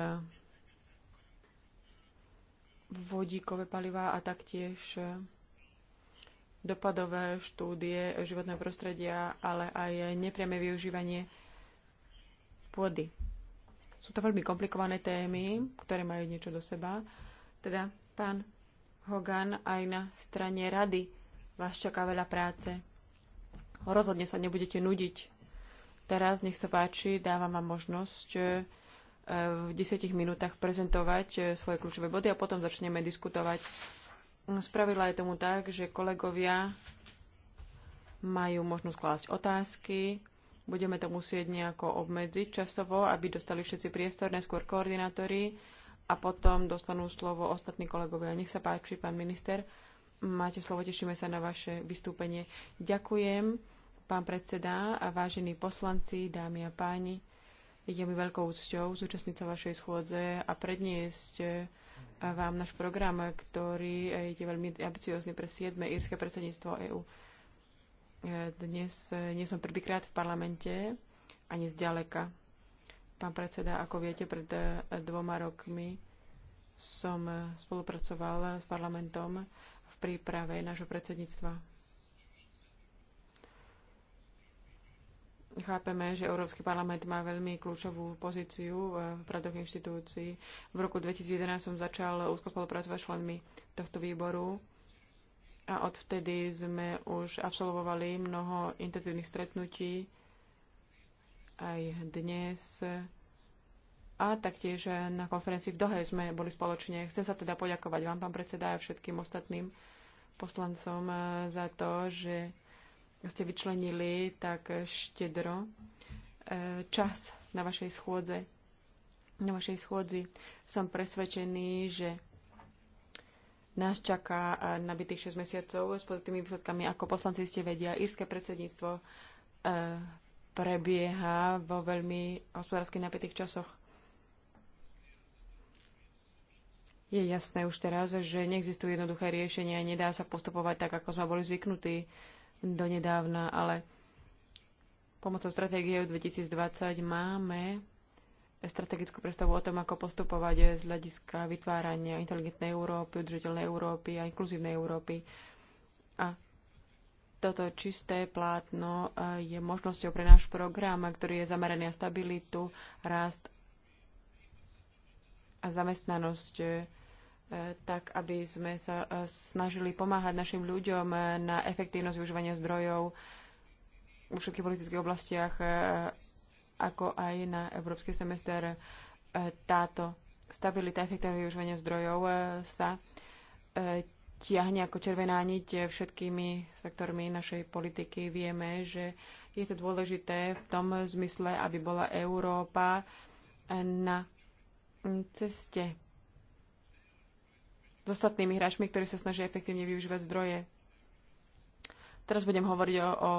vodíkové palivá a taktiež e, dopadové štúdie životného prostredia, ale aj nepriame využívanie pôdy. Sú to veľmi komplikované témy, ktoré majú niečo do seba. Teda, pán Hogan, aj na strane rady vás čaká veľa práce. Rozhodne sa nebudete nudiť. Teraz, nech sa páči, dávam vám možnosť e, v desiatich minútach prezentovať e, svoje kľúčové body a potom začneme diskutovať. Spravila je tomu tak, že kolegovia majú možnosť klásť otázky. Budeme to musieť nejako obmedziť časovo, aby dostali všetci priestor, neskôr koordinátori a potom dostanú slovo ostatní kolegovia. Nech sa páči, pán minister. Máte slovo, tešíme sa na vaše vystúpenie. Ďakujem, pán predseda a vážení poslanci, dámy a páni. Je mi veľkou úcťou zúčastniť sa vašej schôdze a predniesť eh, vám náš program, ktorý eh, je veľmi ambiciózny pre 7. írske predsedníctvo EÚ. Eh, dnes nie som prvýkrát v parlamente, ani zďaleka. Pán predseda, ako viete, pred dvoma rokmi som spolupracoval s parlamentom v príprave nášho predsedníctva. Chápeme, že Európsky parlament má veľmi kľúčovú pozíciu v radoch inštitúcií. V roku 2011 som začal úzko spolupracovať s členmi tohto výboru a odvtedy sme už absolvovali mnoho intenzívnych stretnutí aj dnes a taktiež na konferencii v Dohe sme boli spoločne. Chcem sa teda poďakovať vám, pán predseda, a všetkým ostatným poslancom eh, za to, že ste vyčlenili tak štedro e, čas na vašej schôdze. Na vašej schôdzi som presvedčený, že nás čaká e, nabitých 6 mesiacov s pozitívnymi výsledkami. Ako poslanci ste vedia, írske predsedníctvo e, prebieha vo veľmi hospodársky napätých časoch. Je jasné už teraz, že neexistuje jednoduché riešenie a nedá sa postupovať tak, ako sme boli zvyknutí donedávna, ale pomocou stratégie 2020 máme strategickú predstavu o tom, ako postupovať z hľadiska vytvárania inteligentnej Európy, udržiteľnej Európy a inkluzívnej Európy. A toto čisté plátno e, je možnosťou pre náš program, ktorý je zameraný na stabilitu, rast a zamestnanosť e, tak aby sme sa e, snažili pomáhať našim ľuďom e, na efektívnosť využívania zdrojov vo všetkých politických oblastiach, e, ako aj na európsky semester. Táto stabilita efektívneho využívania zdrojov sa tiahne ako červená niť všetkými sektormi našej politiky. Vieme, že je to dôležité v tom zmysle, aby bola Európa na ceste s ostatnými hráčmi, ktorí sa snažia efektívne využívať zdroje. Teraz budem hovoriť o, o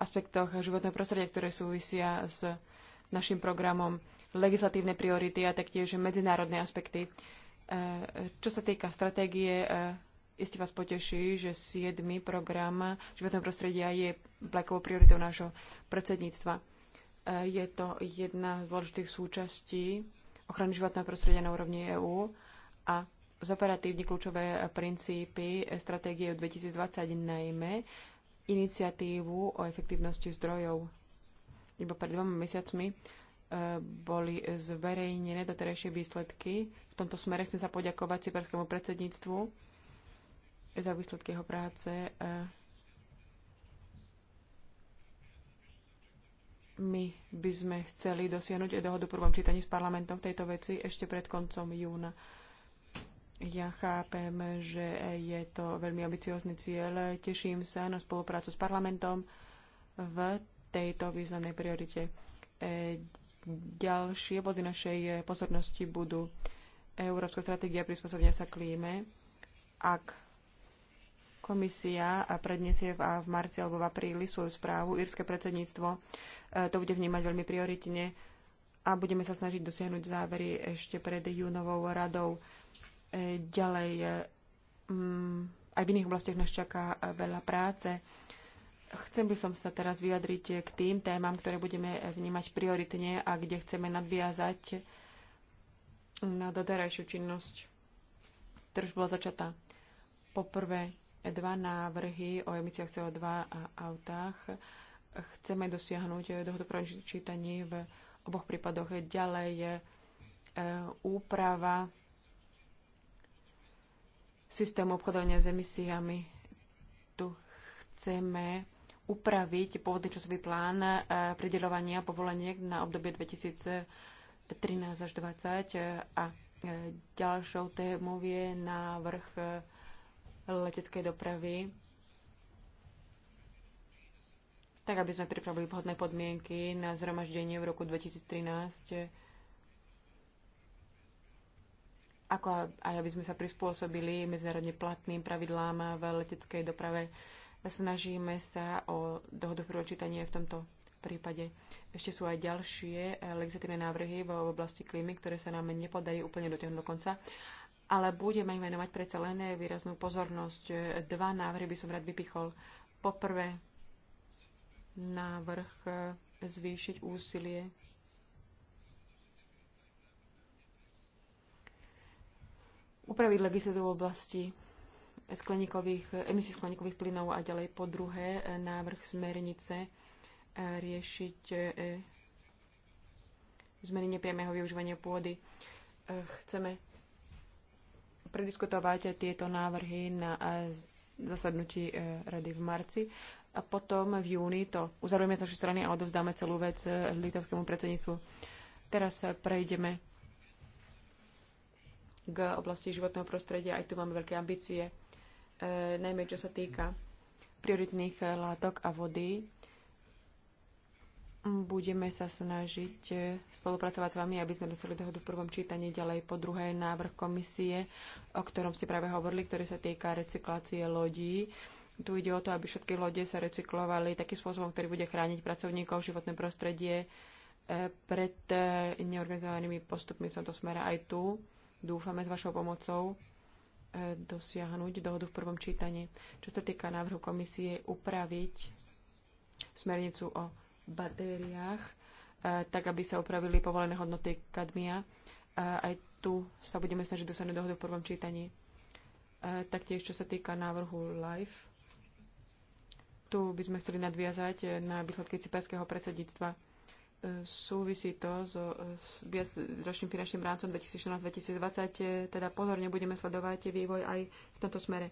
aspektoch životného prostredia, ktoré súvisia s našim programom, legislatívne priority a taktiež medzinárodné aspekty. E, čo sa týka stratégie, e, iste vás poteší, že 7. program životného prostredia je vlakovou prioritou nášho predsedníctva. E, je to jedna z dôležitých súčastí ochrany životného prostredia na úrovni EÚ a zoperatívne kľúčové princípy stratégie 2020, najmä iniciatívu o efektívnosti zdrojov. Iba pred dvoma mesiacmi e, boli zverejnené doterajšie výsledky. V tomto smere chcem sa poďakovať cyperskému predsedníctvu za výsledky jeho práce. E, my by sme chceli dosiahnuť dohodu v prvom čítaní s parlamentom v tejto veci ešte pred koncom júna. Ja chápem, že je to veľmi ambiciózny cieľ. Teším sa na spoluprácu s parlamentom v tejto významnej priorite. E, ďalšie body našej pozornosti budú Európska stratégia prispôsobenia sa klíme. Ak komisia predniesie v, v marci alebo v apríli svoju správu, írske predsedníctvo e, to bude vnímať veľmi prioritne a budeme sa snažiť dosiahnuť závery ešte pred júnovou radou. E, ďalej, e, mm, aj v iných oblastiach nás čaká e, veľa práce. Chcem by som sa teraz vyjadriť k tým témam, ktoré budeme vnímať prioritne a kde chceme nadviazať na doterajšiu činnosť, ktorá už bola začatá. Poprvé, dva návrhy o emisiách CO2 a autách. Chceme dosiahnuť dohodu o čítaní v oboch prípadoch. Ďalej je úprava systém obchodovania s emisiami. Tu chceme upraviť pôvodný časový plán e, prideľovania povoleniek na obdobie 2013 až 2020 e, a e, ďalšou témou je návrh leteckej dopravy, tak aby sme pripravili vhodné podmienky na zhromaždenie v roku 2013 ako aj aby sme sa prispôsobili medzinárodne platným pravidlám v leteckej doprave. Snažíme sa o dohodu čítanie v tomto prípade. Ešte sú aj ďalšie eh, legislatívne návrhy v oblasti klímy, ktoré sa nám nepodarí úplne dotiahnuť do konca, ale budeme im venovať predsa len výraznú pozornosť. Dva návrhy by som rád vypichol. Poprvé, návrh eh, zvýšiť úsilie upraviť legislatívu v oblasti skleníkových, emisí skleníkových plynov a ďalej po druhé e, návrh smernice e, riešiť e, zmeny nepriamého využívania pôdy. Chceme prediskutovať tieto návrhy na zasadnutí rady v marci a potom v júni to uzavrieme z našej strany a odovzdáme celú vec litovskému predsedníctvu. Teraz prejdeme k oblasti životného prostredia. Aj tu máme veľké ambície, e, najmä čo sa týka prioritných e, látok a vody. Budeme sa snažiť e, spolupracovať s vami, aby sme dosiahli dohodu v prvom čítaní ďalej. Po druhé, návrh komisie, o ktorom ste práve hovorili, ktorý sa týka recyklácie lodí. Tu ide o to, aby všetky lode sa recyklovali takým spôsobom, ktorý bude chrániť pracovníkov, životné prostredie e, pred neorganizovanými postupmi v tomto smere aj tu dúfame s vašou pomocou e, dosiahnuť dohodu v prvom čítaní. Čo sa týka návrhu komisie upraviť smernicu o batériách, e, tak aby sa upravili povolené hodnoty kadmia. E, aj tu sa budeme snažiť dosiahnuť dohodu v prvom čítaní. Taktiež, čo sa týka návrhu LIFE, tu by sme chceli nadviazať na výsledky cyperského predsedníctva súvisí to so, s viacročným finančným rámcom 2014-2020, eh, teda pozorne budeme sledovať vývoj aj v tomto smere.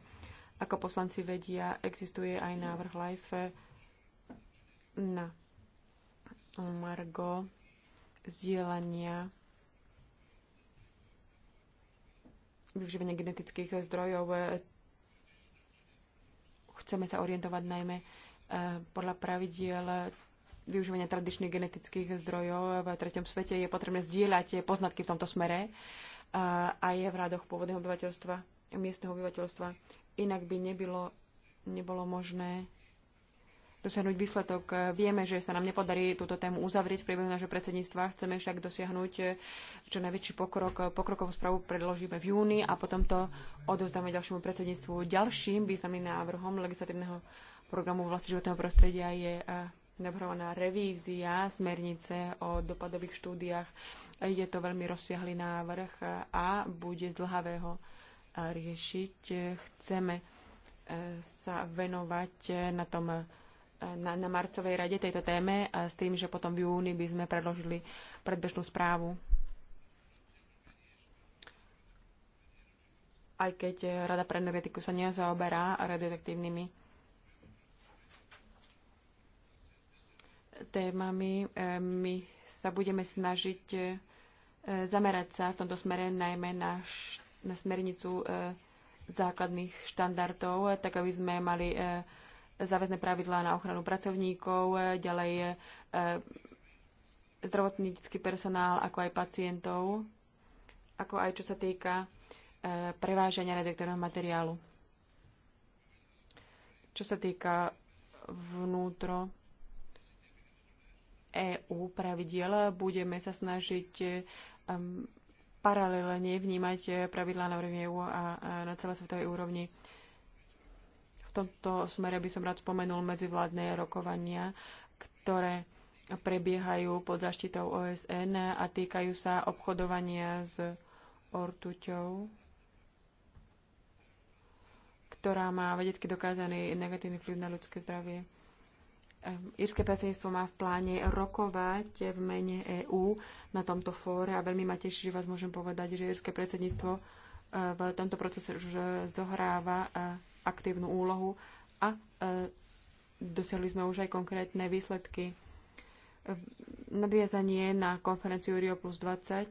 Ako poslanci vedia, existuje aj návrh LIFE eh, na Margo zdieľania využívania genetických zdrojov. Eh, chceme sa orientovať najmä podľa pravidiel využívania tradičných genetických zdrojov v treťom svete je potrebné zdieľať poznatky v tomto smere eh, a, je v rádoch pôvodného obyvateľstva, miestneho obyvateľstva. Inak by nebolo, nebolo možné dosiahnuť výsledok. Vieme, že sa nám nepodarí túto tému uzavrieť v priebehu nášho predsedníctva. Chceme však dosiahnuť eh, čo najväčší pokrok. Pokrokovú správu predložíme v júni a potom to odozdáme ďalšiemu predsedníctvu. Ďalším významným návrhom legislatívneho programu vlastne životného prostredia je eh, navrhovaná revízia smernice o dopadových štúdiách. Je to veľmi rozsiahly návrh a bude zdlhavého e, riešiť. Chceme e, sa venovať na tom e, na, na marcovej rade tejto téme a s tým, že potom v júni by sme predložili predbežnú správu. Aj keď Rada pre energetiku sa nezaoberá radioaktívnymi témami. E, my sa budeme snažiť e, zamerať sa v tomto smere najmä na, na smernicu e, základných štandardov, tak aby sme mali záväzné pravidlá na ochranu pracovníkov, ďalej zdravotnícky personál, ako aj pacientov, ako aj čo sa týka preváženia redaktorného materiálu. Čo sa týka vnútro EÚ pravidiel. Budeme sa snažiť um, paralelne vnímať pravidlá na úrovni EÚ a na celosvetovej úrovni. V tomto smere by som rád spomenul medzivládne rokovania, ktoré prebiehajú pod zaštitou OSN a týkajú sa obchodovania s ortuťou, ktorá má vedecky dokázaný negatívny vplyv na ľudské zdravie. Ehm, írske predsedníctvo má v pláne rokovať v mene EÚ na tomto fóre a veľmi ma teší, že vás môžem povedať, že Írske predsedníctvo ehm, v tomto procese už e, zohráva e, aktívnu úlohu a e, dosiahli sme už aj konkrétne výsledky. Ehm, nadviazanie na konferenciu Rio plus 20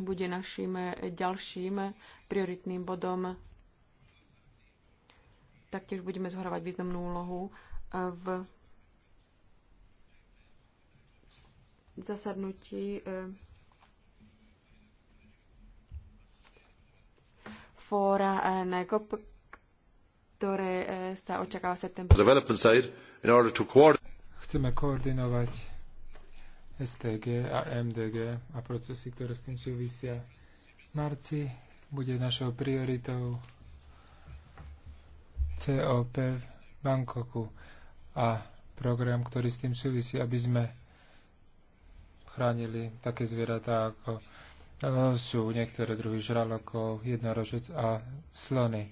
bude našim ďalším prioritným bodom. Taktiež budeme zohrávať významnú úlohu v zasadnutí e, fóra e, na COP, ktoré e, sa očakáva v septembri. Chceme koordinovať STG a MDG a procesy, ktoré s tým súvisia. V Marci bude našou prioritou COP v Bangkoku a program, ktorý s tým súvisí, aby sme chránili také zvieratá, ako e, sú niektoré druhy žralokov, jednorožec a slony.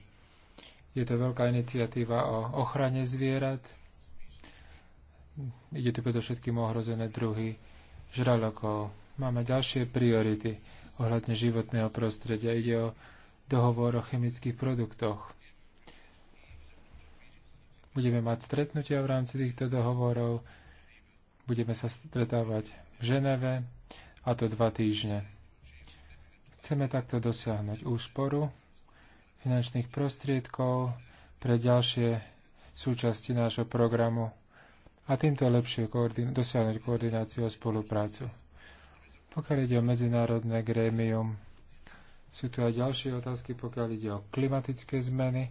Je to veľká iniciatíva o ochrane zvierat. Ide tu predovšetkým ohrozené druhy žralokov. Máme ďalšie priority ohľadne životného prostredia. Ide o dohovor o chemických produktoch. Budeme mať stretnutia v rámci týchto dohovorov. Budeme sa stretávať v Ženeve a to dva týždne. Chceme takto dosiahnuť úsporu finančných prostriedkov pre ďalšie súčasti nášho programu a týmto lepšie koordin- dosiahnuť koordináciu a spoluprácu. Pokiaľ ide o medzinárodné grémium, sú tu aj ďalšie otázky, pokiaľ ide o klimatické zmeny.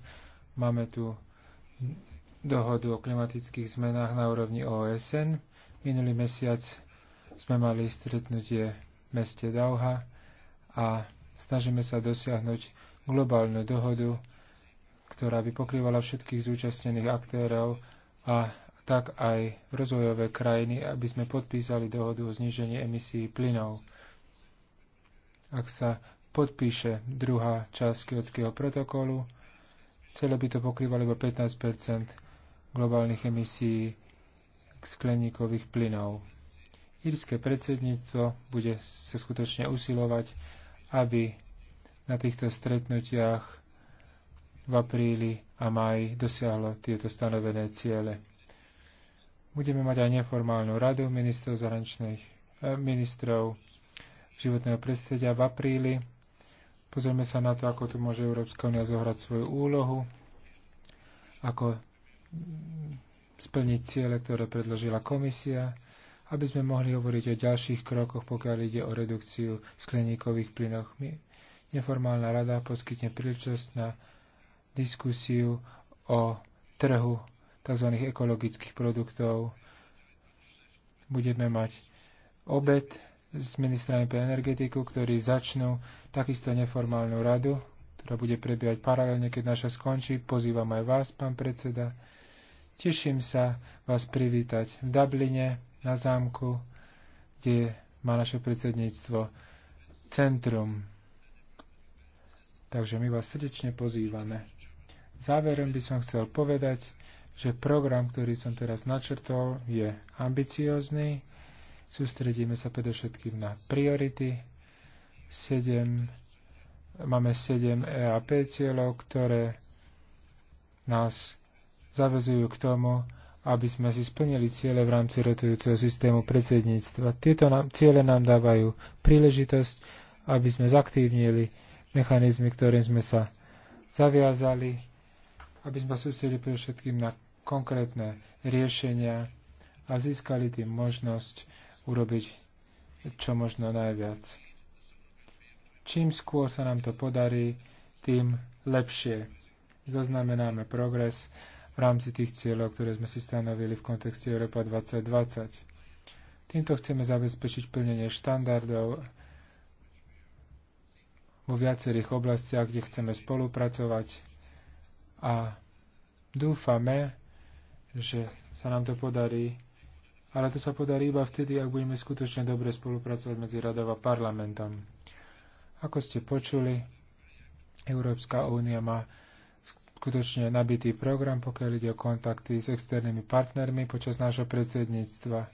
Máme tu dohodu o klimatických zmenách na úrovni OSN. Minulý mesiac sme mali stretnutie v meste Dauha a snažíme sa dosiahnuť globálnu dohodu, ktorá by pokrývala všetkých zúčastnených aktérov a tak aj rozvojové krajiny, aby sme podpísali dohodu o znižení emisí plynov. Ak sa podpíše druhá časť kiotského protokolu, celé by to pokrývalo iba 15 globálnych emisí skleníkových plynov. Írske predsedníctvo bude sa skutočne usilovať, aby na týchto stretnutiach v apríli a máji dosiahlo tieto stanovené ciele. Budeme mať aj neformálnu radu ministrov zahraničných eh, ministrov životného prostredia v apríli. Pozrieme sa na to, ako tu môže Európska únia zohrať svoju úlohu, ako splniť ciele, ktoré predložila komisia, aby sme mohli hovoriť o ďalších krokoch, pokiaľ ide o redukciu skleníkových plynov. Neformálna rada poskytne príležitosť na diskusiu o trhu tzv. ekologických produktov. Budeme mať obed s ministrami pre energetiku, ktorí začnú takisto neformálnu radu, ktorá bude prebiehať paralelne, keď naša skončí. Pozývam aj vás, pán predseda Teším sa vás privítať v Dubline na zámku, kde má naše predsedníctvo centrum. Takže my vás srdečne pozývame. Záverom by som chcel povedať, že program, ktorý som teraz načrtol, je ambiciózny. Sústredíme sa predovšetkým na priority. 7, máme 7 EAP cieľov, ktoré nás zavezujú k tomu, aby sme si splnili ciele v rámci rotujúceho systému predsedníctva. Tieto nám, ciele nám dávajú príležitosť, aby sme zaktívnili mechanizmy, ktorým sme sa zaviazali, aby sme sa pre všetkým na konkrétne riešenia a získali tým možnosť urobiť čo možno najviac. Čím skôr sa nám to podarí, tým lepšie. Zaznamenáme progres, v rámci tých cieľov, ktoré sme si stanovili v kontexte Európa 2020. Týmto chceme zabezpečiť plnenie štandardov vo viacerých oblastiach, kde chceme spolupracovať a dúfame, že sa nám to podarí ale to sa podarí iba vtedy, ak budeme skutočne dobre spolupracovať medzi radov a parlamentom. Ako ste počuli, Európska únia má skutočne nabitý program, pokiaľ ide o kontakty s externými partnermi počas nášho predsedníctva.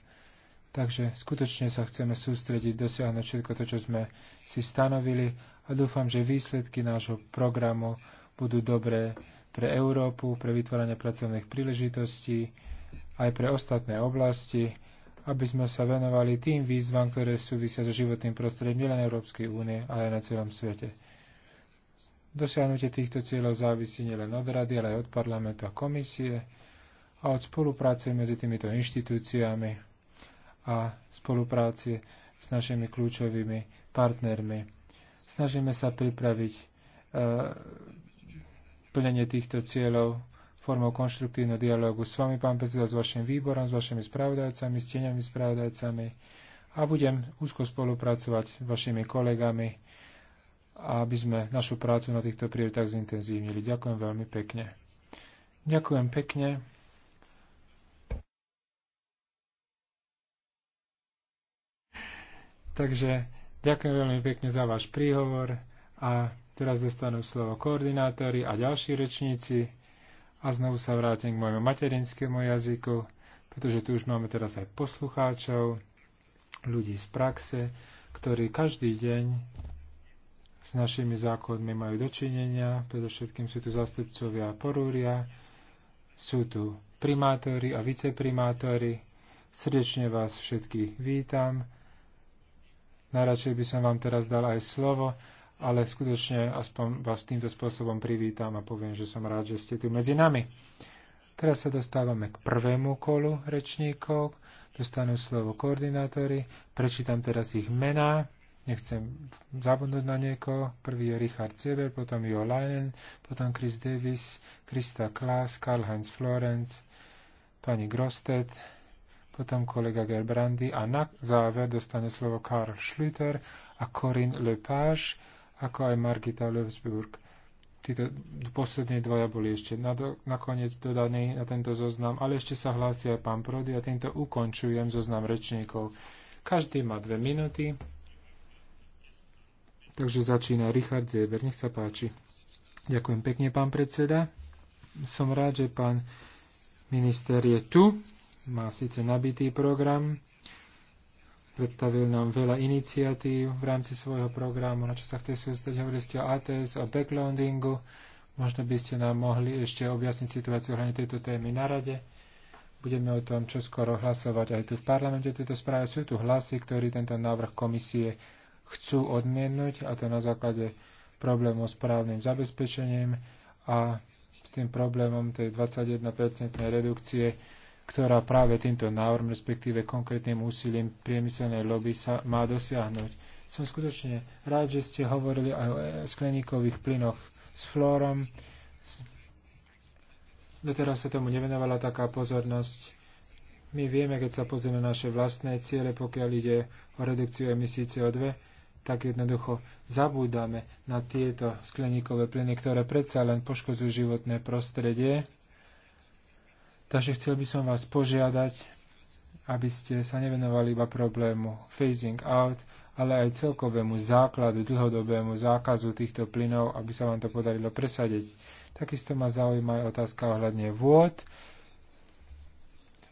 Takže skutočne sa chceme sústrediť, dosiahnuť všetko to, čo sme si stanovili a dúfam, že výsledky nášho programu budú dobré pre Európu, pre vytváranie pracovných príležitostí, aj pre ostatné oblasti, aby sme sa venovali tým výzvam, ktoré súvisia so životným prostredím nielen Európskej únie, ale aj na celom svete. Dosiahnutie týchto cieľov závisí nielen od rady, ale aj od parlamentu a komisie a od spolupráce medzi týmito inštitúciami a spolupráce s našimi kľúčovými partnermi. Snažíme sa pripraviť e, plnenie týchto cieľov formou konštruktívneho dialogu s vami, pán predseda, s vašim výborom, s vašimi spravodajcami, s tieňami spravodajcami a budem úzko spolupracovať s vašimi kolegami a aby sme našu prácu na týchto prioritách zintenzívnili. Ďakujem veľmi pekne. Ďakujem pekne. Takže ďakujem veľmi pekne za váš príhovor a teraz dostanú slovo koordinátori a ďalší rečníci a znovu sa vrátim k môjmu materinskému jazyku, pretože tu už máme teraz aj poslucháčov, ľudí z praxe, ktorí každý deň s našimi zákonmi majú dočinenia, predovšetkým sú tu zástupcovia Porúria, sú tu primátori a viceprimátori. Srdečne vás všetkých vítam. Najradšej by som vám teraz dal aj slovo, ale skutočne aspoň vás týmto spôsobom privítam a poviem, že som rád, že ste tu medzi nami. Teraz sa dostávame k prvému kolu rečníkov. Dostanú slovo koordinátori. Prečítam teraz ich mená nechcem zabudnúť na nieko. Prvý je Richard Seber, potom Jo Leinen, potom Chris Davis, Krista Klaas, Karl-Heinz Florenz, pani Grosted, potom kolega Gerbrandy a na záver dostane slovo Karl Schlüter a Corinne Lepage, ako aj Margita Löfsburg. Títo poslední dvoja boli ešte na dodaní na tento zoznam, ale ešte sa hlási aj pán Prody a týmto ukončujem zoznam rečníkov. Každý má dve minúty Takže začína Richard Zeber, nech sa páči. Ďakujem pekne, pán predseda. Som rád, že pán minister je tu. Má síce nabitý program, predstavil nám veľa iniciatív v rámci svojho programu, na čo sa chce sústrediť. Hovorili ste o ATS, o backloadingu. Možno by ste nám mohli ešte objasniť situáciu hľadne tejto témy na rade. Budeme o tom čoskoro hlasovať aj tu v parlamente. Tejto správe sú tu hlasy, ktorí tento návrh komisie chcú odmietnúť, a to na základe problémov s právnym zabezpečením a s tým problémom tej 21-percentnej redukcie, ktorá práve týmto návrhom, respektíve konkrétnym úsilím priemyselnej lobby sa má dosiahnuť. Som skutočne rád, že ste hovorili aj o skleníkových plynoch s flórom. Doteraz sa tomu nevenovala taká pozornosť. My vieme, keď sa pozrieme na naše vlastné ciele, pokiaľ ide o redukciu emisí CO2, tak jednoducho zabúdame na tieto skleníkové plyny, ktoré predsa len poškodzujú životné prostredie. Takže chcel by som vás požiadať, aby ste sa nevenovali iba problému phasing out, ale aj celkovému základu, dlhodobému zákazu týchto plynov, aby sa vám to podarilo presadiť. Takisto ma zaujíma aj otázka ohľadne vôd.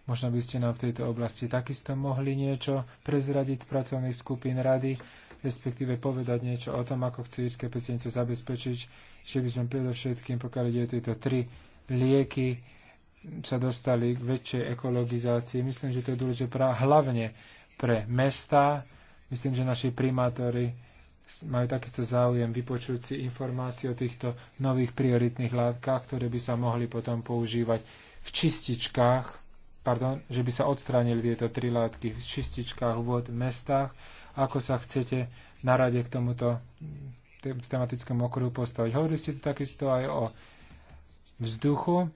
Možno by ste nám v tejto oblasti takisto mohli niečo prezradiť z pracovných skupín rady respektíve povedať niečo o tom, ako chce írske predsedníctvo zabezpečiť, že by sme predovšetkým, pokiaľ ide tieto tri lieky, sa dostali k väčšej ekologizácii. Myslím, že to je dôležité pra, hlavne pre mesta. Myslím, že naši primátori majú takisto záujem vypočuť si informácie o týchto nových prioritných látkach, ktoré by sa mohli potom používať v čističkách, pardon, že by sa odstránili tieto tri látky v čističkách vôd v mestách ako sa chcete na rade k tomuto tematickému okruhu postaviť. Hovorili ste tu takisto aj o vzduchu.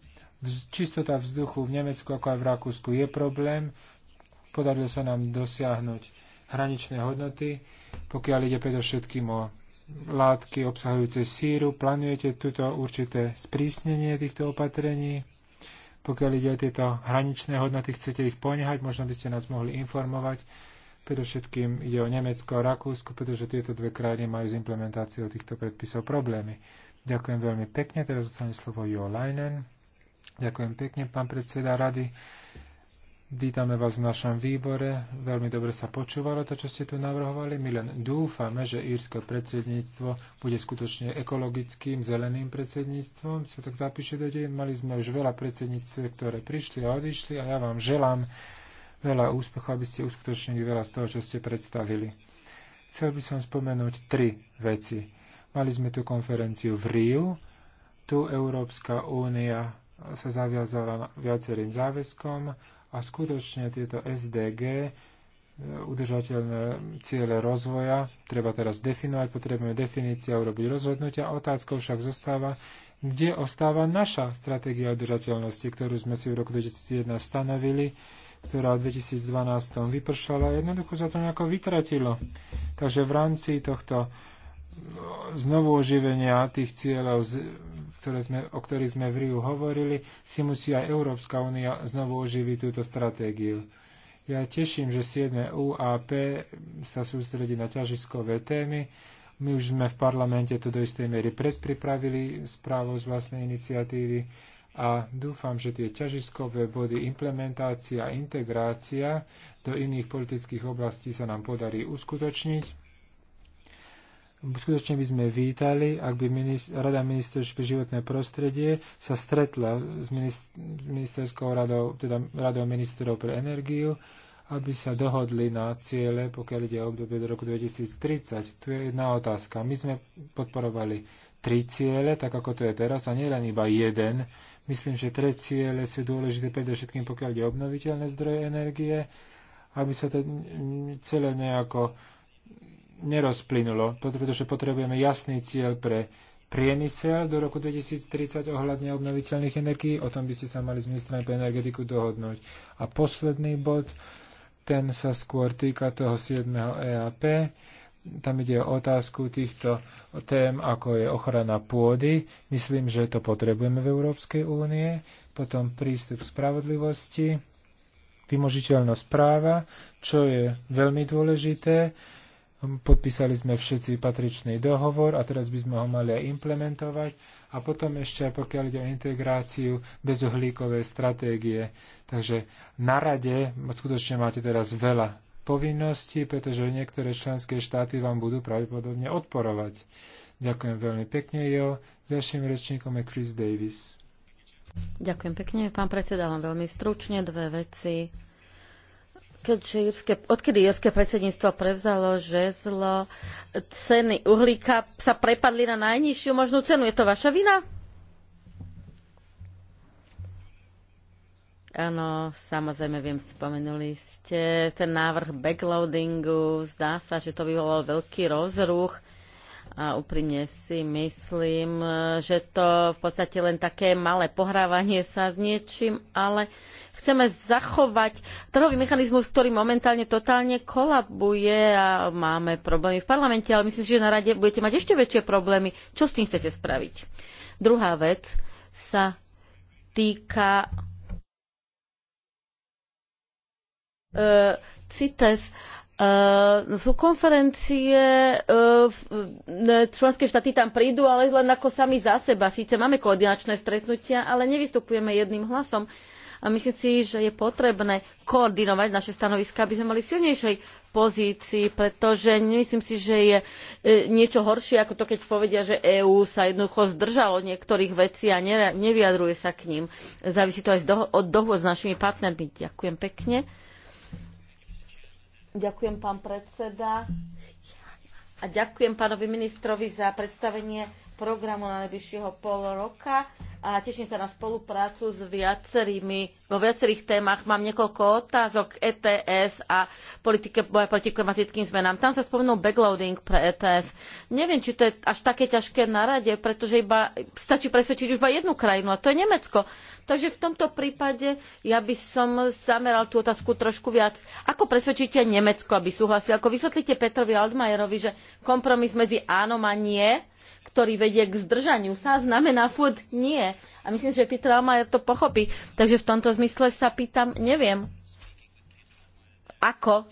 Vz, čistota vzduchu v Nemecku ako aj v Rakúsku je problém. Podarilo sa nám dosiahnuť hraničné hodnoty, pokiaľ ide predovšetkým o látky obsahujúce síru. Plánujete túto určité sprísnenie týchto opatrení? Pokiaľ ide o tieto hraničné hodnoty, chcete ich poňahať? Možno by ste nás mohli informovať Predovšetkým ide o Nemecko a Rakúsko, pretože tieto dve krajiny majú s implementáciou týchto predpisov problémy. Ďakujem veľmi pekne. Teraz zostane slovo Jo Leinen. Ďakujem pekne, pán predseda rady. Vítame vás v našom výbore. Veľmi dobre sa počúvalo to, čo ste tu navrhovali. My len dúfame, že írske predsedníctvo bude skutočne ekologickým, zeleným predsedníctvom. Sa tak zapíše do deň. Mali sme už veľa predsedníctv, ktoré prišli a odišli a ja vám želám, veľa úspechov, aby ste uskutočnili veľa z toho, čo ste predstavili. Chcel by som spomenúť tri veci. Mali sme tu konferenciu v Riu, tu Európska únia sa zaviazala viacerým záväzkom a skutočne tieto SDG e, udržateľné ciele rozvoja. Treba teraz definovať, potrebujeme definícia, urobiť rozhodnutia. Otázkou však zostáva, kde ostáva naša stratégia udržateľnosti, ktorú sme si v roku 2001 stanovili ktorá v 2012 vypršala, jednoducho sa to nejako vytratilo. Takže v rámci tohto znovu oživenia tých cieľov, ktoré sme, o ktorých sme v Riu hovorili, si musí aj Európska únia znovu oživiť túto stratégiu. Ja teším, že 7. UAP sa sústredí na ťažiskové témy. My už sme v parlamente to do istej miery predpripravili správou z vlastnej iniciatívy a dúfam, že tie ťažiskové body implementácia a integrácia do iných politických oblastí sa nám podarí uskutočniť. Skutočne by sme vítali, ak by Rada ministerstva pre životné prostredie sa stretla s ministerskou radou, teda radou ministrov pre energiu, aby sa dohodli na ciele, pokiaľ ide o obdobie do roku 2030. Tu je jedna otázka. My sme podporovali tri ciele, tak ako to je teraz, a nie len iba jeden, Myslím, že tre ciele sú dôležité predovšetkým, pokiaľ ide obnoviteľné zdroje energie, aby sa to celé nejako nerozplynulo, pretože potrebujeme jasný cieľ pre priemysel do roku 2030 ohľadne obnoviteľných energií. O tom by ste sa mali s ministrami pre energetiku dohodnúť. A posledný bod, ten sa skôr týka toho 7. EAP tam ide o otázku týchto tém, ako je ochrana pôdy. Myslím, že to potrebujeme v Európskej únie. Potom prístup k spravodlivosti, vymožiteľnosť práva, čo je veľmi dôležité. Podpísali sme všetci patričný dohovor a teraz by sme ho mali aj implementovať. A potom ešte, pokiaľ ide o integráciu bezuhlíkovej stratégie. Takže na rade skutočne máte teraz veľa povinnosti, pretože niektoré členské štáty vám budú pravdepodobne odporovať. Ďakujem veľmi pekne, Jo. Ďalším rečníkom je Chris Davis. Ďakujem pekne, pán predseda, len veľmi stručne dve veci. Keďže Jirské, odkedy Jirské predsedníctvo prevzalo žezlo, ceny uhlíka sa prepadli na najnižšiu možnú cenu. Je to vaša vina? Áno, samozrejme viem, spomenuli ste ten návrh backloadingu. Zdá sa, že to vyvolal veľký rozruch a úprimne si myslím, že to v podstate len také malé pohrávanie sa s niečím, ale chceme zachovať trhový mechanizmus, ktorý momentálne totálne kolabuje a máme problémy v parlamente, ale myslím, že na rade budete mať ešte väčšie problémy. Čo s tým chcete spraviť? Druhá vec sa týka Eh, CITES Uh, sú konferencie, uh, členské štáty tam prídu, ale len ako sami za seba. Síce máme koordinačné stretnutia, ale nevystupujeme jedným hlasom. A myslím si, že je potrebné koordinovať naše stanoviska, aby sme mali silnejšej pozícii, pretože nemyslím si, že je niečo horšie, ako to, keď povedia, že EÚ sa jednoducho zdržalo niektorých vecí a nevyjadruje sa k ním. Závisí to aj od dohôd s našimi partnermi. Ďakujem pekne. Ďakujem, pán predseda. A ďakujem pánovi ministrovi za predstavenie programu na najbližšieho pol roka a teším sa na spoluprácu s viacerými, vo viacerých témach. Mám niekoľko otázok k ETS a politike boja proti klimatickým zmenám. Tam sa spomenul backloading pre ETS. Neviem, či to je až také ťažké na rade, pretože iba, stačí presvedčiť už iba jednu krajinu a to je Nemecko. Takže v tomto prípade ja by som zameral tú otázku trošku viac. Ako presvedčíte Nemecko, aby súhlasil? Ako vysvetlíte Petrovi Altmajerovi, že kompromis medzi áno a nie ktorý vedie k zdržaniu sa, znamená furt nie. A myslím, že Peter Almayer to pochopí. Takže v tomto zmysle sa pýtam, neviem, ako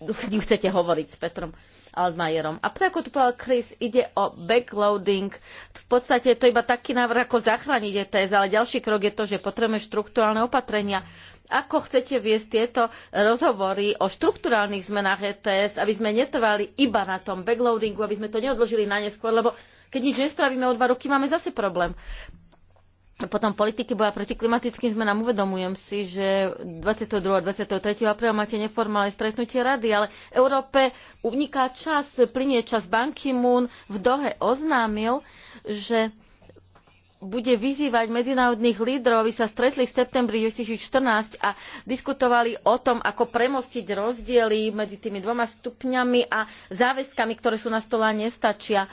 s ním chcete hovoriť s Petrom. Altmajerom. A tak ako tu povedal Chris, ide o backloading. V podstate je to iba taký návrh, ako zachrániť ETS, ale ďalší krok je to, že potrebujeme štruktúrálne opatrenia. Ako chcete viesť tieto rozhovory o štruktúrálnych zmenách ETS, aby sme netrvali iba na tom backloadingu, aby sme to neodložili na neskôr, lebo keď nič nespravíme o dva roky, máme zase problém potom politiky boja proti klimatickým zmenám. Uvedomujem si, že 22. a 23. apríla máte neformálne stretnutie rady, ale Európe uniká čas, plinie čas. Ban Ki-moon v Dohe oznámil, že bude vyzývať medzinárodných lídrov, aby sa stretli v septembri 2014 a diskutovali o tom, ako premostiť rozdiely medzi tými dvoma stupňami a záväzkami, ktoré sú na stole a nestačia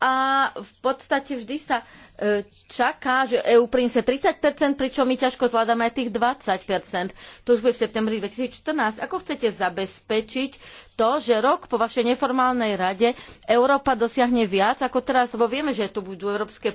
a v podstate vždy sa e, čaká, že EU priniesie 30%, pričom my ťažko zvládame aj tých 20%. To už bude v septembri 2014. Ako chcete zabezpečiť to, že rok po vašej neformálnej rade Európa dosiahne viac ako teraz, lebo vieme, že tu budú európske e,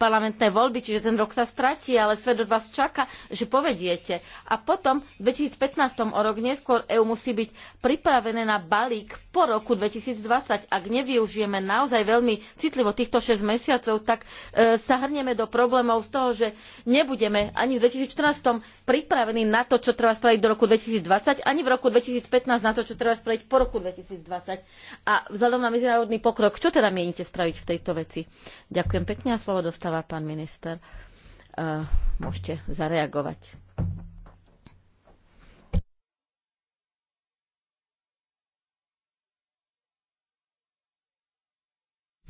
parlamentné voľby, čiže ten rok sa stratí, ale svet od vás čaká, že povediete. A potom v 2015 o rok neskôr EU musí byť pripravené na balík po roku 2020. Ak nevyužijeme naozaj veľmi citlivo týchto 6 mesiacov, tak e, sa hrnieme do problémov z toho, že nebudeme ani v 2014 pripravení na to, čo treba spraviť do roku 2020, ani v roku 2015 na to, čo treba spraviť spraviť po roku 2020 a vzhľadom na medzinárodný pokrok, čo teda mienite spraviť v tejto veci? Ďakujem pekne a slovo dostáva pán minister. Uh, môžete zareagovať.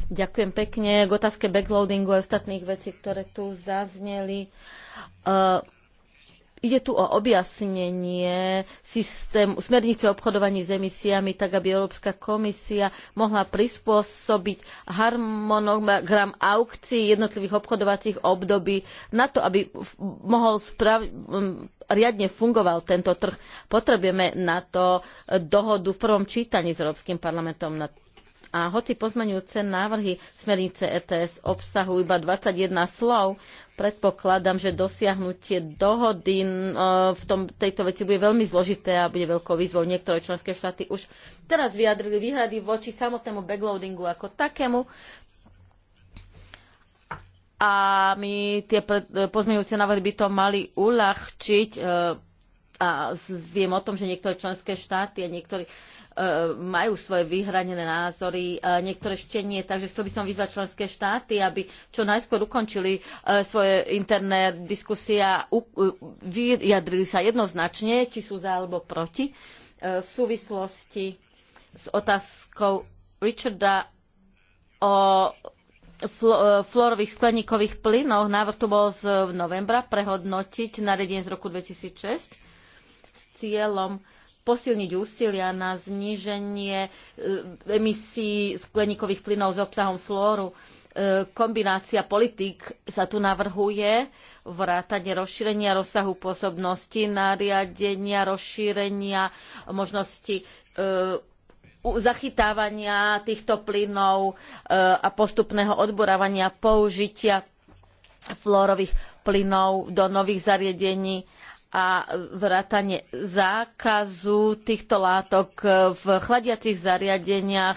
Ďakujem pekne k otázke backloadingu a ostatných vecí, ktoré tu zazneli. Uh, Ide tu o objasnenie systému smernice obchodovaní s emisiami, tak aby Európska komisia mohla prispôsobiť harmonogram aukcií jednotlivých obchodovacích období na to, aby mohol sprav- riadne fungoval tento trh. Potrebujeme na to dohodu v prvom čítaní s Európskym parlamentom na a hoci pozmeňujúce návrhy smernice ETS obsahujú iba 21 slov, predpokladám, že dosiahnutie dohody e, v tom, tejto veci bude veľmi zložité a bude veľkou výzvou. Niektoré členské štáty už teraz vyjadrili výhrady voči samotnému backloadingu ako takému. A my tie pozmeňujúce návrhy by to mali uľahčiť e, a viem o tom, že niektoré členské štáty a niektorí E, majú svoje vyhranené názory, e, niektoré ešte nie, takže chcel by som vyzvať členské štáty, aby čo najskôr ukončili e, svoje interné diskusie a vyjadrili sa jednoznačne, či sú za alebo proti v súvislosti s otázkou Richarda o florových skleníkových plynoch. Návrh tu bol z novembra prehodnotiť na z roku 2006 s cieľom posilniť úsilia na zníženie e, emisí skleníkových plynov s obsahom flóru. E, kombinácia politík sa tu navrhuje, vrátanie rozšírenia rozsahu pôsobnosti, nariadenia, rozšírenia možnosti e, zachytávania týchto plynov a postupného odborávania použitia flórových plynov do nových zariadení a vrátanie zákazu týchto látok v chladiacich zariadeniach,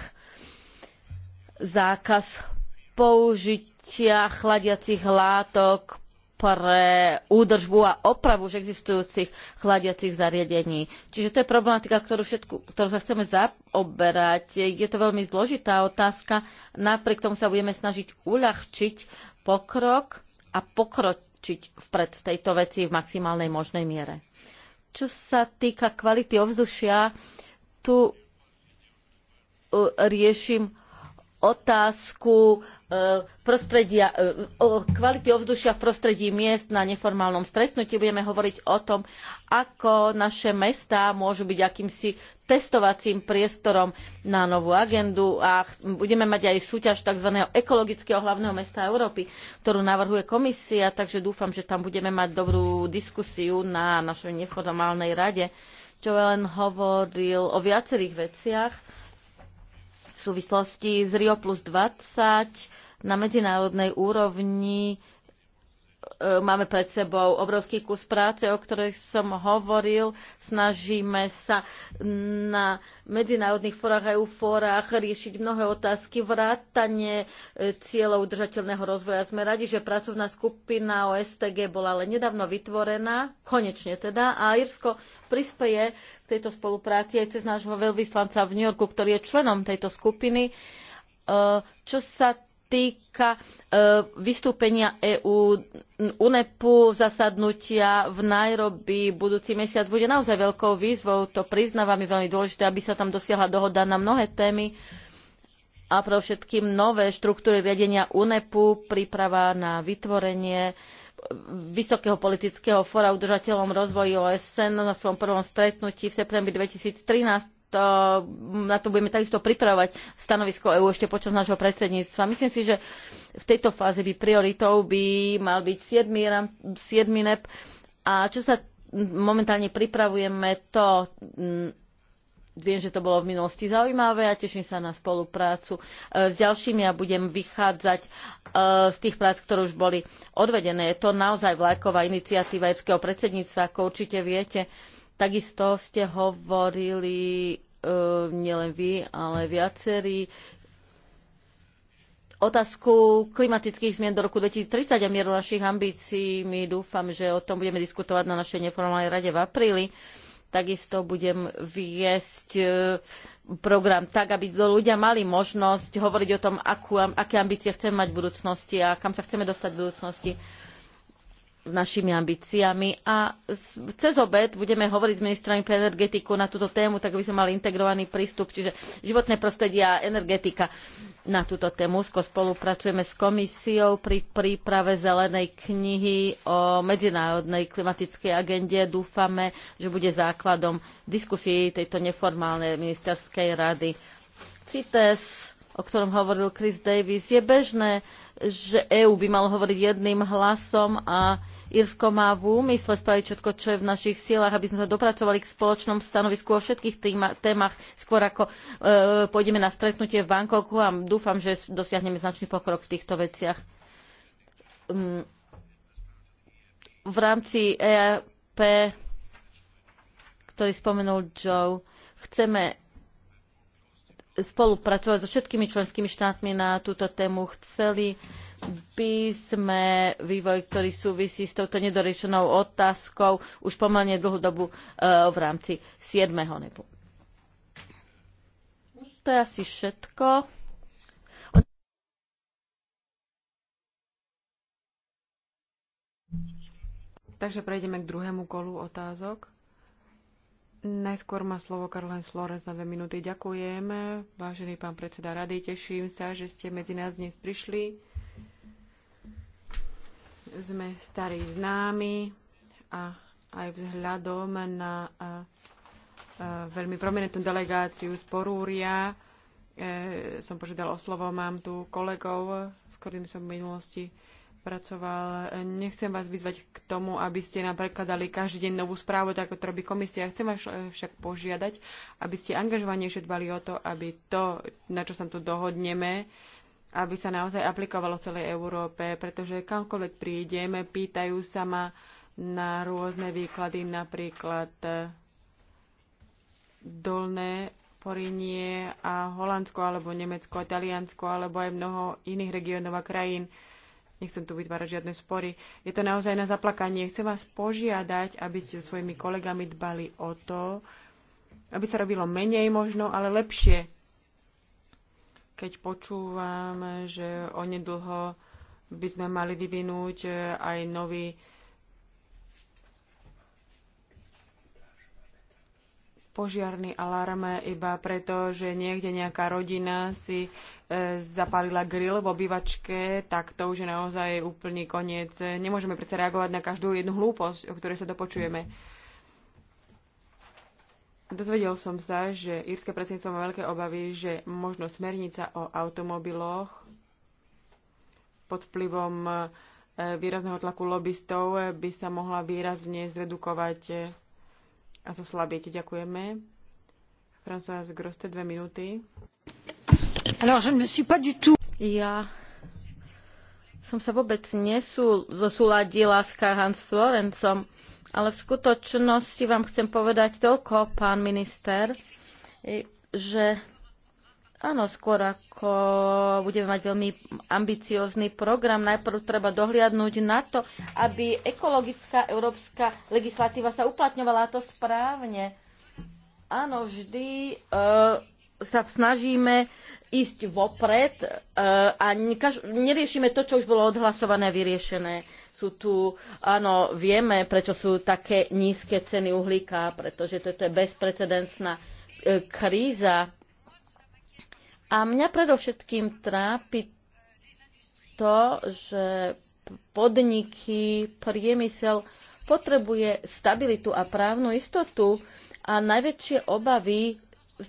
zákaz použitia chladiacich látok pre údržbu a opravu už existujúcich chladiacich zariadení. Čiže to je problematika, ktorú, všetku, ktorú sa chceme zaoberať. Je to veľmi zložitá otázka. Napriek tomu sa budeme snažiť uľahčiť pokrok a pokroč pokročiť vpred v tejto veci v maximálnej možnej miere. Čo sa týka kvality ovzdušia, tu uh, riešim otázku uh, prostredia, uh, kvality ovzdušia v prostredí miest na neformálnom stretnutí. Budeme hovoriť o tom, ako naše mestá môžu byť akýmsi testovacím priestorom na novú agendu a budeme mať aj súťaž tzv. ekologického hlavného mesta Európy, ktorú navrhuje komisia, takže dúfam, že tam budeme mať dobrú diskusiu na našej neformálnej rade. Čo len hovoril o viacerých veciach v súvislosti s Rio plus 20 na medzinárodnej úrovni E, máme pred sebou obrovský kus práce, o ktorej som hovoril. Snažíme sa na medzinárodných fórach a EU fórach riešiť mnohé otázky, vrátanie e, cieľov udržateľného rozvoja. Sme radi, že pracovná skupina o STG bola ale nedávno vytvorená, konečne teda, a Irsko prispeje k tejto spolupráci aj cez nášho veľvyslanca v New Yorku, ktorý je členom tejto skupiny. E, čo sa týka e, vystúpenia EÚ UNEPu zasadnutia v Nairobi budúci mesiac bude naozaj veľkou výzvou, to priznávam je veľmi dôležité, aby sa tam dosiahla dohoda na mnohé témy a pre všetkým nové štruktúry riadenia UNEPu, príprava na vytvorenie vysokého politického fóra udržateľom rozvoju OSN na svojom prvom stretnutí v septembri 2013 to, na to budeme takisto pripravovať stanovisko EÚ ešte počas nášho predsedníctva. Myslím si, že v tejto fáze by prioritou by mal byť 7, 7 NEP a čo sa momentálne pripravujeme to mm, Viem, že to bolo v minulosti zaujímavé a teším sa na spoluprácu e, s ďalšími a budem vychádzať e, z tých prác, ktoré už boli odvedené. Je to naozaj vlajková iniciatíva Evského predsedníctva, ako určite viete. Takisto ste hovorili e, nielen vy, ale viacerí otázku klimatických zmien do roku 2030 a mieru našich ambícií. My dúfam, že o tom budeme diskutovať na našej neformálnej rade v apríli. Takisto budem viesť e, program tak, aby ľudia mali možnosť hovoriť o tom, akú, aké ambície chceme mať v budúcnosti a kam sa chceme dostať v budúcnosti našimi ambíciami a cez obed budeme hovoriť s ministrami pre energetiku na túto tému, tak aby sme mali integrovaný prístup, čiže životné prostredie a energetika na túto tému. Úzko spolupracujeme s komisiou pri príprave zelenej knihy o medzinárodnej klimatickej agende. Dúfame, že bude základom diskusie tejto neformálnej ministerskej rady. CITES, o ktorom hovoril Chris Davis, je bežné, že EÚ by malo hovoriť jedným hlasom a Irsko má v úmysle spraviť všetko, čo je v našich silách, aby sme sa dopracovali k spoločnom stanovisku o všetkých témach, skôr ako e, pôjdeme na stretnutie v Bangkoku a dúfam, že dosiahneme značný pokrok v týchto veciach. Mm, v rámci EAP, ktorý spomenul Joe, chceme spolupracovať so všetkými členskými štátmi na túto tému. Chceli by sme vývoj, ktorý súvisí s touto nedorešenou otázkou, už pomerne dlhú dobu e, v rámci 7. nebu. To je asi všetko. Takže prejdeme k druhému kolu otázok. Najskôr má slovo Karlen Florence na dve minúty. Ďakujem, vážený pán predseda rady. Teším sa, že ste medzi nás dnes prišli sme starí známi a aj vzhľadom na veľmi prominentnú delegáciu z Porúria e, som požiadal o slovo. Mám tu kolegov, s ktorými som v minulosti pracoval. Nechcem vás vyzvať k tomu, aby ste nám prekladali každý deň novú správu, tak ako to robí komisia. Chcem vás však požiadať, aby ste angažovanejšie dbali o to, aby to, na čo sa tu dohodneme, aby sa naozaj aplikovalo v celej Európe, pretože kamkoľvek prídeme, pýtajú sa ma na rôzne výklady, napríklad e, dolné Porinie a Holandsko, alebo Nemecko, Taliansko, alebo aj mnoho iných regiónov a krajín. Nechcem tu vytvárať žiadne spory. Je to naozaj na zaplakanie. Chcem vás požiadať, aby ste so svojimi kolegami dbali o to, aby sa robilo menej možno, ale lepšie keď počúvam, že onedlho by sme mali vyvinúť eh, aj nový požiarný alarm iba preto, že niekde nejaká rodina si e, zapálila grill v obývačke, tak to už je naozaj úplný koniec. Nemôžeme predsa reagovať na každú jednu hlúposť, o ktorej sa dopočujeme. Mm. Dozvedel som sa, že írske predsedníctvo má veľké obavy, že možno smernica o automobiloch pod vplyvom e, výrazného tlaku lobbystov by sa mohla výrazne zredukovať a zoslabiť. Ďakujeme. François Groste, dve minúty. Alors, je ne suis pas du tout... Ja som sa vôbec nesúladila s Hans Florencom ale v skutočnosti vám chcem povedať toľko, pán minister, že Áno, skôr ako budeme mať veľmi ambiciózny program, najprv treba dohliadnúť na to, aby ekologická európska legislatíva sa uplatňovala a to správne. Áno, vždy e, sa snažíme ísť vopred e, a neriešime to, čo už bolo odhlasované, vyriešené. Sú tu, áno, vieme, prečo sú také nízke ceny uhlíka, pretože toto je bezprecedentná e, kríza. A mňa predovšetkým trápi to, že podniky, priemysel potrebuje stabilitu a právnu istotu a najväčšie obavy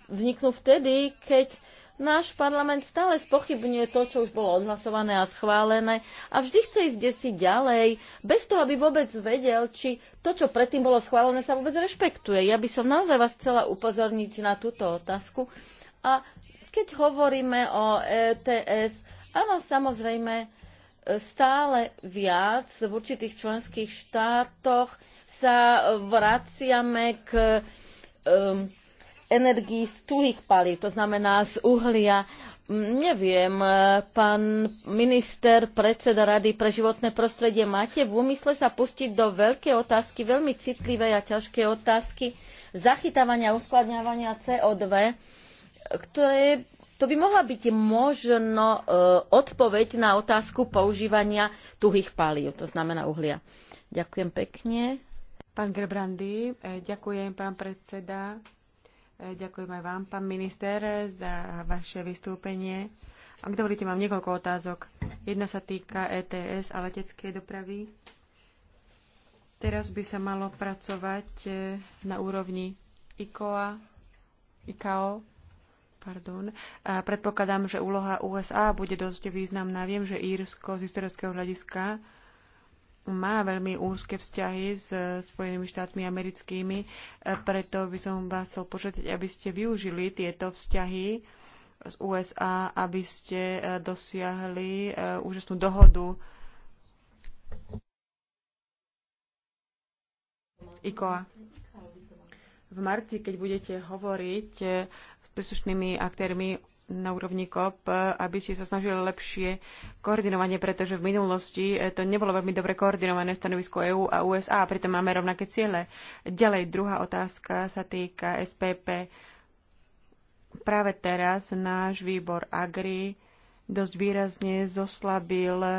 vzniknú vtedy, keď náš parlament stále spochybňuje to, čo už bolo odhlasované a schválené a vždy chce ísť desiť ďalej, bez toho, aby vôbec vedel, či to, čo predtým bolo schválené, sa vôbec rešpektuje. Ja by som naozaj vás chcela upozorniť na túto otázku. A keď hovoríme o ETS, áno, samozrejme, e, stále viac v určitých členských štátoch sa vraciame k um, energii z tuhých palív, to znamená z uhlia. Mm, neviem, e, pán minister, predseda Rady pre životné prostredie, máte v úmysle sa pustiť do veľkej otázky, veľmi citlivej a ťažkej otázky zachytávania a uskladňovania CO2, ktoré to by mohla byť možno e, odpoveď na otázku používania tuhých palív, to znamená uhlia. Ďakujem pekne. Pán Grebrandy, e, ďakujem, pán predseda. Ďakujem aj vám, pán minister, za vaše vystúpenie. Ak dovolíte, mám niekoľko otázok. Jedna sa týka ETS a leteckej dopravy. Teraz by sa malo pracovať e, na úrovni ICOA, ICAO. Pardon. A predpokladám, že úloha USA bude dosť významná. Viem, že Írsko z historického hľadiska má veľmi úzke vzťahy s eh, Spojenými štátmi americkými, eh, preto by som vás chcel požiadať, aby ste využili tieto vzťahy z USA, aby ste eh, dosiahli úžasnú dohodu z ICOA. V marci, keď budete hovoriť s príslušnými aktérmi na úrovni COP, aby ste sa snažili lepšie koordinovanie, pretože v minulosti e, to nebolo veľmi dobre koordinované stanovisko EÚ a USA, a pritom máme rovnaké ciele. Ďalej, druhá otázka sa týka SPP. Práve teraz náš výbor AGRI dosť výrazne zoslabil e,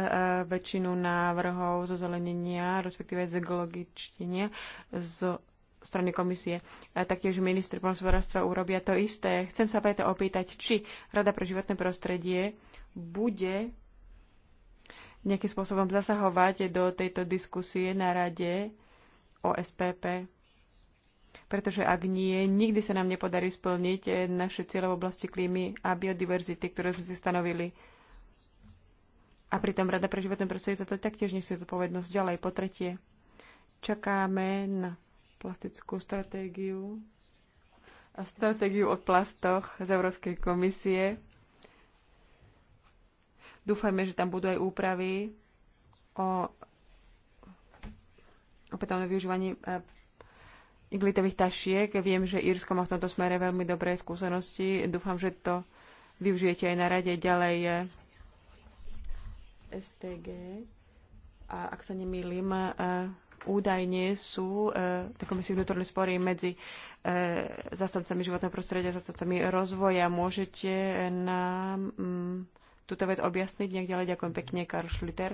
väčšinu návrhov zo zelenenia, respektíve z ekologičtenia, z strany komisie a taktiež minister poľnohospodárstva urobia to isté. Chcem sa preto opýtať, či Rada pre životné prostredie bude nejakým spôsobom zasahovať do tejto diskusie na rade o SPP. Pretože ak nie, nikdy sa nám nepodarí splniť eh, naše cieľe v oblasti klímy a biodiverzity, ktoré sme si stanovili. A pritom Rada pre životné prostredie za to taktiež nesie zodpovednosť ďalej. Po tretie, čakáme na plastickú stratégiu a stratégiu o plastoch z Európskej komisie. Dúfajme, že tam budú aj úpravy o opätovné využívaní e, iglitových tašiek. Viem, že Írsko má v tomto smere veľmi dobré skúsenosti. Dúfam, že to využijete aj na rade. Ďalej je STG. A ak sa nemýlim, e, údajne sú na e, komisii vnútorné spory medzi e, zastavcami životného prostredia a zastavcami rozvoja. Môžete nám mm, túto vec objasniť nejak ďalej? Ďakujem pekne, Karl Schlüter.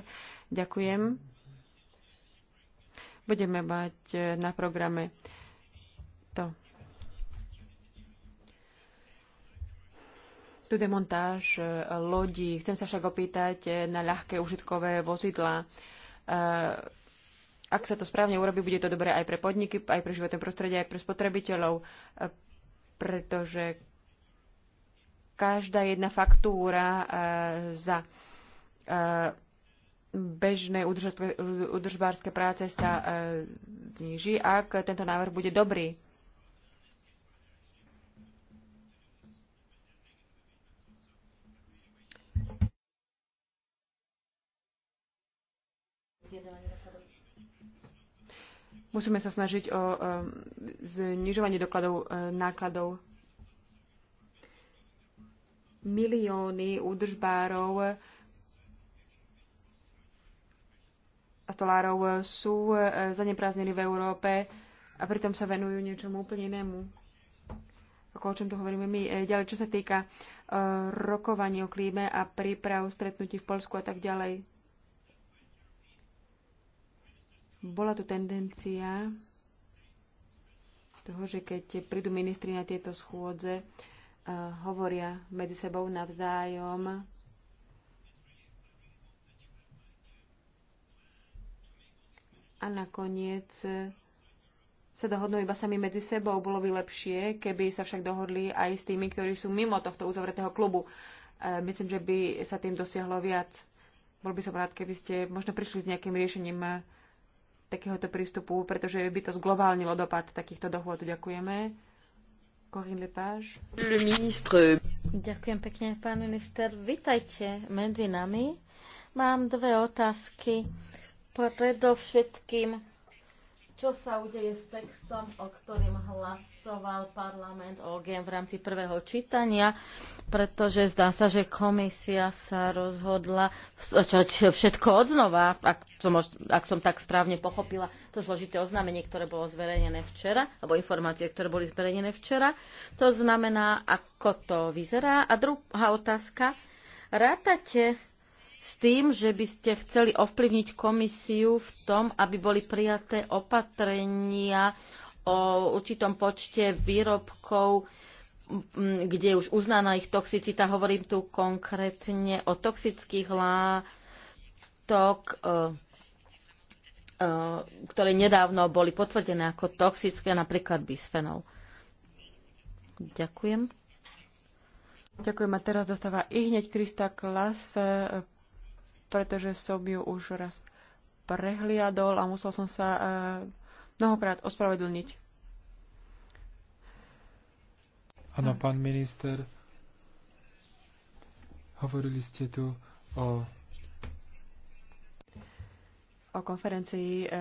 Ďakujem. Budeme mať e, na programe to. tu demontáž lodí. Chcem sa však opýtať na ľahké užitkové vozidla. Ak sa to správne urobí, bude to dobré aj pre podniky, aj pre životné prostredie, aj pre spotrebiteľov, e, pretože každá jedna faktúra e, za e, bežné udržbárske práce sa zníži, ak tento návrh bude dobrý. Jeden. Musíme sa snažiť o eh, znižovanie dokladov eh, nákladov. Milióny údržbárov eh, a stolárov sú zanepráznení v Európe a pritom sa venujú niečomu úplne inému. Ako o čom tu hovoríme my. Ďalej, čo sa týka rokovania o klíme a príprav, stretnutí v Polsku a tak ďalej. Bola tu tendencia toho, že keď prídu ministri na tieto schôdze, eh, hovoria medzi sebou navzájom. A nakoniec eh, sa dohodnú iba sami medzi sebou. Bolo by lepšie, keby sa však dohodli aj s tými, ktorí sú mimo tohto uzavretého klubu. Eh, myslím, že by sa tým dosiahlo viac. Bol by som rád, keby ste možno prišli s nejakým riešením takéhoto prístupu, pretože by to zglobálnilo dopad takýchto dohôd. Ďakujeme. Corinne Lepage. Le ministre. Ďakujem pekne, pán minister. Vítajte medzi nami. Mám dve otázky. Predovšetkým, čo sa udeje s textom, o ktorým hlasoval parlament OGM v rámci prvého čítania, pretože zdá sa, že komisia sa rozhodla začať všetko odznova, ak som, ak som tak správne pochopila to zložité oznámenie, ktoré bolo zverejnené včera, alebo informácie, ktoré boli zverejnené včera. To znamená, ako to vyzerá. A druhá otázka. Rátate s tým, že by ste chceli ovplyvniť komisiu v tom, aby boli prijaté opatrenia o určitom počte výrobkov, kde je už uznaná ich toxicita. Hovorím tu konkrétne o toxických látok, e, e, ktoré nedávno boli potvrdené ako toxické, napríklad bisfenol. Ďakujem. Ďakujem a teraz dostáva i hneď Krista Klas, pretože som ju už raz prehliadol a musel som sa e, mnohokrát ospravedlniť. Áno, pán minister, hovorili ste tu o o konferencii. E, e,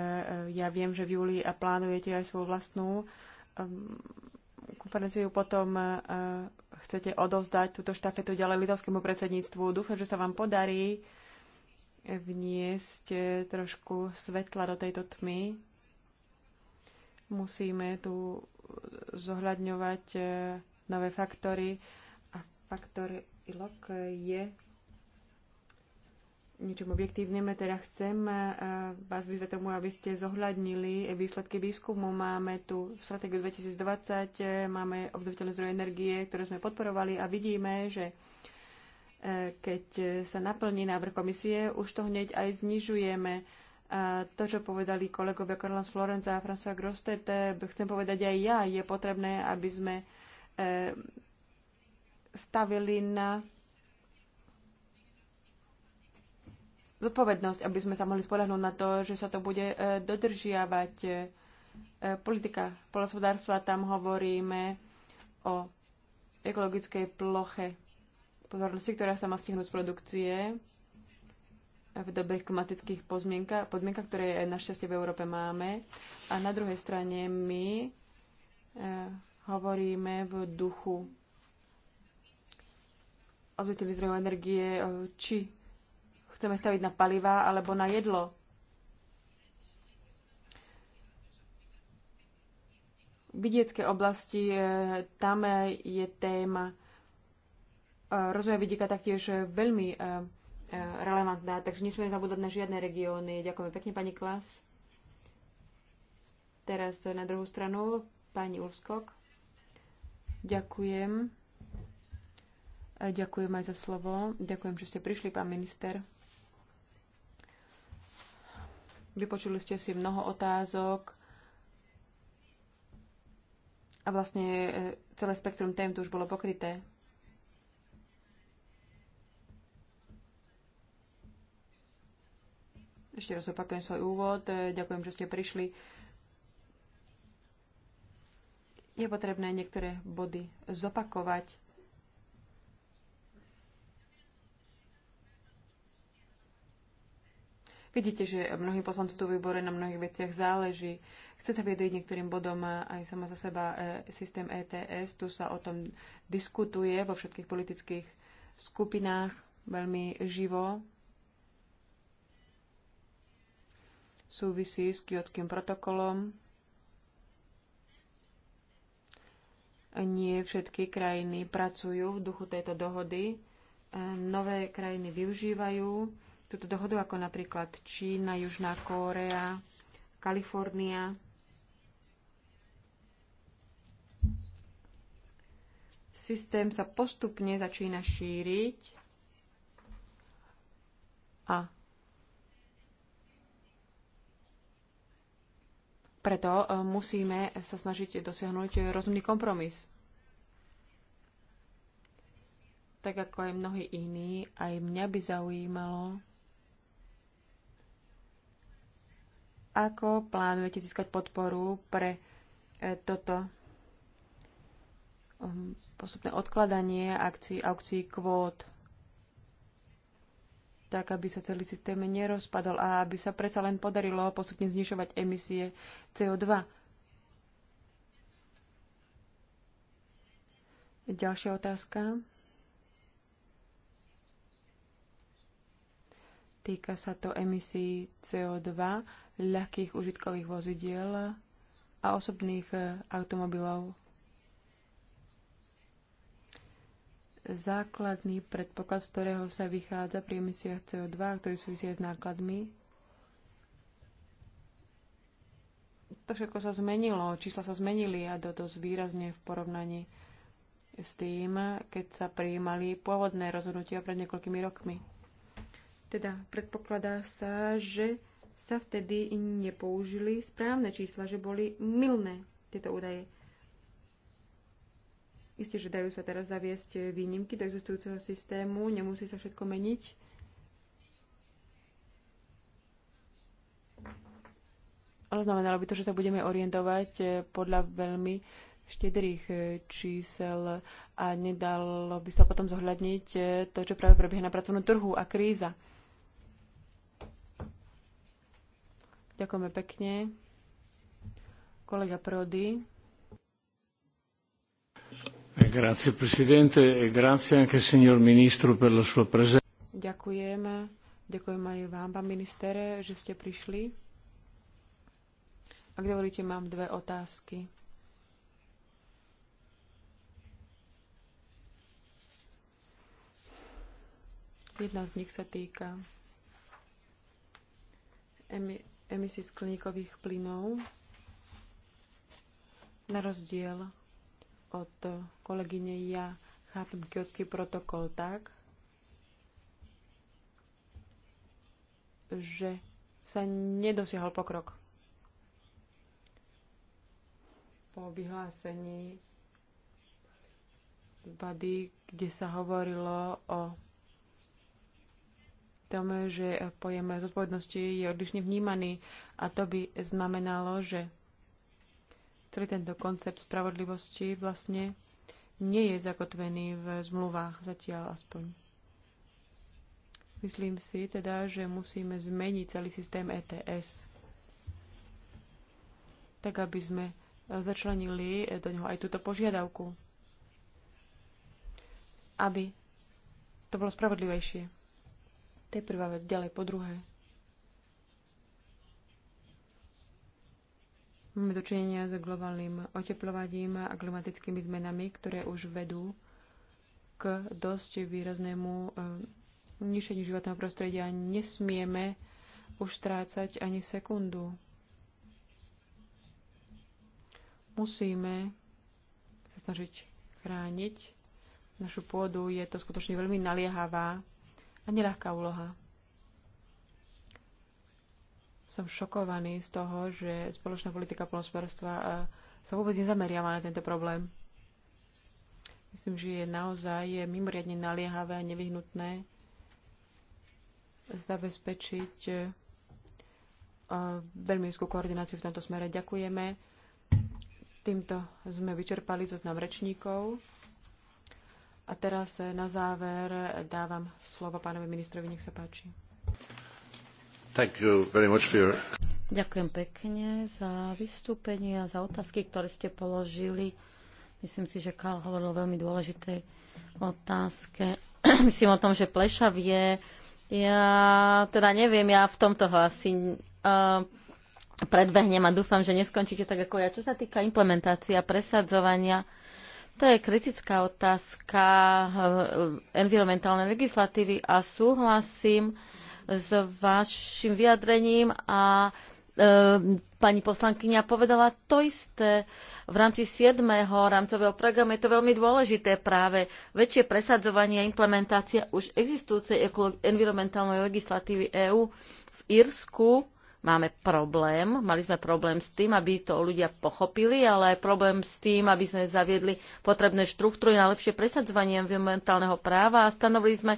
ja viem, že v júli plánujete aj svoju vlastnú konferenciu potom chcete odovzdať túto štafetu ďalej litovskému predsedníctvu. Dúfam, že sa vám podarí vniesť eh, trošku svetla do tejto tmy. Musíme tu zohľadňovať eh, nové faktory a faktor ILOK eh, je niečím objektívnym. Teda chcem vás vyzvať tomu, aby ste zohľadnili výsledky výskumu. Máme tu stratégiu 2020, máme obnoviteľné zdroje energie, ktoré sme podporovali a vidíme, že keď sa naplní návrh komisie, už to hneď aj znižujeme. A to, čo povedali kolegovia Karlans Florenza a François Grostet, eh, chcem povedať aj ja, je potrebné, aby sme eh, stavili na zodpovednosť, aby sme sa mohli spolahnúť na to, že sa to bude eh, dodržiavať. Politika polospodárstva, tam hovoríme o ekologickej ploche pozornosti, ktorá sa má stihnúť z produkcie v dobrých klimatických podmienkach, ktoré našťastie v Európe máme. A na druhej strane my eh, hovoríme v duchu obnoviteľných zdrojov energie, eh, či chceme staviť na paliva alebo na jedlo. Vidiecké oblasti, eh, tam je téma rozvoja vidieka taktiež veľmi e, e, relevantná, takže nesmieme zabúdať na žiadne regióny. Ďakujeme pekne, pani Klas. Teraz na druhú stranu pani Ulskok. Ďakujem. Ďakujem aj za slovo. Ďakujem, že ste prišli, pán minister. Vypočuli ste si mnoho otázok a vlastne e, celé spektrum tém tu už bolo pokryté. Ešte raz opakujem svoj úvod. E, Ďakujem, že ste prišli. Je potrebné niektoré body zopakovať. Vidíte, že mnohí poslanci tu výbore na mnohých veciach záleží. Chce sa vyjadriť niektorým bodom aj sama za seba e, systém ETS. Tu sa o tom diskutuje vo všetkých politických skupinách veľmi živo. súvisí s kiotským protokolom. Nie všetky krajiny pracujú v duchu tejto dohody. E, Nové krajiny využívajú túto dohodu, ako napríklad Čína, Južná Kórea, Kalifornia. Systém sa postupne začína šíriť a Preto e, musíme sa snažiť dosiahnuť rozumný kompromis. Tak ako aj mnohí iní, aj mňa by zaujímalo, ako plánujete získať podporu pre e, toto e, postupné odkladanie akcií, aukcií kvót tak aby sa celý systém nerozpadol a aby sa predsa len podarilo postupne znižovať emisie CO2. Ďalšia otázka. Týka sa to emisí CO2, ľahkých užitkových vozidiel a osobných automobilov. základný predpoklad, z ktorého sa vychádza pri emisiách CO2, ktorý súvisia s nákladmi. To všetko sa zmenilo, čísla sa zmenili a to dosť výrazne v porovnaní s tým, keď sa prijímali pôvodné rozhodnutia pred niekoľkými rokmi. Teda predpokladá sa, že sa vtedy nepoužili správne čísla, že boli mylné tieto údaje. Isté, že dajú sa teraz zaviesť výnimky do existujúceho systému, nemusí sa všetko meniť. Ale znamenalo by to, že sa budeme orientovať eh, podľa veľmi štedrých eh, čísel a nedalo by sa potom zohľadniť eh, to, čo práve prebieha na pracovnom trhu a kríza. Ďakujeme pekne. Kolega Prody. Grazie Presidente e grazie anche signor Ministro per la sua presenza. Ďakujem. Ďakujem aj vám, pán minister, že ste prišli. Ak dovolíte, mám dve otázky. Jedna z nich sa týka emisí skleníkových plynov. Na rozdiel od kolegyne. Ja chápem kiotský protokol tak, že sa nedosiahol pokrok po vyhlásení Bady, kde sa hovorilo o tom, že pojem zodpovednosti je odlišne vnímaný a to by znamenalo, že Celý tento koncept spravodlivosti vlastne nie je zakotvený v zmluvách zatiaľ aspoň. Myslím si teda, že musíme zmeniť celý systém ETS, tak aby sme začlenili do neho aj túto požiadavku, aby to bolo spravodlivejšie. To je prvá vec. Ďalej po druhé. Máme dočinenia s globálnym oteplovaním a klimatickými zmenami, ktoré už vedú k dosť výraznému eh, ničeniu životného prostredia. Nesmieme už strácať ani sekundu. Musíme sa snažiť chrániť našu pôdu. Je to skutočne veľmi naliehavá a neľahká úloha som šokovaný z toho, že spoločná politika polnospodárstva eh, sa vôbec nezameriava na tento problém. Myslím, že je naozaj je mimoriadne naliehavé a nevyhnutné zabezpečiť eh, eh, veľmi nízku koordináciu v tomto smere. Ďakujeme. Týmto sme vyčerpali zoznam rečníkov. A teraz na záver dávam slovo pánovi ministrovi, nech sa páči. Ďakujem pekne za vystúpenie a za otázky, ktoré ste položili. Myslím si, že Karl hovoril o veľmi dôležitej otázke. Myslím o tom, že plešavie. Ja teda neviem, ja v tomto ho asi uh, predbehnem a dúfam, že neskončíte tak ako ja. Čo sa týka implementácia, presadzovania, to je kritická otázka eh, environmentálnej legislatívy a súhlasím s vašim vyjadrením a e, pani poslankyňa povedala to isté. V rámci 7. rámcového programu je to veľmi dôležité práve väčšie presadzovanie a implementácia už existujúcej environmentálnej legislatívy EÚ. V Írsku máme problém, mali sme problém s tým, aby to ľudia pochopili, ale aj problém s tým, aby sme zaviedli potrebné štruktúry na lepšie presadzovanie environmentálneho práva a stanovili sme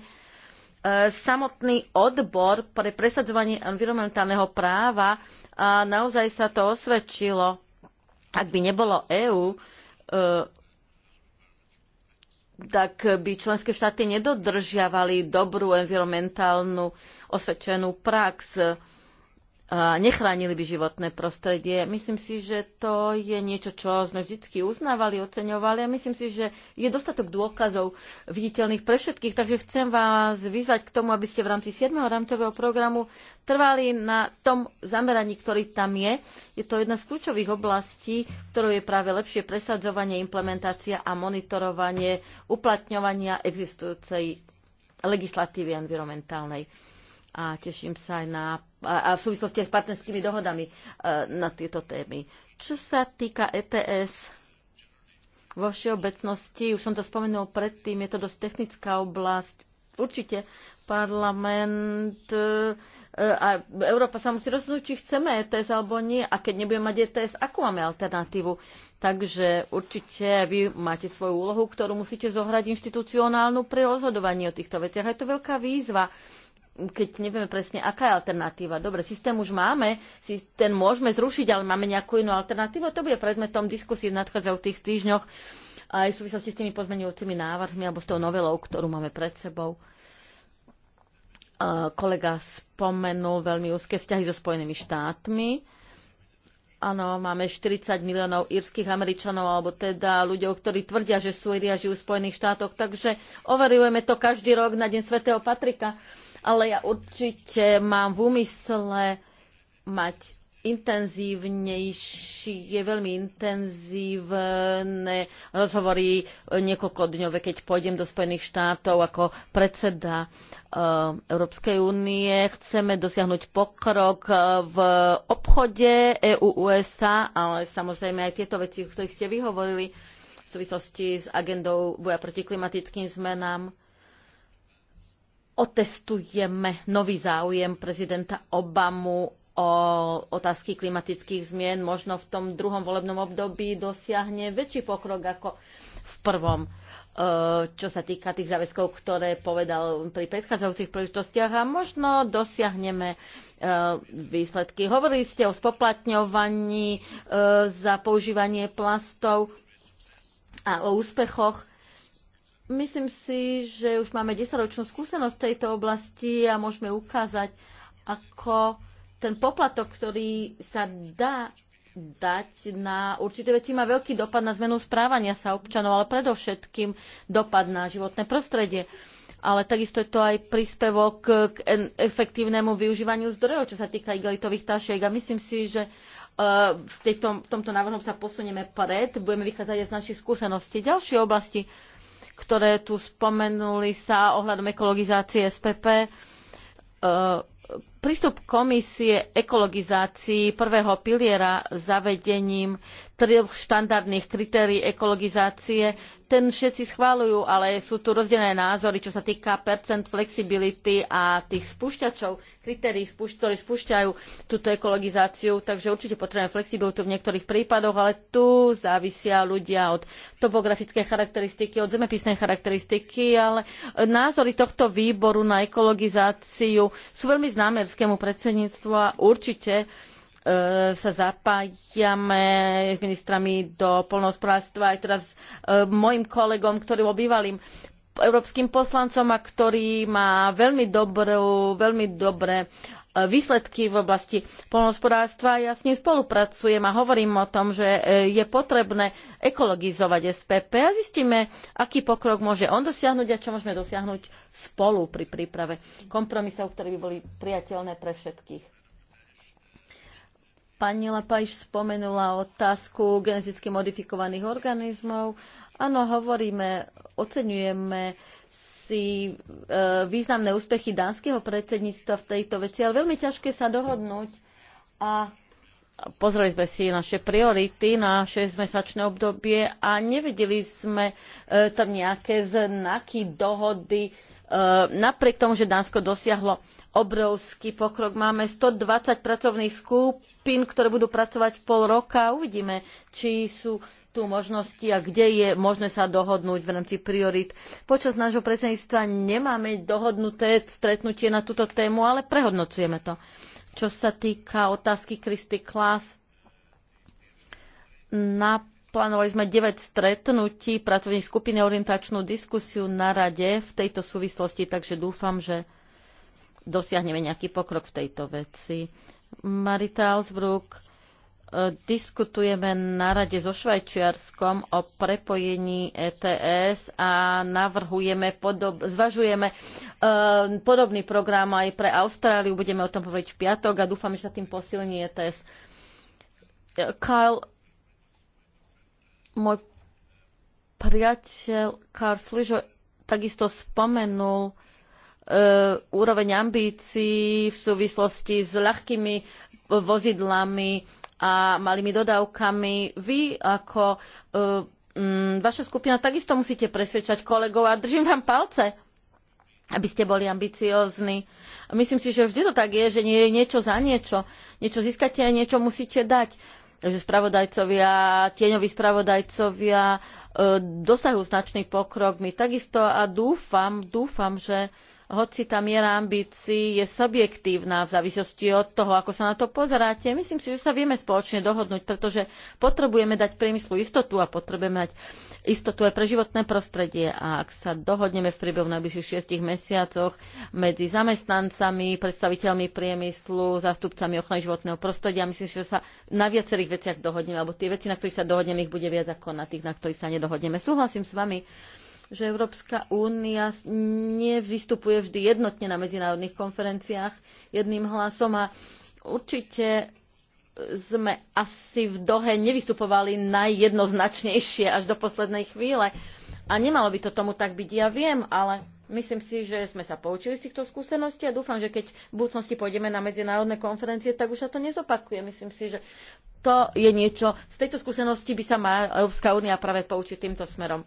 E, samotný odbor pre presadzovanie environmentálneho práva a e, naozaj sa to osvedčilo. Ak by nebolo EÚ, e, tak by členské štáty nedodržiavali dobrú environmentálnu osvedčenú prax nechránili by životné prostredie. Myslím si, že to je niečo, čo sme vždy uznávali, oceňovali a myslím si, že je dostatok dôkazov viditeľných pre všetkých, takže chcem vás vyzvať k tomu, aby ste v rámci 7. rámcového programu trvali na tom zameraní, ktorý tam je. Je to jedna z kľúčových oblastí, ktorou je práve lepšie presadzovanie, implementácia a monitorovanie uplatňovania existujúcej legislatívy environmentálnej a teším sa aj na, a v súvislosti aj s partnerskými dohodami e, na tieto témy. Čo sa týka ETS, vo všeobecnosti, už som to spomenul predtým, je to dosť technická oblasť. Určite parlament e, a Európa sa musí rozhodnúť, či chceme ETS alebo nie. A keď nebudeme mať ETS, akú máme alternatívu? Takže určite vy máte svoju úlohu, ktorú musíte zohrať inštitucionálnu pri rozhodovaní o týchto veciach. Je to veľká výzva keď nevieme presne, aká je alternatíva. Dobre, systém už máme, ten môžeme zrušiť, ale máme nejakú inú alternatívu. To bude predmetom diskusie v nadchádzajúcich týždňoch aj v súvislosti s tými pozmeňujúcimi návrhmi alebo s tou novelou, ktorú máme pred sebou. Kolega spomenul veľmi úzke vzťahy so Spojenými štátmi. Áno, máme 40 miliónov írskych Američanov, alebo teda ľudia, ktorí tvrdia, že sú Íria, žijú v Spojených štátoch, takže overujeme to každý rok na Deň svätého Patrika. Uh, ale ja určite mám v úmysle mať intenzívnejší, je veľmi intenzívne rozhovory niekoľko niekoľkodňové, keď pôjdem do Spojených štátov ako predseda eh, Európskej únie. Chceme dosiahnuť pokrok eh, v obchode EU-USA, ale samozrejme aj tieto veci, o ktorých ste vyhovorili v súvislosti s agendou boja proti klimatickým zmenám otestujeme nový záujem prezidenta Obamu o otázky klimatických zmien. Možno v tom druhom volebnom období dosiahne väčší pokrok ako v prvom e, čo sa týka tých záväzkov, ktoré povedal pri predchádzajúcich príležitostiach a možno dosiahneme e, výsledky. Hovorili ste o spoplatňovaní e, za používanie plastov a o úspechoch Myslím si, že už máme 10-ročnú skúsenosť v tejto oblasti a môžeme ukázať, ako ten poplatok, ktorý sa dá dať na určité veci, má veľký dopad na zmenu správania sa občanov, ale predovšetkým dopad na životné prostredie. Ale takisto je to aj príspevok k efektívnemu využívaniu zdrojov, čo sa týka igelitových tašiek. A myslím si, že e, v tejto, tomto návrhom sa posunieme pred, budeme vychádzať aj z našich skúseností. Ďalšie oblasti, ktoré tu spomenuli sa ohľadom ekologizácie SPP. E, Prístup komisie ekologizácii prvého piliera zavedením troch štandardných kritérií ekologizácie, ten všetci schválujú, ale sú tu rozdielne názory, čo sa týka percent flexibility a tých spúšťačov, kritérií, ktorí spúšťajú túto ekologizáciu, takže určite potrebujeme flexibilitu v niektorých prípadoch, ale tu závisia ľudia od topografické charakteristiky, od zemepisnej charakteristiky, ale názory tohto výboru na ekologizáciu sú veľmi známe v belgickému predsedníctvu a určite e, sa zapájame s ministrami do polnohospodárstva aj teraz e, mojim kolegom, ktorý bol bývalým európskym poslancom a ktorý má veľmi dobrú, veľmi dobré výsledky v oblasti polnohospodárstva. Ja s ním spolupracujem a hovorím o tom, že e, je potrebné ekologizovať SPP a zistíme, aký pokrok môže on dosiahnuť a čo môžeme dosiahnuť spolu pri príprave kompromisov, ktoré by boli priateľné pre všetkých. Pani Lapajš spomenula otázku geneticky modifikovaných organizmov. Áno, hovoríme, oceňujeme si e, významné úspechy dánskeho predsedníctva v tejto veci, ale veľmi ťažké sa dohodnúť. A pozreli sme si naše priority na 6-mesačné obdobie a nevedeli sme e, tam nejaké znaky dohody. E, napriek tomu, že Dánsko dosiahlo obrovský pokrok, máme 120 pracovných skupín, ktoré budú pracovať pol roka. Uvidíme, či sú tu možnosti a kde je možné sa dohodnúť v rámci priorit. Počas nášho predsedníctva nemáme dohodnuté stretnutie na túto tému, ale prehodnocujeme to. Čo sa týka otázky Kristy Klas, naplánovali sme 9 stretnutí pracovní skupiny orientačnú diskusiu na rade v tejto súvislosti, takže dúfam, že dosiahneme nejaký pokrok v tejto veci. Marita Alsbruck, E, diskutujeme na rade so Švajčiarskom o prepojení ETS a navrhujeme, podob, zvažujeme e, podobný program aj pre Austráliu. Budeme o tom hovoriť v piatok a dúfam, že sa tým posilní ETS. Kyle, môj priateľ Karl Sližo takisto spomenul, Uh, úroveň ambícií v súvislosti s ľahkými vozidlami, a malými dodávkami. Vy ako e, vaša skupina takisto musíte presvedčať kolegov a držím vám palce, aby ste boli ambiciózni. Myslím si, že vždy to tak je, že nie je niečo za niečo. Niečo získate a niečo musíte dať. Takže spravodajcovia, tieňoví spravodajcovia e, dosahujú značný pokrok. My takisto a dúfam, dúfam, že hoci tá miera ambícií je subjektívna v závislosti od toho, ako sa na to pozeráte, myslím si, že sa vieme spoločne dohodnúť, pretože potrebujeme dať priemyslu istotu a potrebujeme mať istotu aj pre životné prostredie. A ak sa dohodneme v priebehu najbližších šiestich mesiacoch medzi zamestnancami, predstaviteľmi priemyslu, zástupcami ochrany životného prostredia, myslím, si, že sa na viacerých veciach dohodneme, alebo tie veci, na ktorých sa dohodneme, ich bude viac ako na tých, na ktorých sa nedohodneme. Súhlasím s vami že Európska únia nevystupuje vždy jednotne na medzinárodných konferenciách jedným hlasom a určite sme asi v Dohe nevystupovali najjednoznačnejšie až do poslednej chvíle. A nemalo by to tomu tak byť, ja viem, ale myslím si, že sme sa poučili z týchto skúseností a dúfam, že keď v budúcnosti pôjdeme na medzinárodné konferencie, tak už sa to nezopakuje. Myslím si, že to je niečo, z tejto skúsenosti by sa má Európska únia práve poučiť týmto smerom.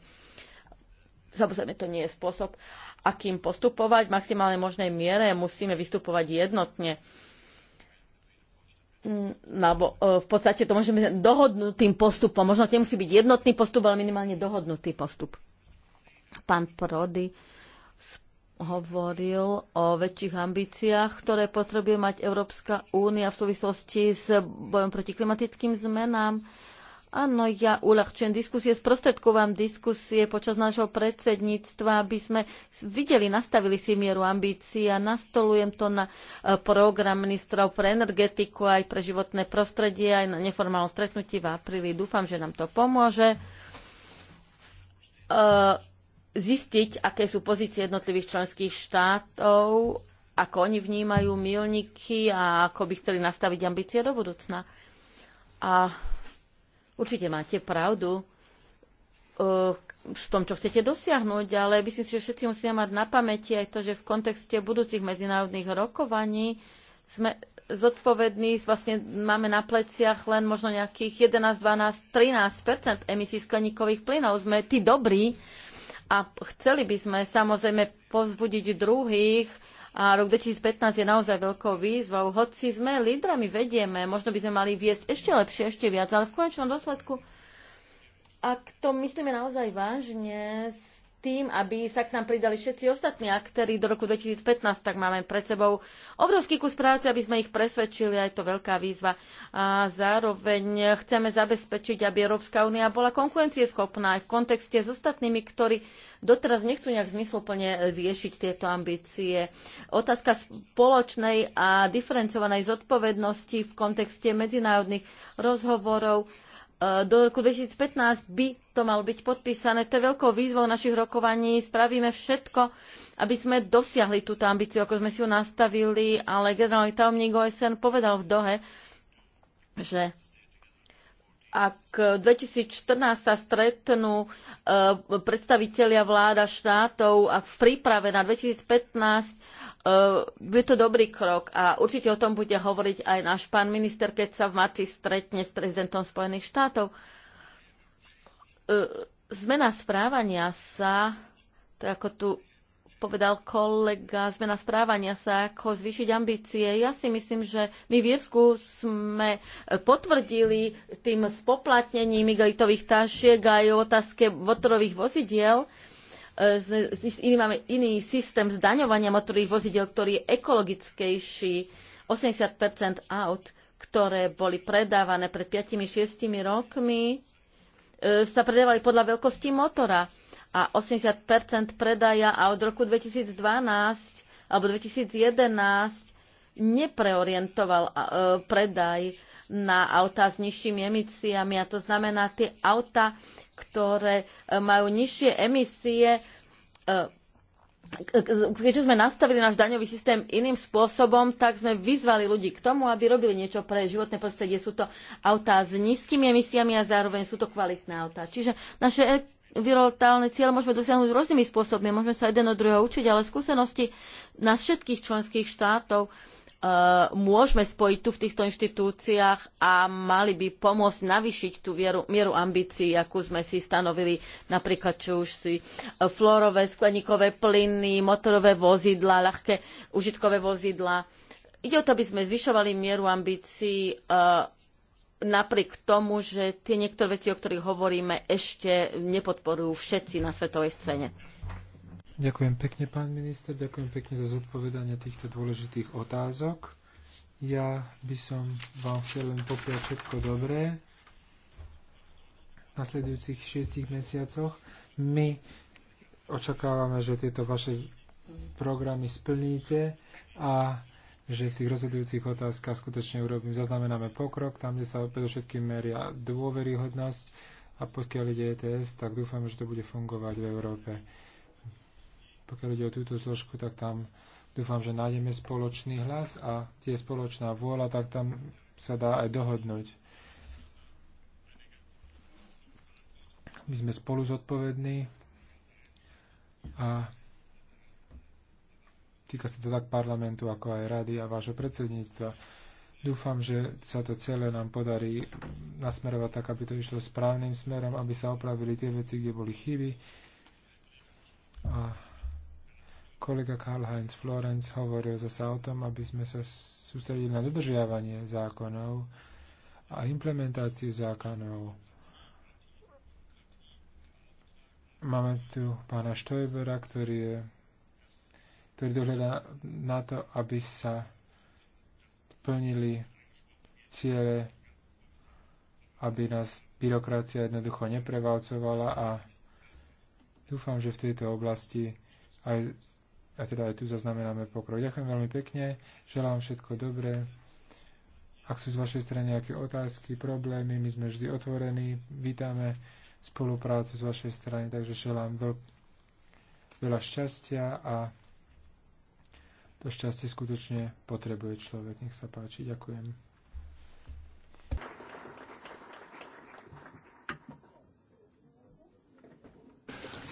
Samozrejme, to nie je spôsob, akým postupovať. V maximálnej možnej miere musíme vystupovať jednotne. Mm, Lebo e, v podstate to môžeme dohodnutým postupom. Možno to nemusí byť jednotný postup, ale minimálne dohodnutý postup. Pán Prody hovoril o väčších ambíciách, ktoré potrebuje mať Európska únia v súvislosti s bojom proti klimatickým zmenám. Áno, ja uľahčujem diskusie, sprostredkovám diskusie počas nášho predsedníctva, aby sme videli, nastavili si mieru ambícií a nastolujem to na e, program ministrov pre energetiku aj pre životné prostredie, aj na neformálnom stretnutí v apríli. Dúfam, že nám to pomôže e, zistiť, aké sú pozície jednotlivých členských štátov, ako oni vnímajú milníky a ako by chceli nastaviť ambície do budúcna. A Určite máte pravdu eh, v tom, čo chcete dosiahnuť, ale myslím si, že všetci musíme mať na pamäti aj to, že v kontexte budúcich medzinárodných rokovaní sme zodpovední, vlastne máme na pleciach len možno nejakých 11, 12, 13 emisí skleníkových plynov. Sme tí dobrí a chceli by sme samozrejme pozbudiť druhých, a rok 2015 je naozaj veľkou výzvou. Hoci sme lídrami, vedieme, možno by sme mali viesť ešte lepšie, ešte viac, ale v konečnom dôsledku, ak to myslíme naozaj vážne s tým, aby sa k nám pridali všetci ostatní aktéry do roku 2015, tak máme pred sebou obrovský kus práce, aby sme ich presvedčili, aj to veľká výzva. A zároveň chceme zabezpečiť, aby Európska únia bola konkurencieschopná aj v kontexte s ostatnými, ktorí doteraz nechcú nejak zmysluplne riešiť tieto ambície. Otázka spoločnej a diferencovanej zodpovednosti v kontexte medzinárodných rozhovorov E, do roku 2015 by to malo byť podpísané. To je veľkou výzvou našich rokovaní. Spravíme všetko, aby sme dosiahli túto ambíciu, ako sme si ju nastavili, ale generálny tajomník OSN povedal v Dohe, že ak v 2014 sa stretnú e, predstavitelia vláda štátov a v príprave na 2015 Eh, je to dobrý krok a určite o tom bude hovoriť aj náš pán minister, keď sa v Maci stretne s prezidentom Spojených štátov. Eh, zmena správania sa, to ako tu povedal kolega, zmena správania sa, ako zvýšiť ambície. Ja si myslím, že my v Írsku sme eh, potvrdili tým spoplatnením igalitových tašiek aj otázke motorových vozidiel, E, sme, iný, máme iný systém zdaňovania motorových vozidel, ktorý je ekologickejší. 80 aut, ktoré boli predávané pred 5-6 rokmi, e, sa predávali podľa veľkosti motora. A 80 predaja a od roku 2012 alebo 2011 nepreorientoval e, predaj na autá s nižšími emisiami a to znamená tie autá, ktoré e, majú nižšie emisie, e, keďže sme nastavili náš daňový systém iným spôsobom, tak sme vyzvali ľudí k tomu, aby robili niečo pre životné prostredie. Sú to autá s nízkymi emisiami a zároveň sú to kvalitné autá. Čiže naše environmentálne cieľe môžeme dosiahnuť rôznymi spôsobmi. Môžeme sa jeden od druhého učiť, ale skúsenosti na všetkých členských štátov Eh, môžeme spojiť tu v týchto inštitúciách a mali by pomôcť navyšiť tú vieru, mieru ambícií, akú sme si stanovili, napríklad čo už si eh, florové, skleníkové plyny, motorové vozidla, ľahké užitkové vozidla. Ide o to, aby sme zvyšovali mieru ambícií eh, napriek tomu, že tie niektoré veci, o ktorých hovoríme, ešte nepodporujú všetci na svetovej scéne. Ďakujem pekne, pán minister, ďakujem pekne za zodpovedanie týchto dôležitých otázok. Ja by som vám chcel len popriať všetko dobré v nasledujúcich šiestich mesiacoch. My očakávame, že tieto vaše programy splníte a že v tých rozhodujúcich otázkach skutočne urobím, zaznamenáme pokrok, tam, kde sa predovšetkým meria dôveryhodnosť a pokiaľ ide ETS, tak dúfam, že to bude fungovať v Európe pokiaľ ide o túto zložku, tak tam dúfam, že nájdeme spoločný hlas a tie spoločná vôľa, tak tam sa dá aj dohodnúť. My sme spolu zodpovední a týka sa to tak parlamentu, ako aj rady a vášho predsedníctva. Dúfam, že sa to celé nám podarí nasmerovať tak, aby to išlo správnym smerom, aby sa opravili tie veci, kde boli chyby. A Kolega Karl-Heinz Florenz hovoril zase o tom, aby sme sa sústredili na dodržiavanie zákonov a implementáciu zákonov. Máme tu pána Štojbera, ktorý, je, ktorý dohľadá na to, aby sa plnili ciele, aby nás byrokracia jednoducho neprevalcovala a dúfam, že v tejto oblasti aj a teda aj tu zaznamenáme pokroj. Ďakujem veľmi pekne, želám všetko dobré. Ak sú z vašej strany nejaké otázky, problémy, my sme vždy otvorení, vítame spoluprácu z vašej strany, takže želám veľ, veľa šťastia a to šťastie skutočne potrebuje človek. Nech sa páči, ďakujem.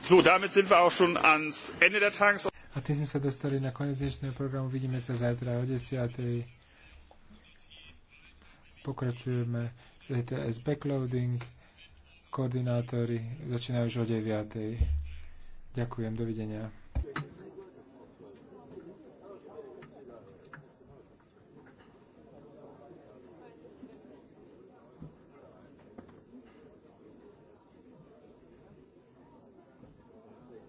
So, damit sind wir auch schon ans Ende der Tagesordnung. A tým sme sa dostali na koniec dnešného programu. Vidíme sa zajtra o 10. Pokračujeme z ETS Backloading. Koordinátori začínajú už o 9. Ďakujem, dovidenia.